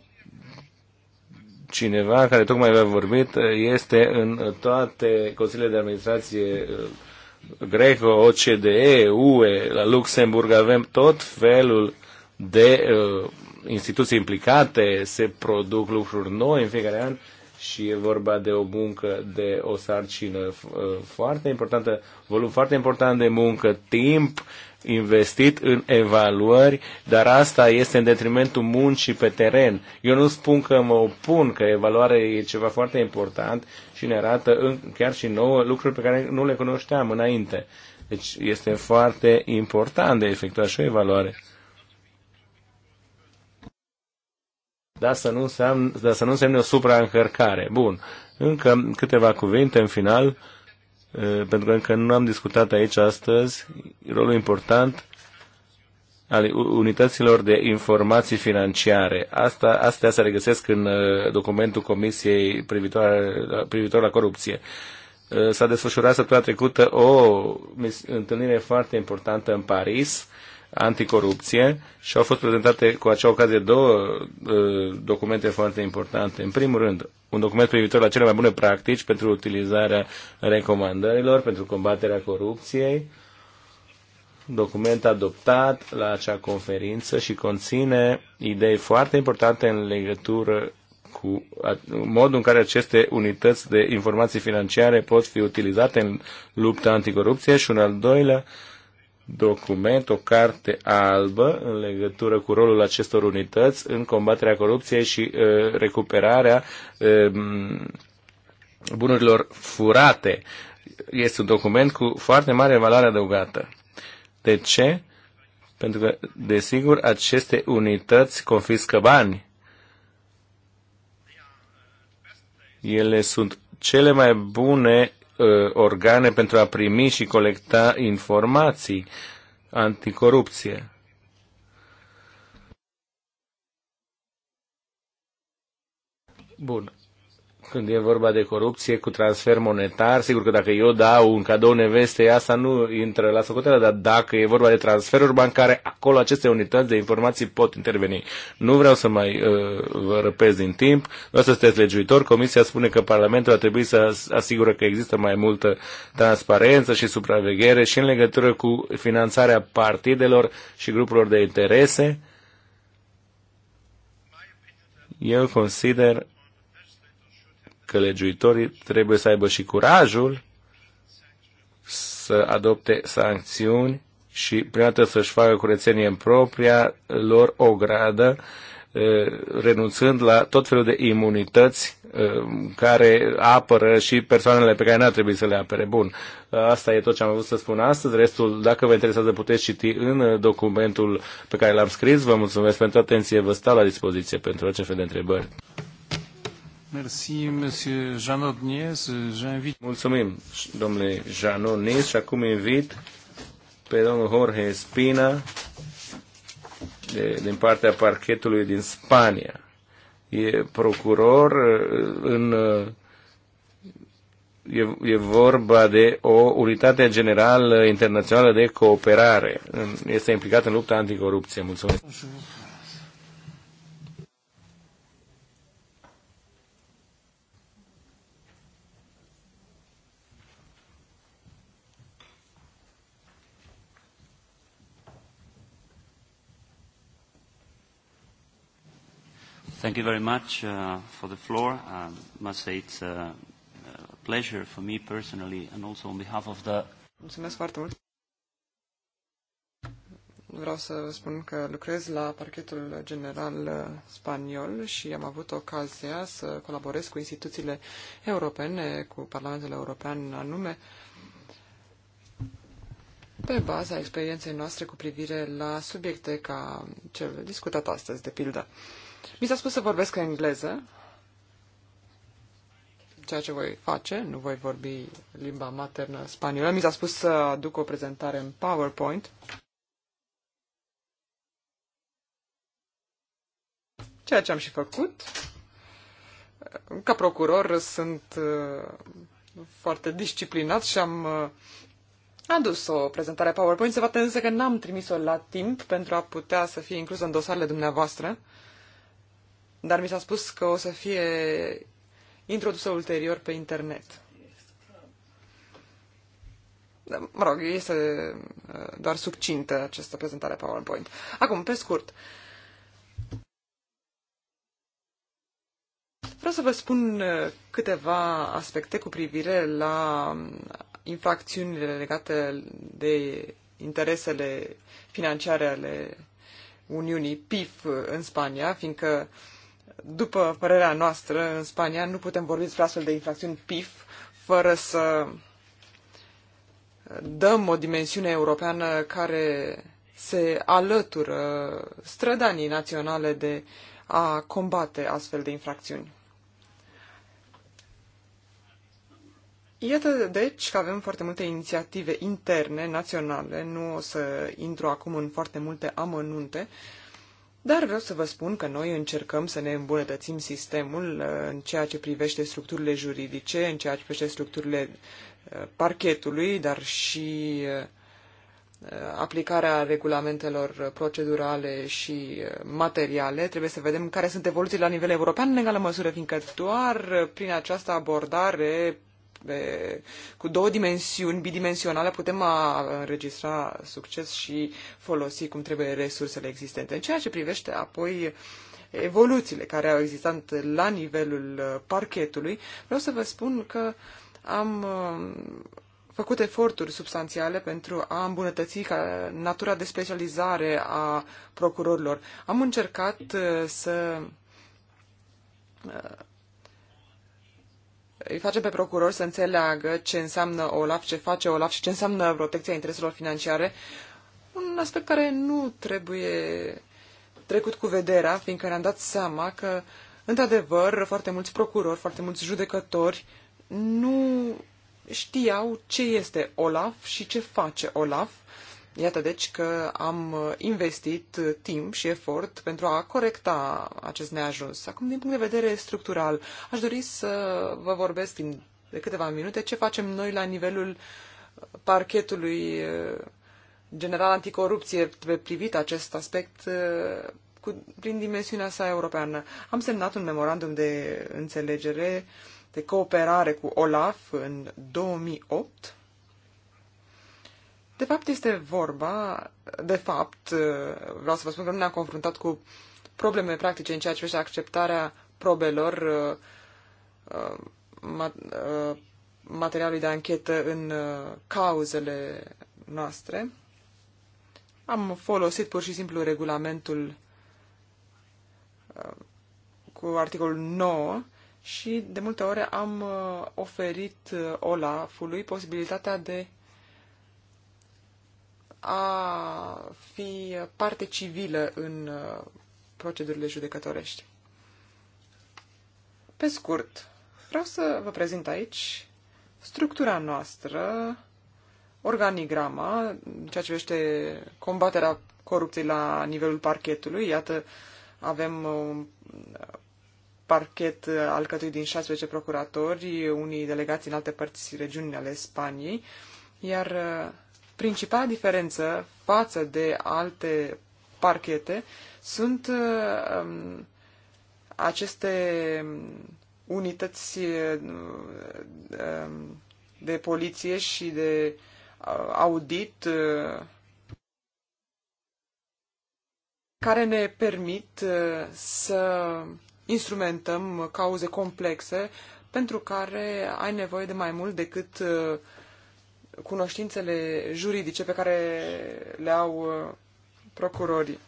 cineva care tocmai v-a vorbit este în toate consiliile de administrație uh, greco, OCDE, UE, la Luxemburg avem tot felul de uh, instituții implicate, se produc lucruri noi în fiecare an și e vorba de o muncă, de o sarcină uh, foarte importantă, volum foarte important de muncă, timp investit în evaluări, dar asta este în detrimentul muncii pe teren. Eu nu spun că mă opun, că evaluarea e ceva foarte important și ne arată în, chiar și nouă lucruri pe care nu le cunoșteam înainte. Deci este foarte important de efectuat și o evaluare. Dar să nu însemne, dar să nu însemne o supraîncărcare. Bun. Încă câteva cuvinte în final. Uh, Eh, pentru că încă nu am discutat aici astăzi rolul important al unităților de informații financiare. Asta, astea se regăsesc în eh, documentul Comisiei privitor, privitor la corupție. Eh, s-a desfășurat săptămâna trecută o întâlnire foarte importantă în Paris anticorupție și au fost prezentate cu acea ocazie două uh, documente foarte importante. În primul rând, un document privitor la cele mai bune practici pentru utilizarea recomandărilor, pentru combaterea corupției, document adoptat la acea conferință și conține idei foarte importante în legătură cu modul în care aceste unități de informații financiare pot fi utilizate în lupta anticorupție și un al doilea uh, document, o carte albă în legătură cu rolul acestor unități în combaterea corupției și uh, recuperarea uh, bunurilor furate. Este un document cu foarte mare valoare adăugată. De ce? Pentru că, desigur, aceste unități confiscă bani. Ele sunt cele mai bune Uh, organe pentru a primi și colecta informații anticorupție. Bun când e vorba de corupție cu transfer monetar, sigur că dacă eu dau un cadou neveste, asta nu intră la socoteală, dar dacă e vorba de transferuri bancare, acolo aceste unități de informații pot interveni. Nu vreau să mai uh, vă răpez din timp, nu să sunteți legiuitor, Comisia spune că Parlamentul a trebuit să asigură că există mai multă transparență și supraveghere și în legătură cu finanțarea partidelor și grupurilor de interese. Eu consider că legiuitorii trebuie să aibă și curajul să adopte sancțiuni și prima dată să-și facă curățenie în propria lor ogradă, renunțând la tot felul de imunități care apără și persoanele pe care n-ar trebui să le apere. Bun, asta e tot ce am vrut să spun astăzi. Restul, dacă vă interesează, puteți citi în documentul pe care l-am scris. Vă mulțumesc pentru atenție. Vă stau la dispoziție pentru orice fel de întrebări. Mulțumim, domnule Nies. și acum invit pe domnul Jorge Espina de, din partea parchetului din Spania. E procuror uh, în uh, e, e vorba de o unitate generală internațională de cooperare. Este implicat în lupta anticorupție. Mulțumesc. Thank you very much uh, for the floor. I um, must say it's uh, a pleasure for me personally and also on behalf of the... Mulțumesc foarte mult. Vreau să spun că lucrez la parchetul general uh, spaniol și am avut ocazia să colaborez cu instituțiile europene, cu Parlamentul European anume, pe baza experienței noastre cu privire la subiecte ca cel discutat astăzi, de pildă. Mi s-a spus să vorbesc engleză, ceea ce voi face, nu voi vorbi limba maternă spaniolă. Mi s-a spus să aduc o prezentare în PowerPoint. Ceea ce am și făcut. Ca procuror sunt uh, foarte disciplinat și am uh, adus o prezentare PowerPoint. Se poate însă că n-am trimis-o la timp pentru a putea să fie inclusă în dosarele dumneavoastră dar mi s-a spus că o să fie introdusă ulterior pe internet. Da, mă rog, este uh, doar succintă această prezentare PowerPoint. Acum, pe scurt, vreau să vă spun uh, câteva aspecte cu privire la um, infracțiunile legate de interesele financiare ale Uniunii PIF în Spania, fiindcă uh, după părerea noastră, în Spania nu putem vorbi despre astfel de infracțiuni PIF fără să dăm o dimensiune europeană care se alătură strădanii naționale de a combate astfel de infracțiuni. Iată, deci, că avem foarte multe inițiative interne, naționale, nu o să intru acum în foarte multe amănunte, dar vreau să vă spun că noi încercăm să ne îmbunătățim sistemul uh, în ceea ce privește structurile juridice, în ceea ce privește structurile uh, parchetului, dar și uh, aplicarea regulamentelor procedurale și materiale. Trebuie să vedem care sunt evoluțiile la nivel european, în egală măsură, fiindcă doar prin această abordare pe, cu două dimensiuni, bidimensionale, putem a înregistra succes și folosi cum trebuie resursele existente. În ceea ce privește apoi evoluțiile care au existat la nivelul uh, parchetului, vreau să vă spun că am uh, făcut eforturi substanțiale pentru a îmbunătăți natura de specializare a procurorilor. Am încercat uh, să îi facem pe procurori să înțeleagă ce înseamnă OLAF, ce face OLAF și ce înseamnă protecția intereselor financiare, un aspect care nu trebuie trecut cu vederea, fiindcă ne-am dat seama că, într-adevăr, foarte mulți procurori, foarte mulți judecători nu știau ce este OLAF și ce face OLAF Iată deci că am investit timp și efort pentru a corecta acest neajuns. Acum, din punct de vedere structural, aș dori să vă vorbesc timp de câteva minute ce facem noi la nivelul parchetului eh, general anticorupție privit acest aspect eh, cu, prin dimensiunea sa europeană. Am semnat un memorandum de înțelegere, de cooperare cu OLAF în 2008 de fapt, este vorba, de fapt, vreau să vă spun că nu ne-am confruntat cu probleme practice în ceea ce privește acceptarea probelor uh, uh, uh, materialului de anchetă în cauzele noastre. Am folosit pur și simplu regulamentul cu articolul 9 și de multe ori am oferit OLAF-ului posibilitatea de a fi parte civilă în uh, procedurile judecătorești. Pe scurt, vreau să vă prezint aici structura noastră, organigrama, ceea ce vește combaterea corupției la nivelul parchetului. Iată, avem un parchet alcătuit din 16 procuratori, unii delegați în alte părți regiuni ale Spaniei, iar uh, Principala diferență față de alte parchete sunt um, aceste um, unități uh, um, de poliție și de uh, audit uh, care ne permit să instrumentăm cauze complexe pentru care ai nevoie de mai mult decât cunoștințele juridice pe care le au uh, procurorii.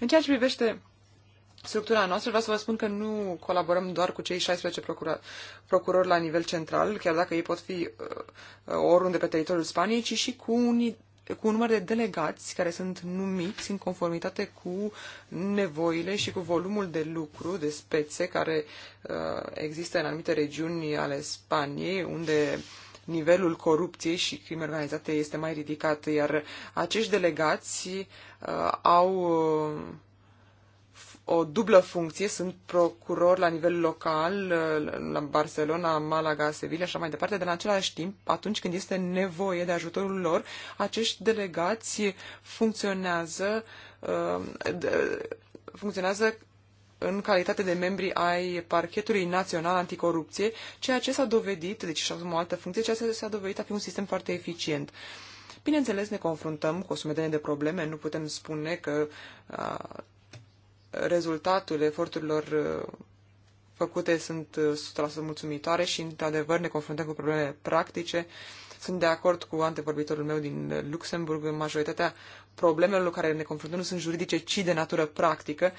În ceea ce privește structura noastră, vreau să vă spun că nu colaborăm doar cu cei 16 procura- procurori la nivel central, chiar dacă ei pot fi uh, uh oriunde pe teritoriul Spaniei, ci și cu, unii cu un număr de delegați care sunt numiți în conformitate cu nevoile și cu volumul de lucru, de spețe care uh, există în anumite regiuni ale Spaniei, unde nivelul corupției și crimei organizate este mai ridicat, iar acești delegați uh, au uh, o dublă funcție, sunt procuror la nivel local, uh, la Barcelona, Malaga, Sevilla și așa mai departe, dar în același timp, atunci când este nevoie de ajutorul lor, acești delegați funcționează, uh, funcționează în calitate de membri ai parchetului național anticorupție, ceea ce s-a dovedit, deci și o altă funcție, ceea ce s-a dovedit a fi un sistem foarte eficient. Bineînțeles, ne confruntăm cu o sumedenie de probleme, nu putem spune că uh, rezultatul eforturilor uh, făcute sunt 100% uh, mulțumitoare și, într-adevăr, ne confruntăm cu probleme practice. Sunt de acord cu antevorbitorul meu din Luxemburg. Majoritatea problemelor care ne confruntăm nu sunt juridice, ci de natură practică.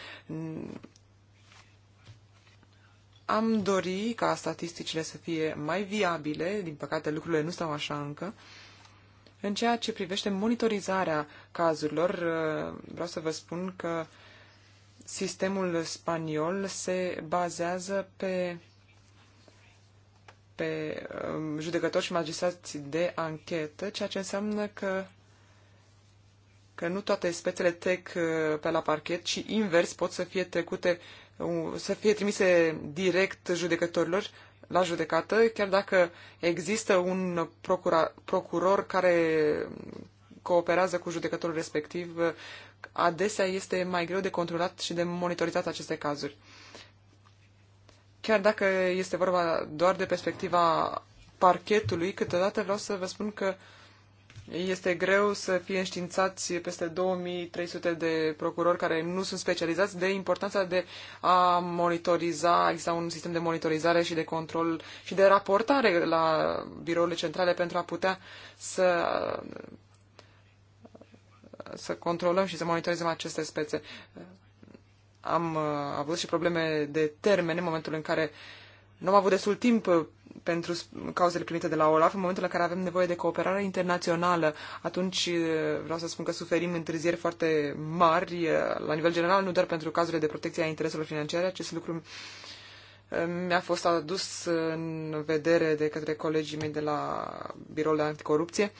Am dori ca statisticile să fie mai viabile, din păcate lucrurile nu stau așa încă. În ceea ce privește monitorizarea cazurilor, uh, vreau să vă spun că uh, sistemul spaniol se bazează pe, pe um, judecători și magistrați de anchetă, ceea ce înseamnă că, că nu toate spețele trec uh, pe la parchet, ci invers pot să fie trecute, uh, să fie trimise direct judecătorilor la judecată, chiar dacă există un procura, procuror care cooperează cu judecătorul respectiv uh, adesea este mai greu de controlat și de monitorizat aceste cazuri. Chiar dacă este vorba doar de perspectiva parchetului, câteodată vreau să vă spun că este greu să fie înștiințați peste 2300 de procurori care nu sunt specializați de importanța de a monitoriza, exista un sistem de monitorizare și de control și de raportare la birourile centrale pentru a putea să să controlăm și să monitorizăm aceste spețe. Am uh, avut și probleme de termen în momentul în care nu am avut destul timp uh, pentru cauzele primite de la OLAF, în momentul în care avem nevoie de cooperare internațională, atunci uh, vreau să spun că suferim întârzieri foarte mari, la nivel general, nu doar pentru cazurile de protecție a intereselor financiare. Acest lucru mi-a fost adus în vedere de către colegii mei de la Biroul de Anticorupție,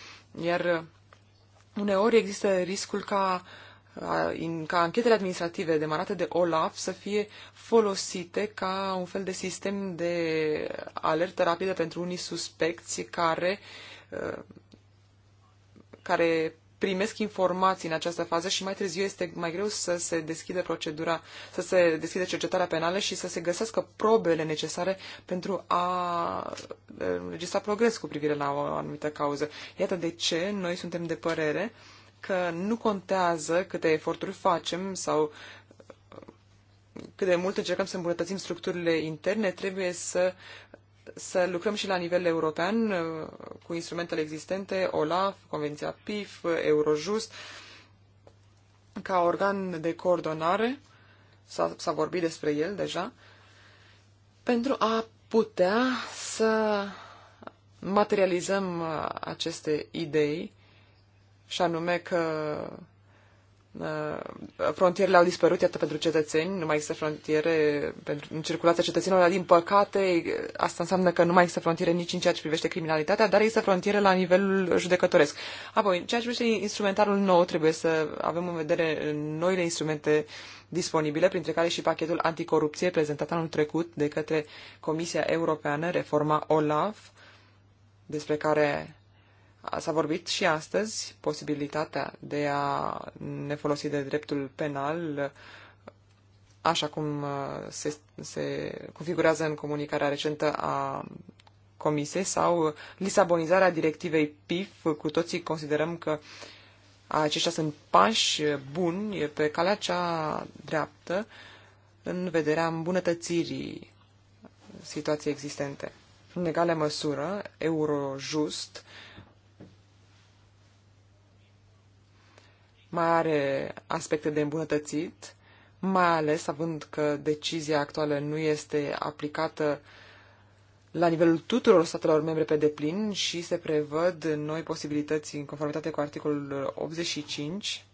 iar Uneori există riscul ca, ca anchetele administrative demarate de OLAF să fie folosite ca un fel de sistem de alertă rapidă pentru unii suspecți care, care primesc informații în această fază și mai târziu este mai greu să se deschidă procedura, să se deschidă cercetarea penală și să se găsească probele necesare pentru a eh, registra progres cu privire la o anumită cauză. Iată de ce noi suntem de părere că nu contează câte eforturi facem sau eh, cât de mult încercăm să îmbunătățim structurile interne, trebuie să să lucrăm și la nivel european uh, cu instrumentele existente, OLAF, Convenția PIF, Eurojust, ca organ de coordonare, s-a vorbit despre el deja, pentru a putea să materializăm uh, aceste idei, și anume că Uh, frontierele au dispărut, iată, pentru cetățeni, nu mai există frontiere pentru, în circulația cetățenilor, dar din păcate asta înseamnă că nu mai există frontiere nici în ceea ce privește criminalitatea, dar există frontiere la nivelul judecătoresc. Apoi, în ceea ce privește instrumentarul nou, trebuie să avem în vedere noile instrumente disponibile, printre care și pachetul anticorupție prezentat anul trecut de către Comisia Europeană, reforma OLAF, despre care S-a vorbit și astăzi posibilitatea de a ne folosi de dreptul penal așa cum uh, se, se configurează în comunicarea recentă a Comisiei sau lisabonizarea directivei PIF. Cu toții considerăm că aceștia sunt pași buni pe calea cea dreaptă în vederea îmbunătățirii situației existente. În egală măsură, Eurojust just. mai are aspecte de îmbunătățit, mai ales având că decizia actuală nu este aplicată la nivelul tuturor statelor membre pe deplin și se prevăd noi posibilități în conformitate cu articolul 85,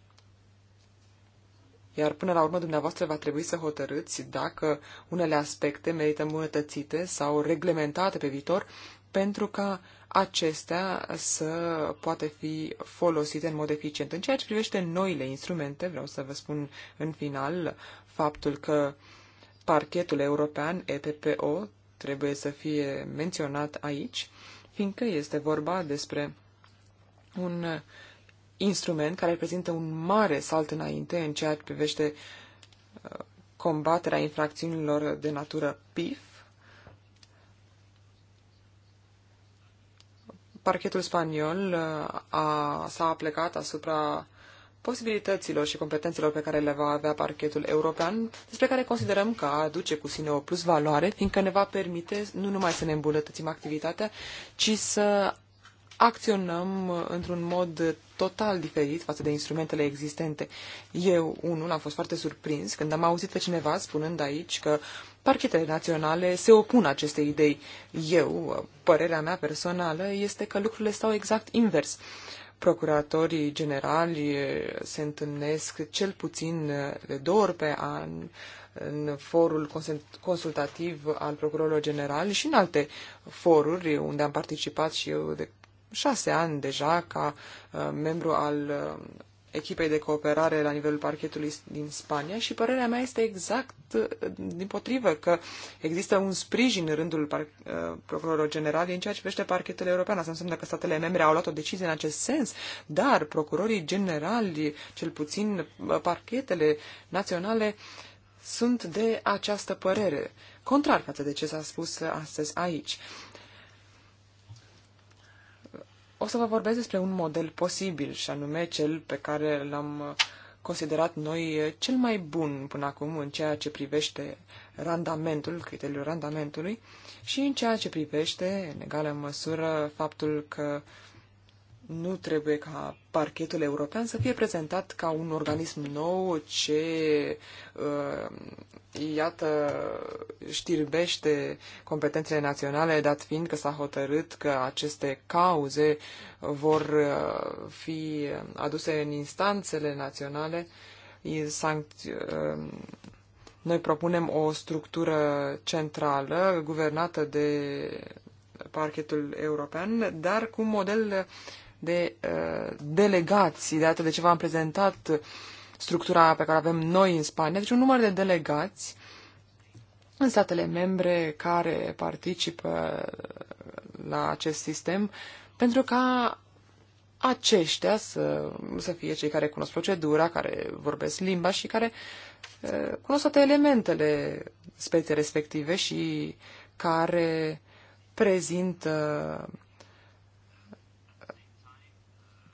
iar până la urmă dumneavoastră va trebui să hotărâți dacă unele aspecte merită îmbunătățite sau reglementate pe viitor, pentru ca acestea să poată fi folosite în mod eficient. În ceea ce privește noile instrumente, vreau să vă spun în final faptul că parchetul european EPPO trebuie să fie menționat aici, fiindcă este vorba despre un instrument care reprezintă un mare salt înainte în ceea ce privește uh, combaterea infracțiunilor de natură PIF, parchetul spaniol uh, a, s-a plecat asupra posibilităților și competențelor pe care le va avea parchetul european, despre care considerăm că aduce cu sine o plus valoare, fiindcă ne va permite nu numai să ne îmbunătățim activitatea, ci să acționăm într-un mod total diferit față de instrumentele existente. Eu, unul, am fost foarte surprins când am auzit pe cineva spunând aici că parchetele naționale se opun acestei idei. Eu, părerea mea personală, este că lucrurile stau exact invers. Procuratorii generali se întâlnesc cel puțin de două ori pe an în forul consultativ al procurorilor generali și în alte foruri unde am participat și eu de șase ani deja ca uh, membru al uh, echipei de cooperare la nivelul parchetului din Spania și părerea mea este exact uh, din potrivă că există un sprijin în rândul par- procurorilor generali în ceea ce privește parchetul european. Asta înseamnă că statele membre au luat o decizie în acest sens, dar procurorii generali, cel puțin parchetele naționale, sunt de această părere, contrar față de ce s-a spus astăzi aici. O să vă vorbesc despre un model posibil, și anume cel pe care l-am considerat noi cel mai bun până acum în ceea ce privește randamentul, criteriul randamentului și în ceea ce privește, în egală măsură, faptul că uh, nu trebuie ca parchetul european să fie prezentat ca un organism nou ce, uh, iată, știrbește competențele naționale, dat fiind că s-a hotărât că aceste cauze vor uh, fi aduse în instanțele naționale. Uh, noi propunem o structură centrală guvernată de parchetul european, dar cu un model uh, de uh, delegații. De atât de ce v-am prezentat structura pe care avem noi în Spania, deci un număr de delegați în statele membre care participă la acest sistem, pentru ca aceștia să, să fie cei care cunosc procedura, care vorbesc limba și care uh, cunosc toate elementele speței respective și care prezintă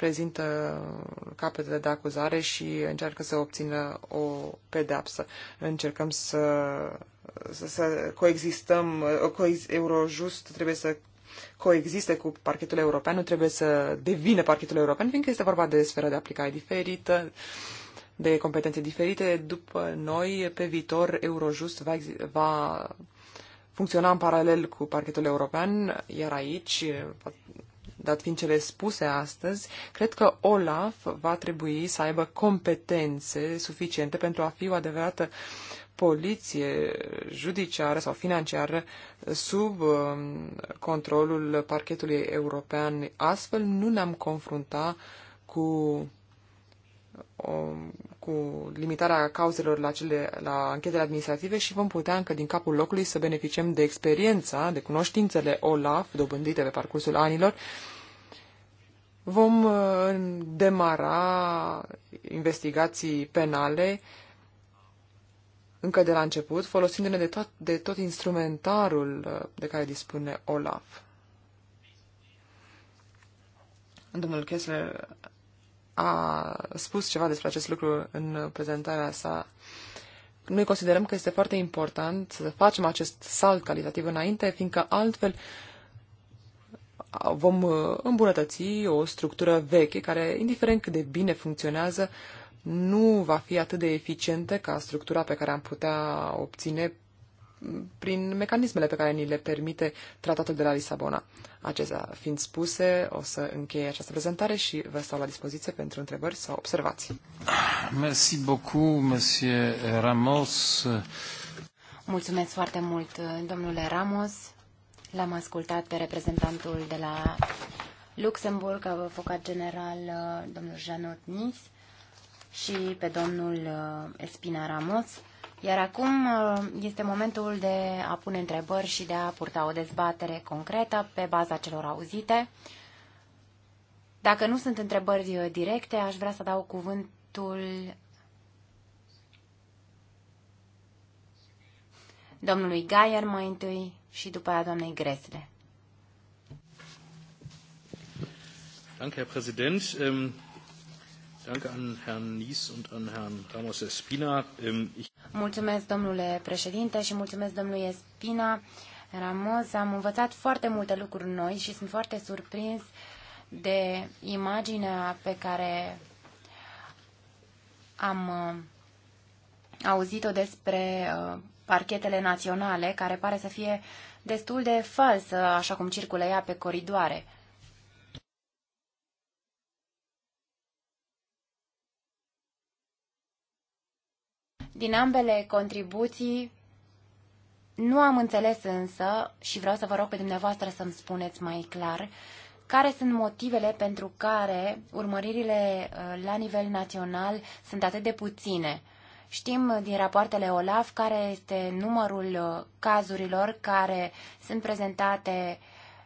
prezintă capetele de acuzare și încearcă să obțină o pedeapsă. Încercăm să, să, să coexistăm, coex, Eurojust trebuie să coexiste cu parchetul european, nu trebuie să devină parchetul european, fiindcă este vorba de sferă de aplicare diferită, de competențe diferite. După noi, pe viitor, Eurojust va, va funcționa în paralel cu parchetul european, iar aici dat fiind cele spuse astăzi, cred că Olaf va trebui să aibă competențe suficiente pentru a fi o adevărată poliție judiciară sau financiară sub um, controlul parchetului european. Astfel nu ne-am confrunta cu um, cu limitarea cauzelor la, cele, la anchetele administrative și vom putea încă din capul locului să beneficiem de experiența, de cunoștințele OLAF dobândite pe parcursul anilor Vom uh, demara investigații penale încă de la început, folosindu-ne de tot, de tot instrumentarul uh, de care dispune OLAF. Domnul Kessler a spus ceva despre acest lucru în prezentarea sa. Noi considerăm că este foarte important să facem acest salt calitativ înainte, fiindcă altfel uh, vom uh, îmbunătăți o structură veche care, indiferent cât de bine funcționează, nu va fi atât de eficientă ca structura pe care am putea obține prin mecanismele pe care ni le permite tratatul de la Lisabona. Acestea fiind spuse, o să încheie această prezentare și vă stau la dispoziție pentru întrebări sau observații. Merci beaucoup, monsieur Ramos. Mulțumesc foarte mult, domnule Ramos. L-am ascultat pe reprezentantul de la Luxemburg, avocat general uh, domnul Janot Nis și pe domnul uh, Espina Ramos. Iar acum uh, este momentul de a pune întrebări și de a purta o dezbatere concretă pe baza celor auzite. Dacă nu sunt întrebări directe, aș vrea să dau cuvântul domnului Gaier mai întâi și după aia doamnei Gresle. Danke, Herr Präsident. Ähm, danke an Herrn Nies und an Herrn Ramos Espina. Ähm, ich... Mulțumesc, domnule președinte, și mulțumesc, domnului Espina. Ramos, am învățat foarte multe lucruri noi și sunt foarte surprins de imaginea pe care am uh, auzit-o despre uh, parchetele naționale, care pare să fie destul de falsă, așa cum circulă ea pe coridoare. Din ambele contribuții nu am înțeles însă, și vreau să vă rog pe dumneavoastră să-mi spuneți mai clar, care sunt motivele pentru care urmăririle uh, la nivel național sunt atât de puține. Știm din rapoartele OLAF care este numărul uh, cazurilor care sunt prezentate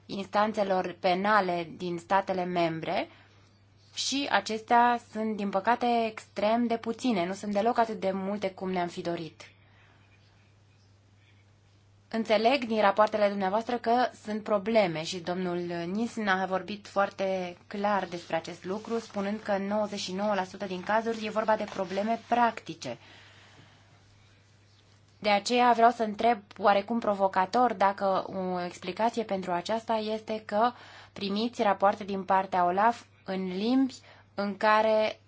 instanțelor penale din statele membre și acestea sunt, din păcate, extrem de puține, nu sunt deloc atât de multe cum ne-am fi dorit. Înțeleg din rapoartele dumneavoastră că sunt probleme și domnul Nisna a vorbit foarte clar despre acest lucru, spunând că în 99% din cazuri e vorba de probleme practice. De aceea vreau să întreb oarecum provocator dacă o explicație pentru aceasta este că primiți rapoarte din partea OLAF în limbi în care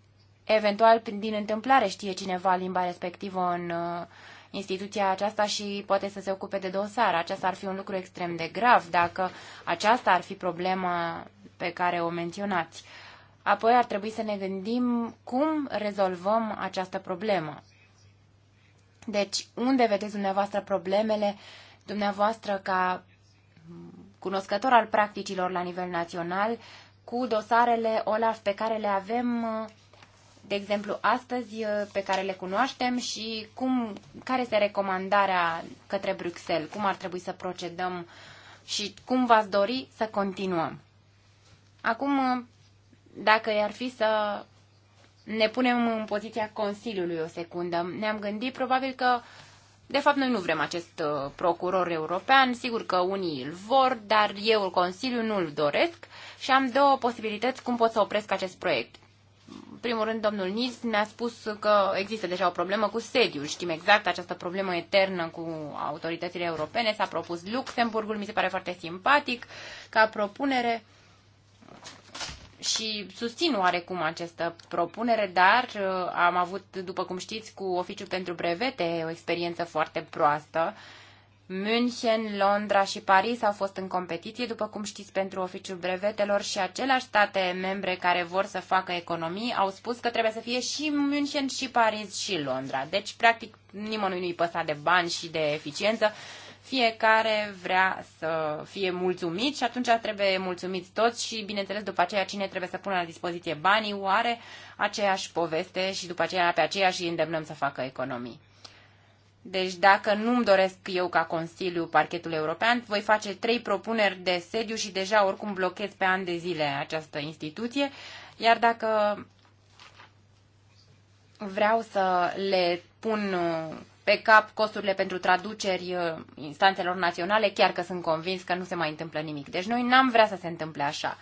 eventual din întâmplare știe cineva limba respectivă în uh, instituția aceasta și poate să se ocupe de dosar. Aceasta ar fi un lucru extrem de grav dacă aceasta ar fi problema pe care o menționați. Apoi ar trebui să ne gândim cum rezolvăm această problemă. Deci, unde vedeți dumneavoastră problemele, dumneavoastră ca cunoscător al practicilor la nivel național, cu dosarele OLAF pe care le avem de exemplu, astăzi uh, pe care le cunoaștem și cum, care este recomandarea către Bruxelles, cum ar trebui să procedăm și cum v-ați dori să continuăm. Acum, uh, dacă ar fi să ne punem în poziția Consiliului o secundă, ne-am gândit probabil că de fapt, noi nu vrem acest uh, procuror european, sigur că unii îl vor, dar eu, Consiliul, nu îl doresc și am două posibilități cum pot să opresc acest proiect primul rând, domnul Nils ne-a spus că există deja o problemă cu sediul. Știm exact această problemă eternă cu autoritățile europene. S-a propus Luxemburgul, mi se pare foarte simpatic ca propunere și susțin oarecum această propunere, dar uh, am avut, după cum știți, cu Oficiul pentru Brevete o experiență foarte proastă München, Londra și Paris au fost în competiție, după cum știți, pentru oficiul brevetelor și aceleași state membre care vor să facă economii au spus că trebuie să fie și München, și Paris, și Londra. Deci, practic, nimănui nu-i păsa de bani și de eficiență. Fiecare vrea să fie mulțumit și atunci trebuie mulțumiți toți și, bineînțeles, după aceea cine trebuie să pună la dispoziție banii, oare aceeași poveste și după aceea pe aceea și îndemnăm să facă economii. Deci dacă nu-mi doresc eu ca Consiliu parchetul european, voi face trei propuneri de sediu și deja oricum blochez pe ani de zile această instituție. Iar dacă vreau să le pun uh, pe cap costurile pentru traduceri uh, instanțelor naționale, chiar că sunt convins că nu se mai întâmplă nimic. Deci noi n-am vrea să se întâmple așa.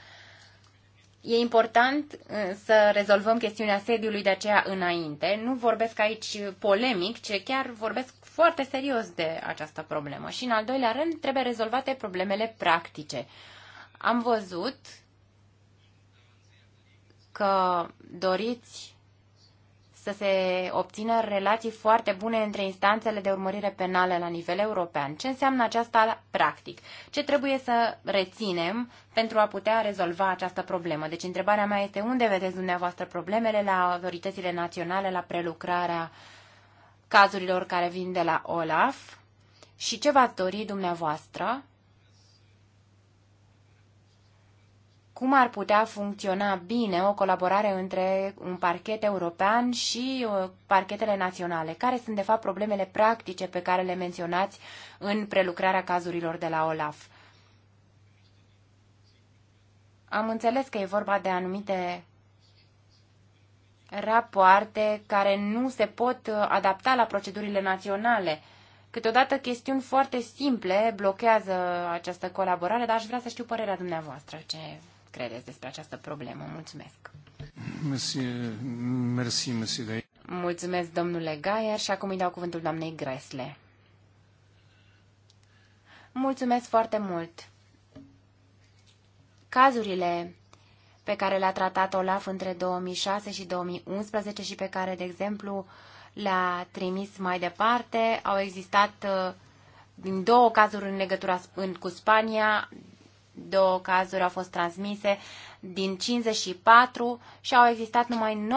E important uh, să rezolvăm chestiunea sediului de aceea înainte. Nu vorbesc aici polemic, ci chiar vorbesc foarte serios de această problemă. Și în al doilea rând trebuie rezolvate problemele practice. Am văzut că doriți să se obțină relații foarte bune între instanțele de urmărire penală la nivel european. Ce înseamnă aceasta practic? Ce trebuie să reținem pentru a putea rezolva această problemă? Deci întrebarea mea este unde vedeți dumneavoastră problemele la autoritățile naționale, la prelucrarea cazurilor care vin de la OLAF și ce v-ați dori dumneavoastră cum ar putea funcționa bine o colaborare între un parchet european și uh, parchetele naționale? Care sunt, de fapt, problemele practice pe care le menționați în prelucrarea cazurilor de la OLAF? Am înțeles că e vorba de anumite rapoarte care nu se pot uh, adapta la procedurile naționale. Câteodată chestiuni foarte simple blochează această colaborare, dar aș vrea să știu părerea dumneavoastră. Ce credeți despre această problemă. Mulțumesc! Merci, merci, merci Mulțumesc, domnule Gaier, și acum îi dau cuvântul doamnei Gresle. Mulțumesc foarte mult! Cazurile pe care le-a tratat Olaf între 2006 și 2011 și pe care, de exemplu, le-a trimis mai departe, au existat uh, din două cazuri în legătura cu Spania, două cazuri au fost transmise din 54 și au existat numai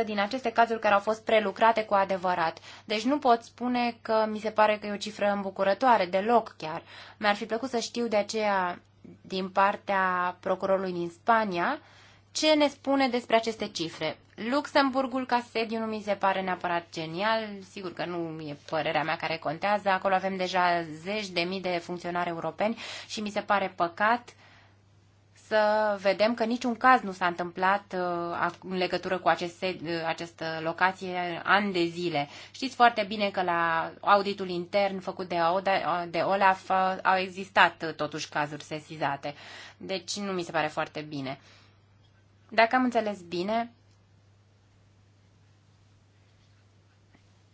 9,3% din aceste cazuri care au fost prelucrate cu adevărat. Deci nu pot spune că mi se pare că e o cifră îmbucurătoare, deloc chiar. Mi-ar fi plăcut să știu de aceea din partea procurorului din Spania ce ne spune despre aceste cifre? Luxemburgul ca sediu nu mi se pare neapărat genial, sigur că nu e părerea mea care contează, acolo avem deja zeci de mii de funcționari europeni și mi se pare păcat să vedem că niciun caz nu s-a întâmplat uh, în legătură cu acest, uh, această locație ani de zile. Știți foarte bine că la auditul intern făcut de, de Olaf uh, au existat totuși cazuri sesizate, deci nu mi se pare foarte bine. Dacă am înțeles bine,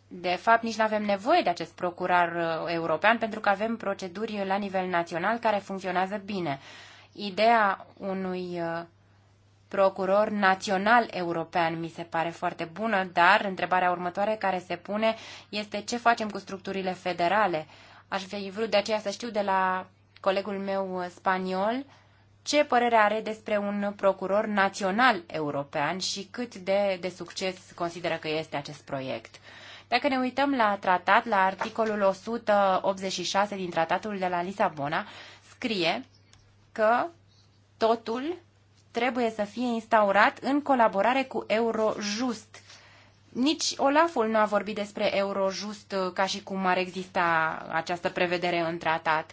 de fapt nici nu avem nevoie de acest procurar uh, european pentru că avem proceduri la nivel național care funcționează bine. Ideea unui uh, procuror național european mi se pare foarte bună, dar întrebarea următoare care se pune este ce facem cu structurile federale. Aș fi vrut de aceea să știu de la colegul meu uh, spaniol ce părere are despre un procuror național european și cât de, de succes consideră că este acest proiect. Dacă ne uităm la tratat, la articolul 186 din tratatul de la Lisabona, scrie că totul trebuie să fie instaurat în colaborare cu Eurojust. Nici Olaful nu a vorbit despre Eurojust ca și cum ar exista această prevedere în tratat.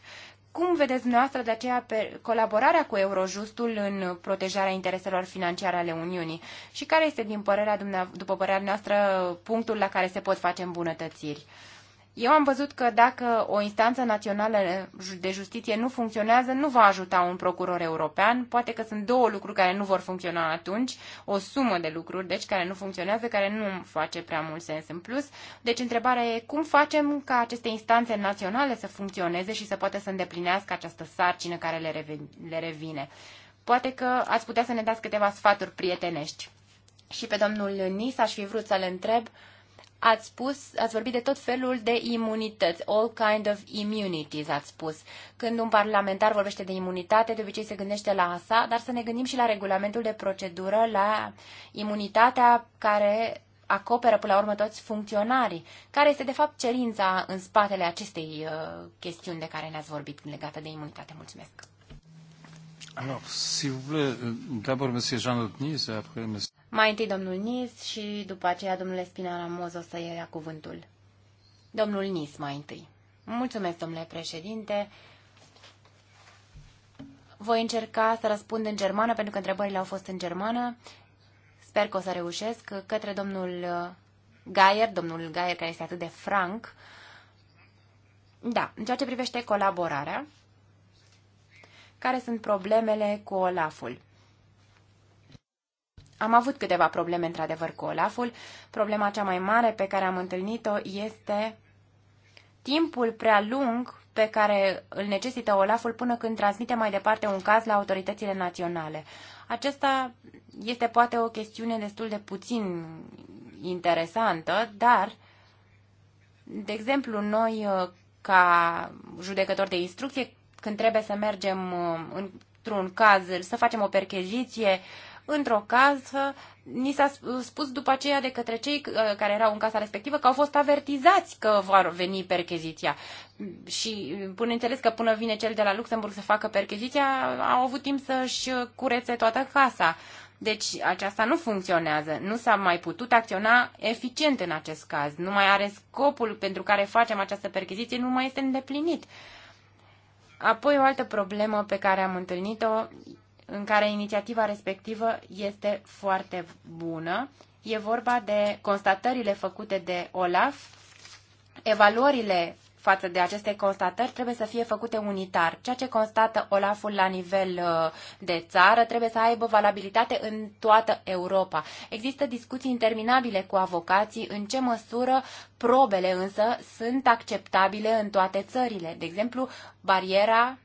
Cum vedeți dumneavoastră de aceea pe colaborarea cu Eurojustul în protejarea intereselor financiare ale Uniunii? Și care este, din părerea după părerea noastră, punctul la care se pot face îmbunătățiri? Uh, eu am văzut că dacă o instanță națională de justiție nu funcționează, nu va ajuta un procuror european. Poate că sunt două lucruri care nu vor funcționa atunci, o sumă de lucruri, deci, care nu funcționează, care nu face prea mult sens în plus. Deci, întrebarea e cum facem ca aceste instanțe naționale să funcționeze și să poată să îndeplinească această sarcină care le revine. Poate că ați putea să ne dați câteva sfaturi prietenești. Și pe domnul Nis aș fi vrut să le întreb uh, ați spus, ați vorbit de tot felul de imunități, all kind of immunities ați spus. Când un parlamentar vorbește de imunitate, de obicei se gândește la asta, dar să ne gândim și la regulamentul de procedură, la imunitatea care acoperă până la urmă toți funcționarii. Care este de fapt cerința în spatele acestei uh, chestiuni de care ne-ați vorbit legată de imunitate? Mulțumesc! Euh, mai întâi domnul Nis și după aceea domnule Spina Ramos o să ia cuvântul. Domnul Nis mai întâi. Mulțumesc, domnule președinte. Voi încerca să răspund în germană, pentru că întrebările au fost în germană. Sper că o să reușesc. Către domnul uh, Gaier, domnul Gaier care este atât de franc. Da, în ceea ce privește colaborarea, care sunt problemele cu Olaful. Am avut câteva probleme, într-adevăr, cu Olaful. Problema cea mai mare pe care am întâlnit-o este timpul prea lung pe care îl necesită Olaful până când transmite mai departe un caz la autoritățile naționale. Acesta este poate o chestiune destul de puțin interesantă, dar, de exemplu, noi ca judecători de instrucție când trebuie să mergem uh, într-un caz, să facem o percheziție într-o casă, ni s-a spus după aceea de către cei uh, care erau în casa respectivă că au fost avertizați că va veni percheziția. Și până uh, înțeles că până vine cel de la Luxemburg să facă percheziția, au avut timp să-și curețe toată casa. Deci aceasta nu funcționează, nu s-a mai putut acționa eficient în acest caz, nu mai are scopul pentru care facem această percheziție, nu mai este îndeplinit. Apoi o altă problemă pe care am întâlnit-o, în care inițiativa respectivă este foarte bună, e vorba de constatările făcute de OLAF, evaluările față de aceste constatări trebuie să fie făcute unitar. Ceea ce constată Olaful la nivel uh, de țară trebuie să aibă valabilitate în toată Europa. Există discuții interminabile cu avocații în ce măsură probele însă sunt acceptabile în toate țările. De exemplu, bariera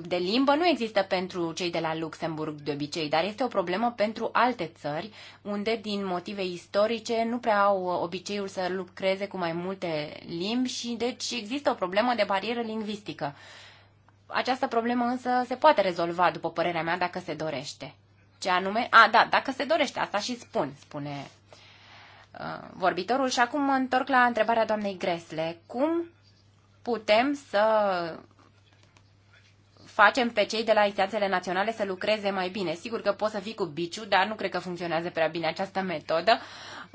de limbă nu există pentru cei de la Luxemburg de obicei, dar este o problemă pentru alte țări unde, din motive istorice, nu prea au obiceiul să lucreze cu mai multe limbi și deci există o problemă de barieră lingvistică. Această problemă însă se poate rezolva, după părerea mea, dacă se dorește. Ce anume? A, da, dacă se dorește, asta și spun, spune uh, vorbitorul. Și acum mă întorc la întrebarea doamnei Gresle. Cum putem să facem pe cei de la instanțele naționale să lucreze mai bine. Sigur că poți să fii cu biciu, dar nu cred că funcționează prea bine această metodă.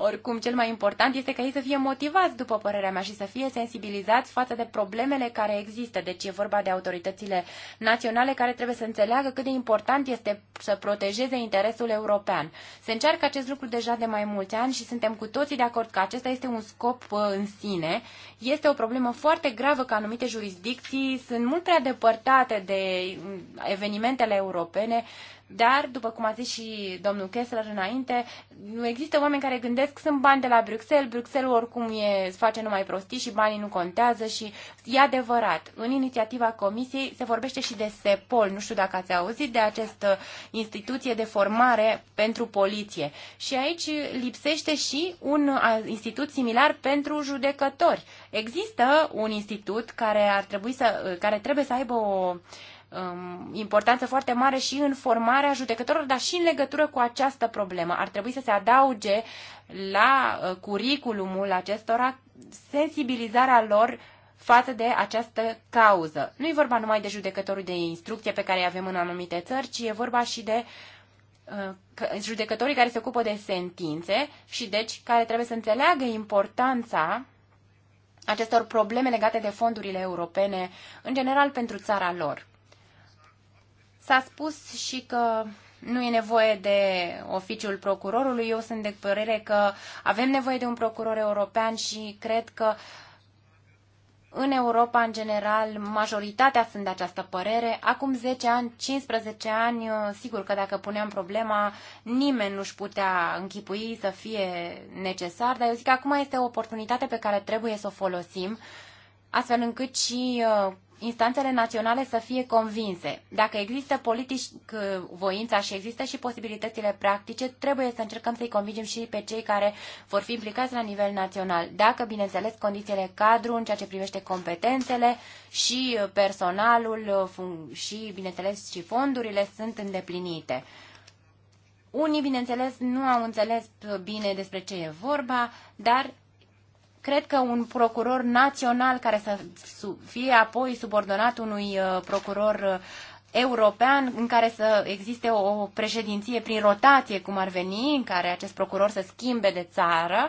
Oricum, cel mai important este ca ei să fie motivați, după părerea mea, și să fie sensibilizați față de problemele care există. Deci e vorba de autoritățile naționale care trebuie să înțeleagă cât de important este să protejeze interesul european. Se încearcă acest lucru deja de mai mulți ani și suntem cu toții de acord că acesta este un scop uh, în sine. Este o problemă foarte gravă că anumite jurisdicții sunt mult prea depărtate de mm, evenimentele europene dar, după cum a zis și domnul Kessler înainte, nu există oameni care gândesc sunt bani de la Bruxelles, Bruxelles oricum e, face numai prostii și banii nu contează și e adevărat. În inițiativa Comisiei se vorbește și de SEPOL, nu știu dacă ați auzit, de această instituție de formare pentru poliție. Și aici lipsește și un institut similar pentru judecători. Există un institut care ar trebui să, care trebuie să aibă o um, importanță foarte mare și în formarea judecătorilor, dar și în legătură cu această problemă. Ar trebui să se adauge la uh, curiculumul acestora sensibilizarea lor față de această cauză. Nu e vorba numai de judecătorul de instrucție pe care îi avem în anumite țări, ci e vorba și de uh, judecătorii care se ocupă de sentințe și deci care trebuie să înțeleagă importanța acestor probleme legate de fondurile europene, în general pentru țara lor. S-a spus și că nu e nevoie de oficiul procurorului. Eu sunt de părere că avem nevoie de un procuror european și cred că în Europa, în general, majoritatea sunt de această părere. Acum 10 ani, 15 ani, sigur că dacă puneam problema, nimeni nu-și putea închipui să fie necesar, dar eu zic că acum este o oportunitate pe care trebuie să o folosim, astfel încât și uh, instanțele naționale să fie convinse. Dacă există politici voința și există și posibilitățile practice, trebuie să încercăm să-i convingem și pe cei care vor fi implicați la nivel național. Dacă, bineînțeles, condițiile cadru în ceea ce privește competențele și uh, personalul uh, și, bineînțeles, și fondurile sunt îndeplinite. Unii, bineînțeles, nu au înțeles bine despre ce e vorba, dar Cred că un procuror național care să fie apoi subordonat unui uh, procuror uh, european în care să existe o președinție prin rotație, cum ar veni, în care acest procuror să schimbe de țară,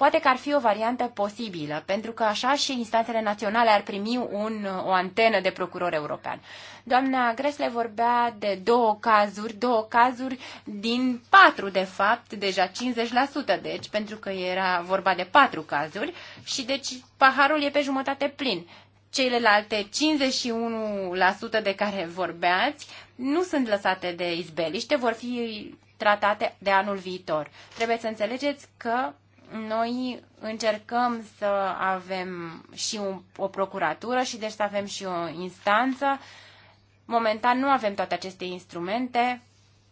Poate că ar fi o variantă posibilă, pentru că așa și instanțele naționale ar primi un, o antenă de procuror european. Doamna Gresle vorbea de două cazuri, două cazuri din patru, de fapt, deja 50%, deci, pentru că era vorba de patru cazuri și deci paharul e pe jumătate plin. Celelalte 51% de care vorbeați nu sunt lăsate de izbeliște, vor fi tratate de anul viitor. Trebuie să înțelegeți că noi încercăm să avem și un, o procuratură și deci să avem și o instanță. Momentan nu avem toate aceste instrumente.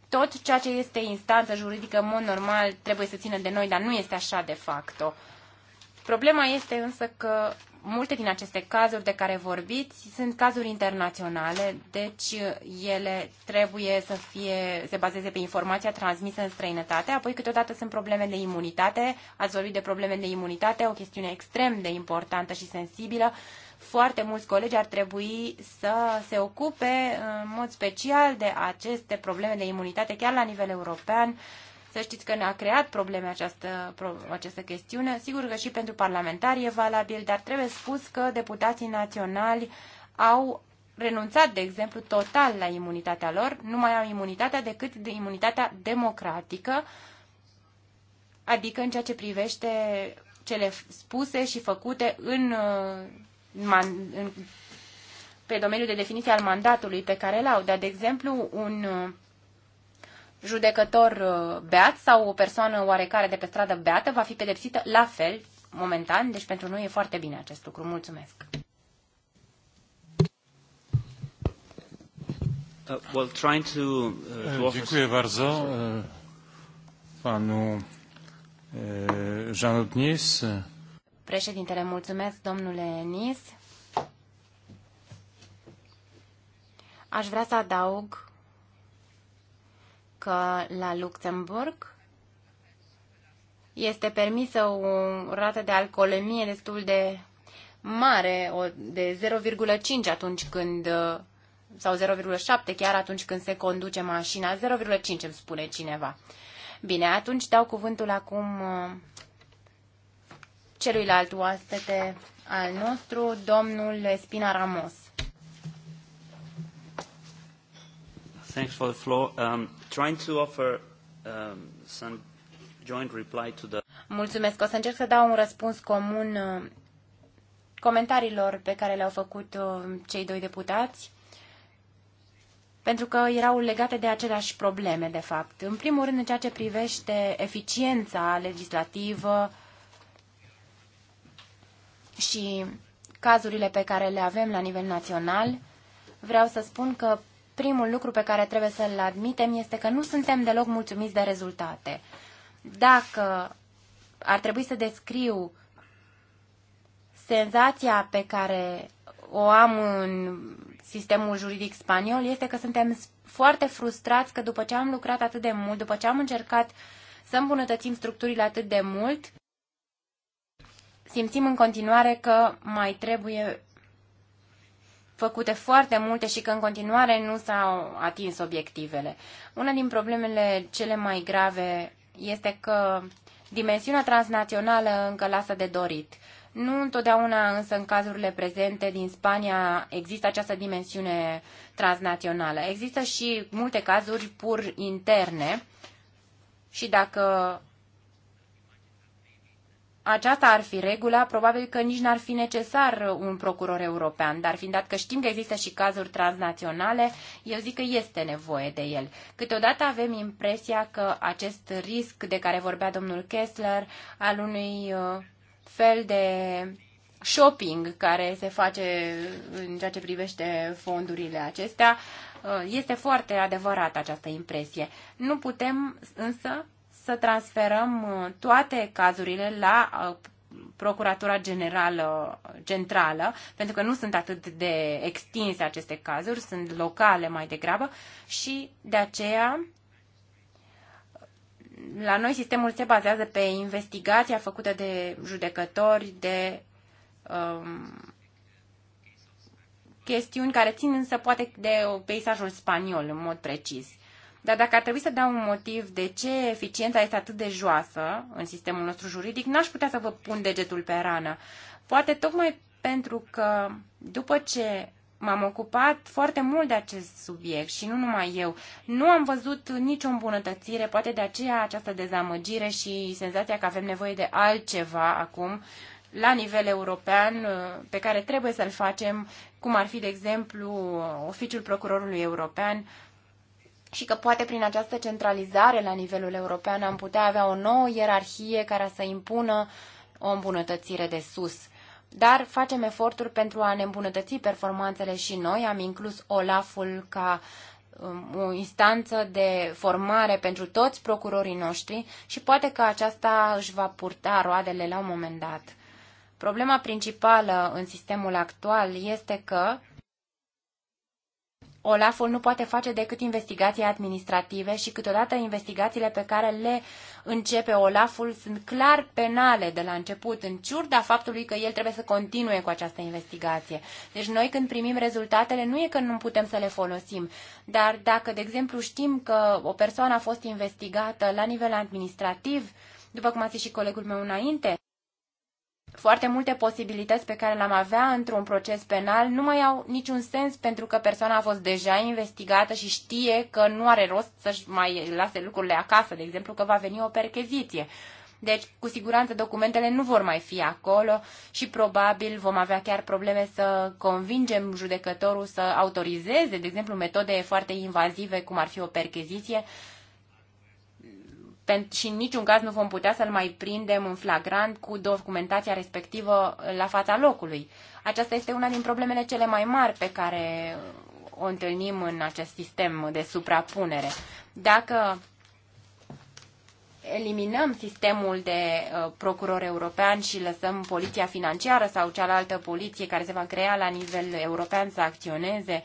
Tot ceea ce este instanță juridică, în mod normal, trebuie să țină de noi, dar nu este așa de facto. Problema este însă că multe din aceste cazuri de care vorbiți sunt cazuri internaționale, deci uh, ele trebuie să fie, se bazeze pe informația transmisă în străinătate, apoi câteodată sunt probleme de imunitate, ați vorbit de probleme de imunitate, o chestiune extrem de importantă și sensibilă, foarte mulți colegi ar trebui să se ocupe uh, în mod special de aceste probleme de imunitate, chiar la nivel european, să știți că ne-a creat probleme această, această chestiune. Sigur că și pentru parlamentari e valabil, dar trebuie spus că deputații naționali au renunțat, de exemplu, total la imunitatea lor, nu mai au imunitatea decât de imunitatea democratică, adică în ceea ce privește cele spuse și făcute în, uh, în, pe domeniul de definiție al mandatului pe care l-au. Dar, de exemplu, un uh, judecător uh, beat sau o persoană oarecare de pe stradă beată va fi pedepsită la fel momentan, deci pentru noi e foarte bine acest lucru. Mulțumesc! Uh, well, trying to, uh, to eh, offer... Dziękuję bardzo panu Jean-Luc Nis. Președintele, mulțumesc, domnule Nis. Aș vrea să adaug că la Luxemburg este permisă o rată de alcoolemie destul de mare, de 0,5 atunci când sau 0,7 chiar atunci când se conduce mașina, 0,5 îmi spune cineva. Bine, atunci dau cuvântul acum uh, celuilalt oaspete al nostru, domnul Espina Ramos. Thanks for the floor. Um, trying to offer um, some joint reply to the... Mulțumesc. O să încerc să dau un răspuns comun uh, comentariilor pe care le-au făcut uh, cei doi deputați, pentru că erau legate de aceleași probleme, de fapt. În primul rând, în ceea ce privește eficiența legislativă și cazurile pe care le avem la nivel național, vreau să spun că primul lucru pe care trebuie să-l admitem este că nu suntem deloc mulțumiți de rezultate. Dacă ar trebui să descriu senzația pe care o am în sistemul juridic spaniol este că suntem foarte frustrați că după ce am lucrat atât de mult, după ce am încercat să îmbunătățim structurile atât de mult, simțim în continuare că mai trebuie făcute foarte multe și că în continuare nu s-au atins obiectivele. Una din problemele cele mai grave este că dimensiunea transnațională încă lasă de dorit. Nu întotdeauna, însă, în cazurile prezente din Spania există această dimensiune transnațională. Există și multe cazuri pur interne și dacă aceasta ar fi regula, probabil că nici n-ar fi necesar un procuror european, dar fiind dat că știm că există și cazuri transnaționale, eu zic că este nevoie de el. Câteodată avem impresia că acest risc de care vorbea domnul Kessler, al unui uh, fel de shopping care se face în ceea ce privește fondurile acestea, uh, este foarte adevărat această impresie. Nu putem însă să transferăm uh, toate cazurile la uh, Procuratura Generală uh, Centrală, pentru că nu sunt atât de extinse aceste cazuri, sunt locale mai degrabă și de aceea la noi sistemul se bazează pe investigația făcută de judecători, de um, chestiuni care țin însă poate de peisajul spaniol în mod precis. Dar dacă ar trebui să dau un motiv de ce eficiența este atât de joasă în sistemul nostru juridic, n-aș putea să vă pun degetul pe rană. Poate tocmai pentru că după ce m-am ocupat foarte mult de acest subiect și nu numai eu, nu am văzut nicio îmbunătățire, poate de aceea această dezamăgire și senzația că avem nevoie de altceva acum la nivel european pe care trebuie să-l facem, cum ar fi, de exemplu, Oficiul Procurorului European, și că poate prin această centralizare la nivelul european am putea avea o nouă ierarhie care să impună o îmbunătățire de sus. Dar facem eforturi pentru a ne îmbunătăți performanțele și noi. Am inclus OLAF-ul ca um, o instanță de formare pentru toți procurorii noștri și poate că aceasta își va purta roadele la un moment dat. Problema principală în sistemul actual este că Olaful nu poate face decât investigații administrative și câteodată investigațiile pe care le începe Olaful sunt clar penale de la început, în ciurda faptului că el trebuie să continue cu această investigație. Deci noi când primim rezultatele, nu e că nu putem să le folosim, dar dacă, de exemplu, știm că o persoană a fost investigată la nivel administrativ, după cum a zis și colegul meu înainte, foarte multe posibilități pe care le-am avea într-un proces penal nu mai au niciun sens pentru că persoana a fost deja investigată și știe că nu are rost să-și mai lase lucrurile acasă, de exemplu că va veni o percheziție. Deci, cu siguranță, documentele nu vor mai fi acolo și probabil vom avea chiar probleme să convingem judecătorul să autorizeze, de exemplu, metode foarte invazive, cum ar fi o percheziție, și în niciun caz nu vom putea să-l mai prindem în flagrant cu documentația respectivă la fața locului. Aceasta este una din problemele cele mai mari pe care o întâlnim în acest sistem de suprapunere. Dacă eliminăm sistemul de uh, procuror european și lăsăm poliția financiară sau cealaltă poliție care se va crea la nivel european să acționeze,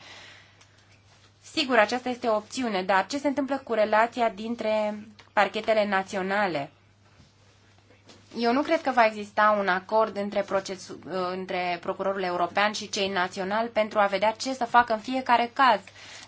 Sigur, aceasta este o opțiune, dar ce se întâmplă cu relația dintre parchetele naționale. Eu nu cred că va exista un acord între, proces, între procurorul european și cei naționali pentru a vedea ce să facă în fiecare caz.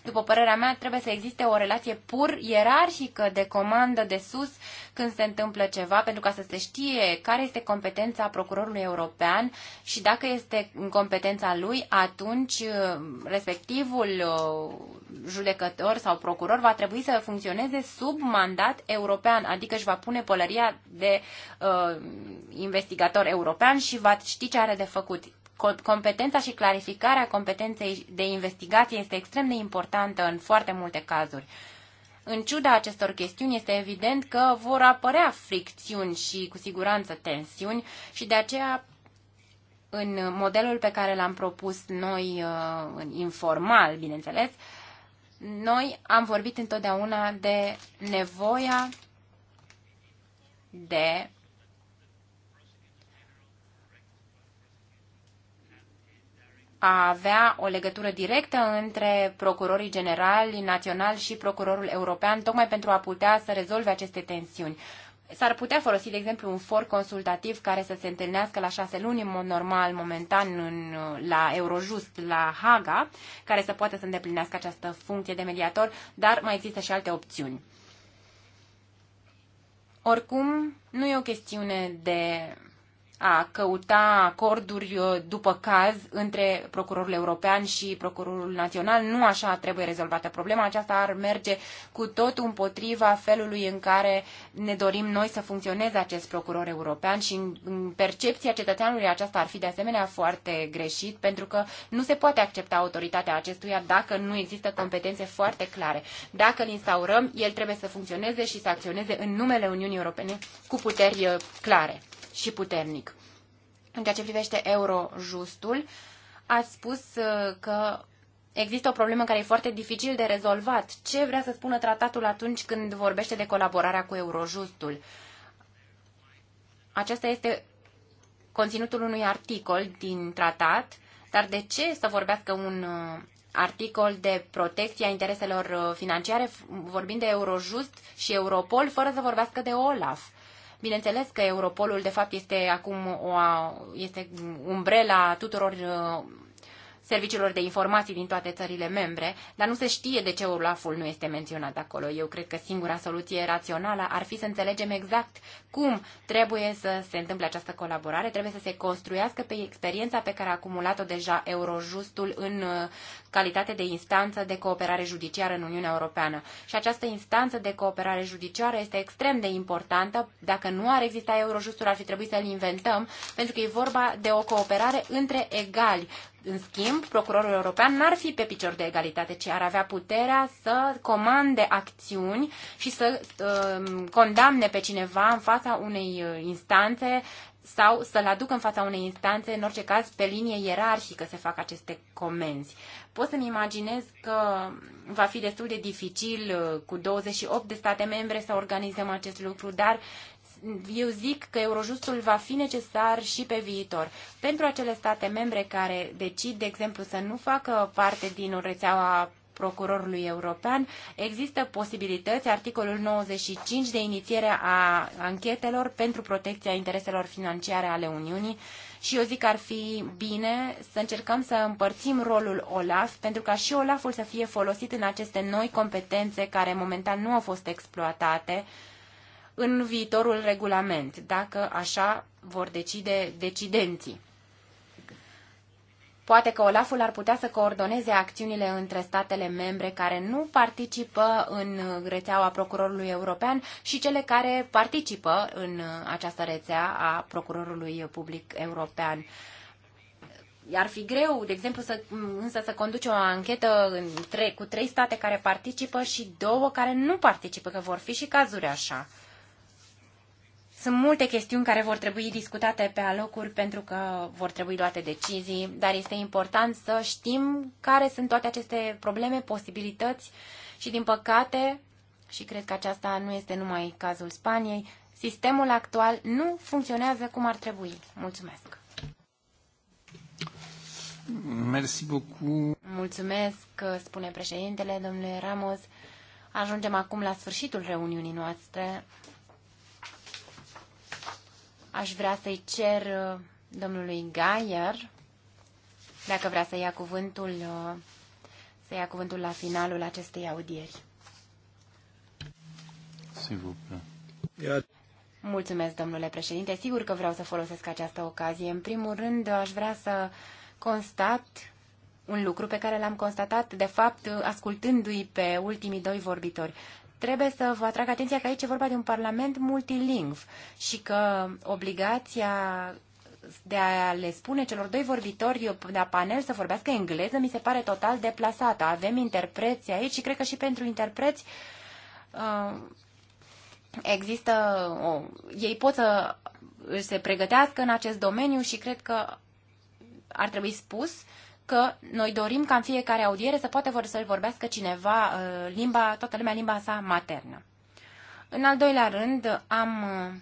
După părerea mea, trebuie să existe o relație pur ierarhică de comandă de sus când se întâmplă ceva, pentru ca să se știe care este competența procurorului european și dacă este în competența lui, atunci uh, respectivul uh, judecător sau procuror va trebui să funcționeze sub mandat european, adică își va pune pălăria de uh, investigator european și va ști ce are de făcut competența și clarificarea competenței de investigație este extrem de importantă în foarte multe cazuri. În ciuda acestor chestiuni, este evident că vor apărea fricțiuni și, cu siguranță, tensiuni și de aceea, în modelul pe care l-am propus noi, uh, informal, bineînțeles, noi am vorbit întotdeauna de nevoia de a avea o legătură directă între procurorii generali naționali și procurorul european, tocmai pentru a putea să rezolve aceste tensiuni. S-ar putea folosi, de exemplu, un for consultativ care să se întâlnească la șase luni, în mod normal, momentan, în, la Eurojust, la Haga, care să poată să îndeplinească această funcție de mediator, dar mai există și alte opțiuni. Oricum, nu e o chestiune de a căuta acorduri uh, după caz între procurorul european și procurorul național. Nu așa trebuie rezolvată problema. Aceasta ar merge cu totul împotriva felului în care ne dorim noi să funcționeze acest procuror european și în percepția cetățeanului aceasta ar fi de asemenea foarte greșit pentru că nu se poate accepta autoritatea acestuia dacă nu există competențe foarte clare. Dacă îl instaurăm, el trebuie să funcționeze și să acționeze în numele Uniunii Europene cu puteri uh, clare și puternic. În ceea ce privește eurojustul, ați spus uh, că există o problemă care e foarte dificil de rezolvat. Ce vrea să spună tratatul atunci când vorbește de colaborarea cu eurojustul? Acesta este conținutul unui articol din tratat, dar de ce să vorbească un uh, articol de protecție a intereselor uh, financiare, vorbind de Eurojust și Europol, fără să vorbească de OLAF? Bineînțeles că Europolul, de fapt, este acum o, este umbrela tuturor uh, serviciilor de informații din toate țările membre, dar nu se știe de ce Olaful nu este menționat acolo. Eu cred că singura soluție rațională ar fi să înțelegem exact cum trebuie să se întâmple această colaborare, trebuie să se construiască pe experiența pe care a acumulat-o deja Eurojustul în uh, calitate de instanță de cooperare judiciară în Uniunea Europeană. Și această instanță de cooperare judiciară este extrem de importantă. Dacă nu ar exista Eurojustul, ar fi trebuit să-l inventăm, pentru că e vorba de o cooperare între egali, în schimb, procurorul european n-ar fi pe picior de egalitate, ci ar avea puterea să comande acțiuni și să uh, condamne pe cineva în fața unei uh, instanțe sau să-l aducă în fața unei instanțe, în orice caz, pe linie ierarhică se fac aceste comenzi. Pot să-mi imaginez că va fi destul de dificil uh, cu 28 de state membre să organizăm acest lucru, dar eu zic că Eurojustul va fi necesar și pe viitor. Pentru acele state membre care decid, de exemplu, să nu facă parte din rețeaua procurorului european, există posibilități, articolul 95, de inițiere a anchetelor pentru protecția intereselor financiare ale Uniunii și eu zic că ar fi bine să încercăm să împărțim rolul OLAF pentru ca și OLAF-ul să fie folosit în aceste noi competențe care momentan nu au fost exploatate în viitorul regulament, dacă așa vor decide decidenții. Poate că Olaful ar putea să coordoneze acțiunile între statele membre care nu participă în rețeaua procurorului european și cele care participă în această rețea a procurorului public european. Ar fi greu, de exemplu, să, însă să conduce o anchetă în tre- cu trei state care participă și două care nu participă, că vor fi și cazuri așa. Sunt multe chestiuni care vor trebui discutate pe alocuri pentru că vor trebui luate decizii, dar este important să știm care sunt toate aceste probleme, posibilități și, din păcate, și cred că aceasta nu este numai cazul Spaniei, sistemul actual nu funcționează cum ar trebui. Mulțumesc! Merci beaucoup. Mulțumesc, spune președintele, domnule Ramos. Ajungem acum la sfârșitul reuniunii noastre. Aș vrea să-i cer uh, domnului Gaier, dacă vrea să ia cuvântul, uh, să ia cuvântul la finalul acestei audieri. Mulțumesc, domnule președinte. Sigur că vreau să folosesc această ocazie. În primul rând, aș vrea să constat un lucru pe care l-am constatat, de fapt, ascultându-i pe ultimii doi vorbitori trebuie să vă atrag atenția că aici e vorba de un parlament multilingv și că obligația de a le spune celor doi vorbitori de la panel să vorbească engleză mi se pare total deplasată. Avem interpreți aici și cred că și pentru interpreți uh, există... O, ei pot să se pregătească în acest domeniu și cred că ar trebui spus uh, că noi dorim ca în fiecare audiere să poată vor să-l vorbească cineva uh, limba, toată lumea limba sa maternă. În al doilea rând, am uh,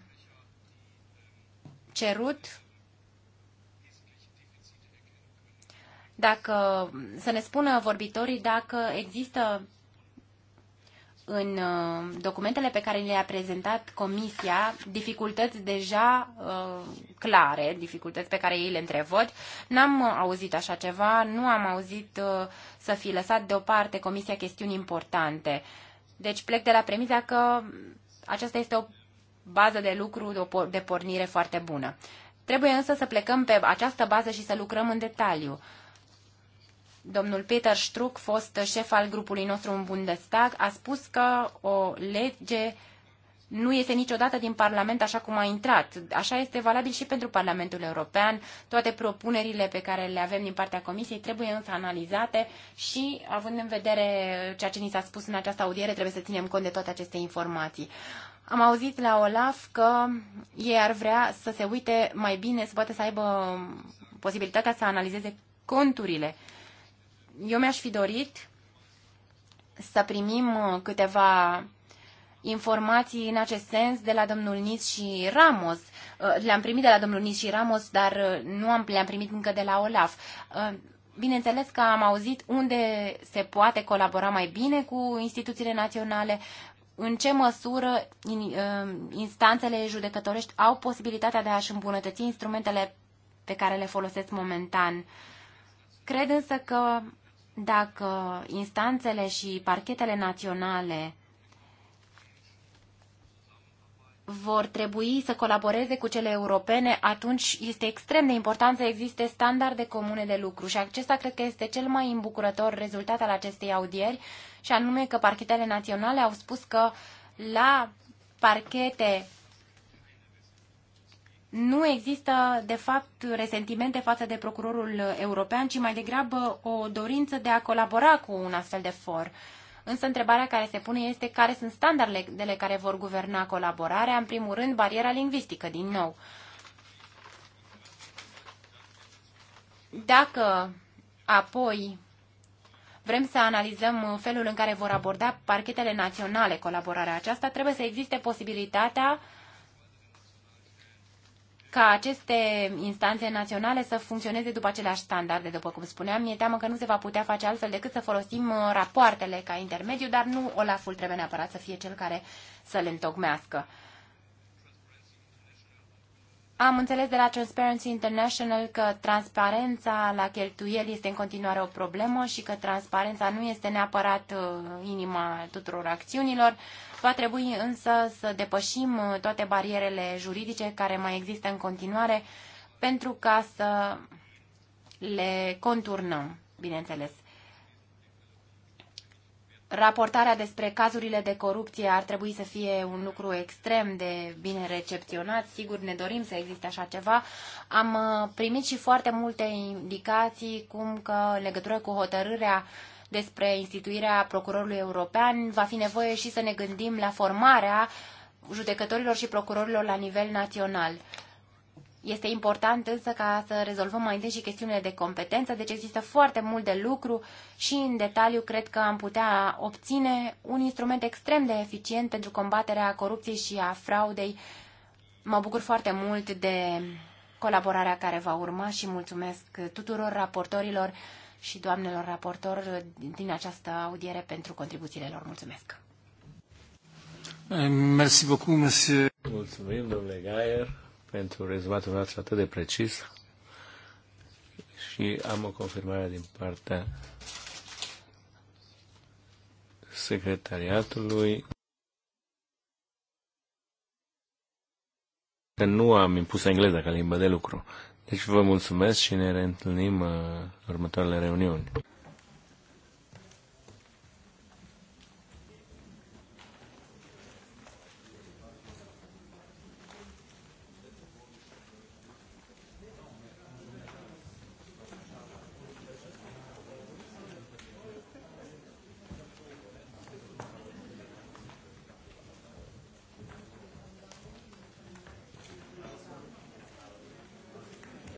cerut dacă să ne spună vorbitorii dacă există în uh, documentele pe care le-a prezentat Comisia dificultăți deja uh, clare, dificultăți pe care ei le întrevăd. N-am uh, auzit așa ceva, nu am auzit să fi lăsat deoparte Comisia chestiuni importante. Deci plec de la premiza că aceasta este o bază de lucru, de, de pornire foarte bună. Trebuie însă să plecăm pe această bază și să lucrăm în detaliu. Uh, Domnul Peter Struck, fost șef al grupului nostru în Bundestag, a spus că o lege nu iese niciodată din Parlament așa cum a intrat. Așa este valabil și pentru Parlamentul European. Toate propunerile pe care le avem din partea Comisiei trebuie însă analizate și, având în vedere ceea ce ni s-a spus în această audiere, trebuie să ținem cont de toate aceste informații. Am auzit la Olaf că ei ar vrea să se uite mai bine, să poate să aibă posibilitatea să analizeze conturile eu mi-aș fi dorit să primim uh, câteva informații în acest sens de la domnul Nis și Ramos. Uh, le-am primit de la domnul Nis și Ramos, dar uh, nu am, le-am primit încă de la Olaf. Bineînțeles că am auzit unde se poate colabora mai bine cu instituțiile naționale, în ce măsură instanțele judecătorești au posibilitatea de a-și îmbunătăți instrumentele pe care le folosesc momentan. Cred însă că dacă instanțele și parchetele naționale vor trebui să colaboreze cu cele europene, atunci este extrem de important să existe standarde comune de lucru și acesta cred că este cel mai îmbucurător rezultat al acestei audieri și anume că parchetele naționale au spus că la parchete nu există, de fapt, resentimente față de procurorul european, ci mai degrabă o dorință de a colabora cu un astfel de for. Însă întrebarea care se pune este care sunt standardele care vor guverna colaborarea, în primul rând bariera lingvistică, din nou. Dacă apoi vrem să analizăm felul în care vor aborda parchetele naționale colaborarea aceasta, trebuie să existe posibilitatea uh, ca aceste instanțe naționale să funcționeze după aceleași standarde, după cum spuneam. Mi-e teamă că nu se va putea face altfel decât să folosim uh, rapoartele ca intermediu, dar nu Olaful trebuie neapărat să fie cel care să le întocmească. Am înțeles de la Transparency International că transparența la cheltuieli este în continuare o problemă și că transparența nu este neapărat uh, inima tuturor acțiunilor. Va trebui însă să depășim uh, toate barierele juridice care mai există în continuare pentru ca să le conturnăm, bineînțeles raportarea despre cazurile de corupție ar trebui să fie un lucru extrem de bine recepționat. Sigur, ne dorim să existe așa ceva. Am uh, primit și foarte multe indicații cum că în legătură cu hotărârea despre instituirea procurorului european va fi nevoie și să ne gândim la formarea judecătorilor și procurorilor la nivel național. Este important însă ca să rezolvăm mai întâi și chestiunile de competență, deci există foarte mult de lucru și în detaliu cred că am putea obține un instrument extrem de eficient pentru combaterea corupției și a fraudei. Mă bucur foarte mult de colaborarea care va urma și mulțumesc tuturor raportorilor și doamnelor raportor din această audiere pentru contribuțiile lor. Mulțumesc! Eh, merci beaucoup, monsieur. Mulțumim, domnule Gaier pentru rezumatul noastră atât de precis și am o confirmare din partea secretariatului că nu am impus engleza ca limbă de lucru. Deci vă mulțumesc și ne reîntâlnim uh, în următoarele reuniuni.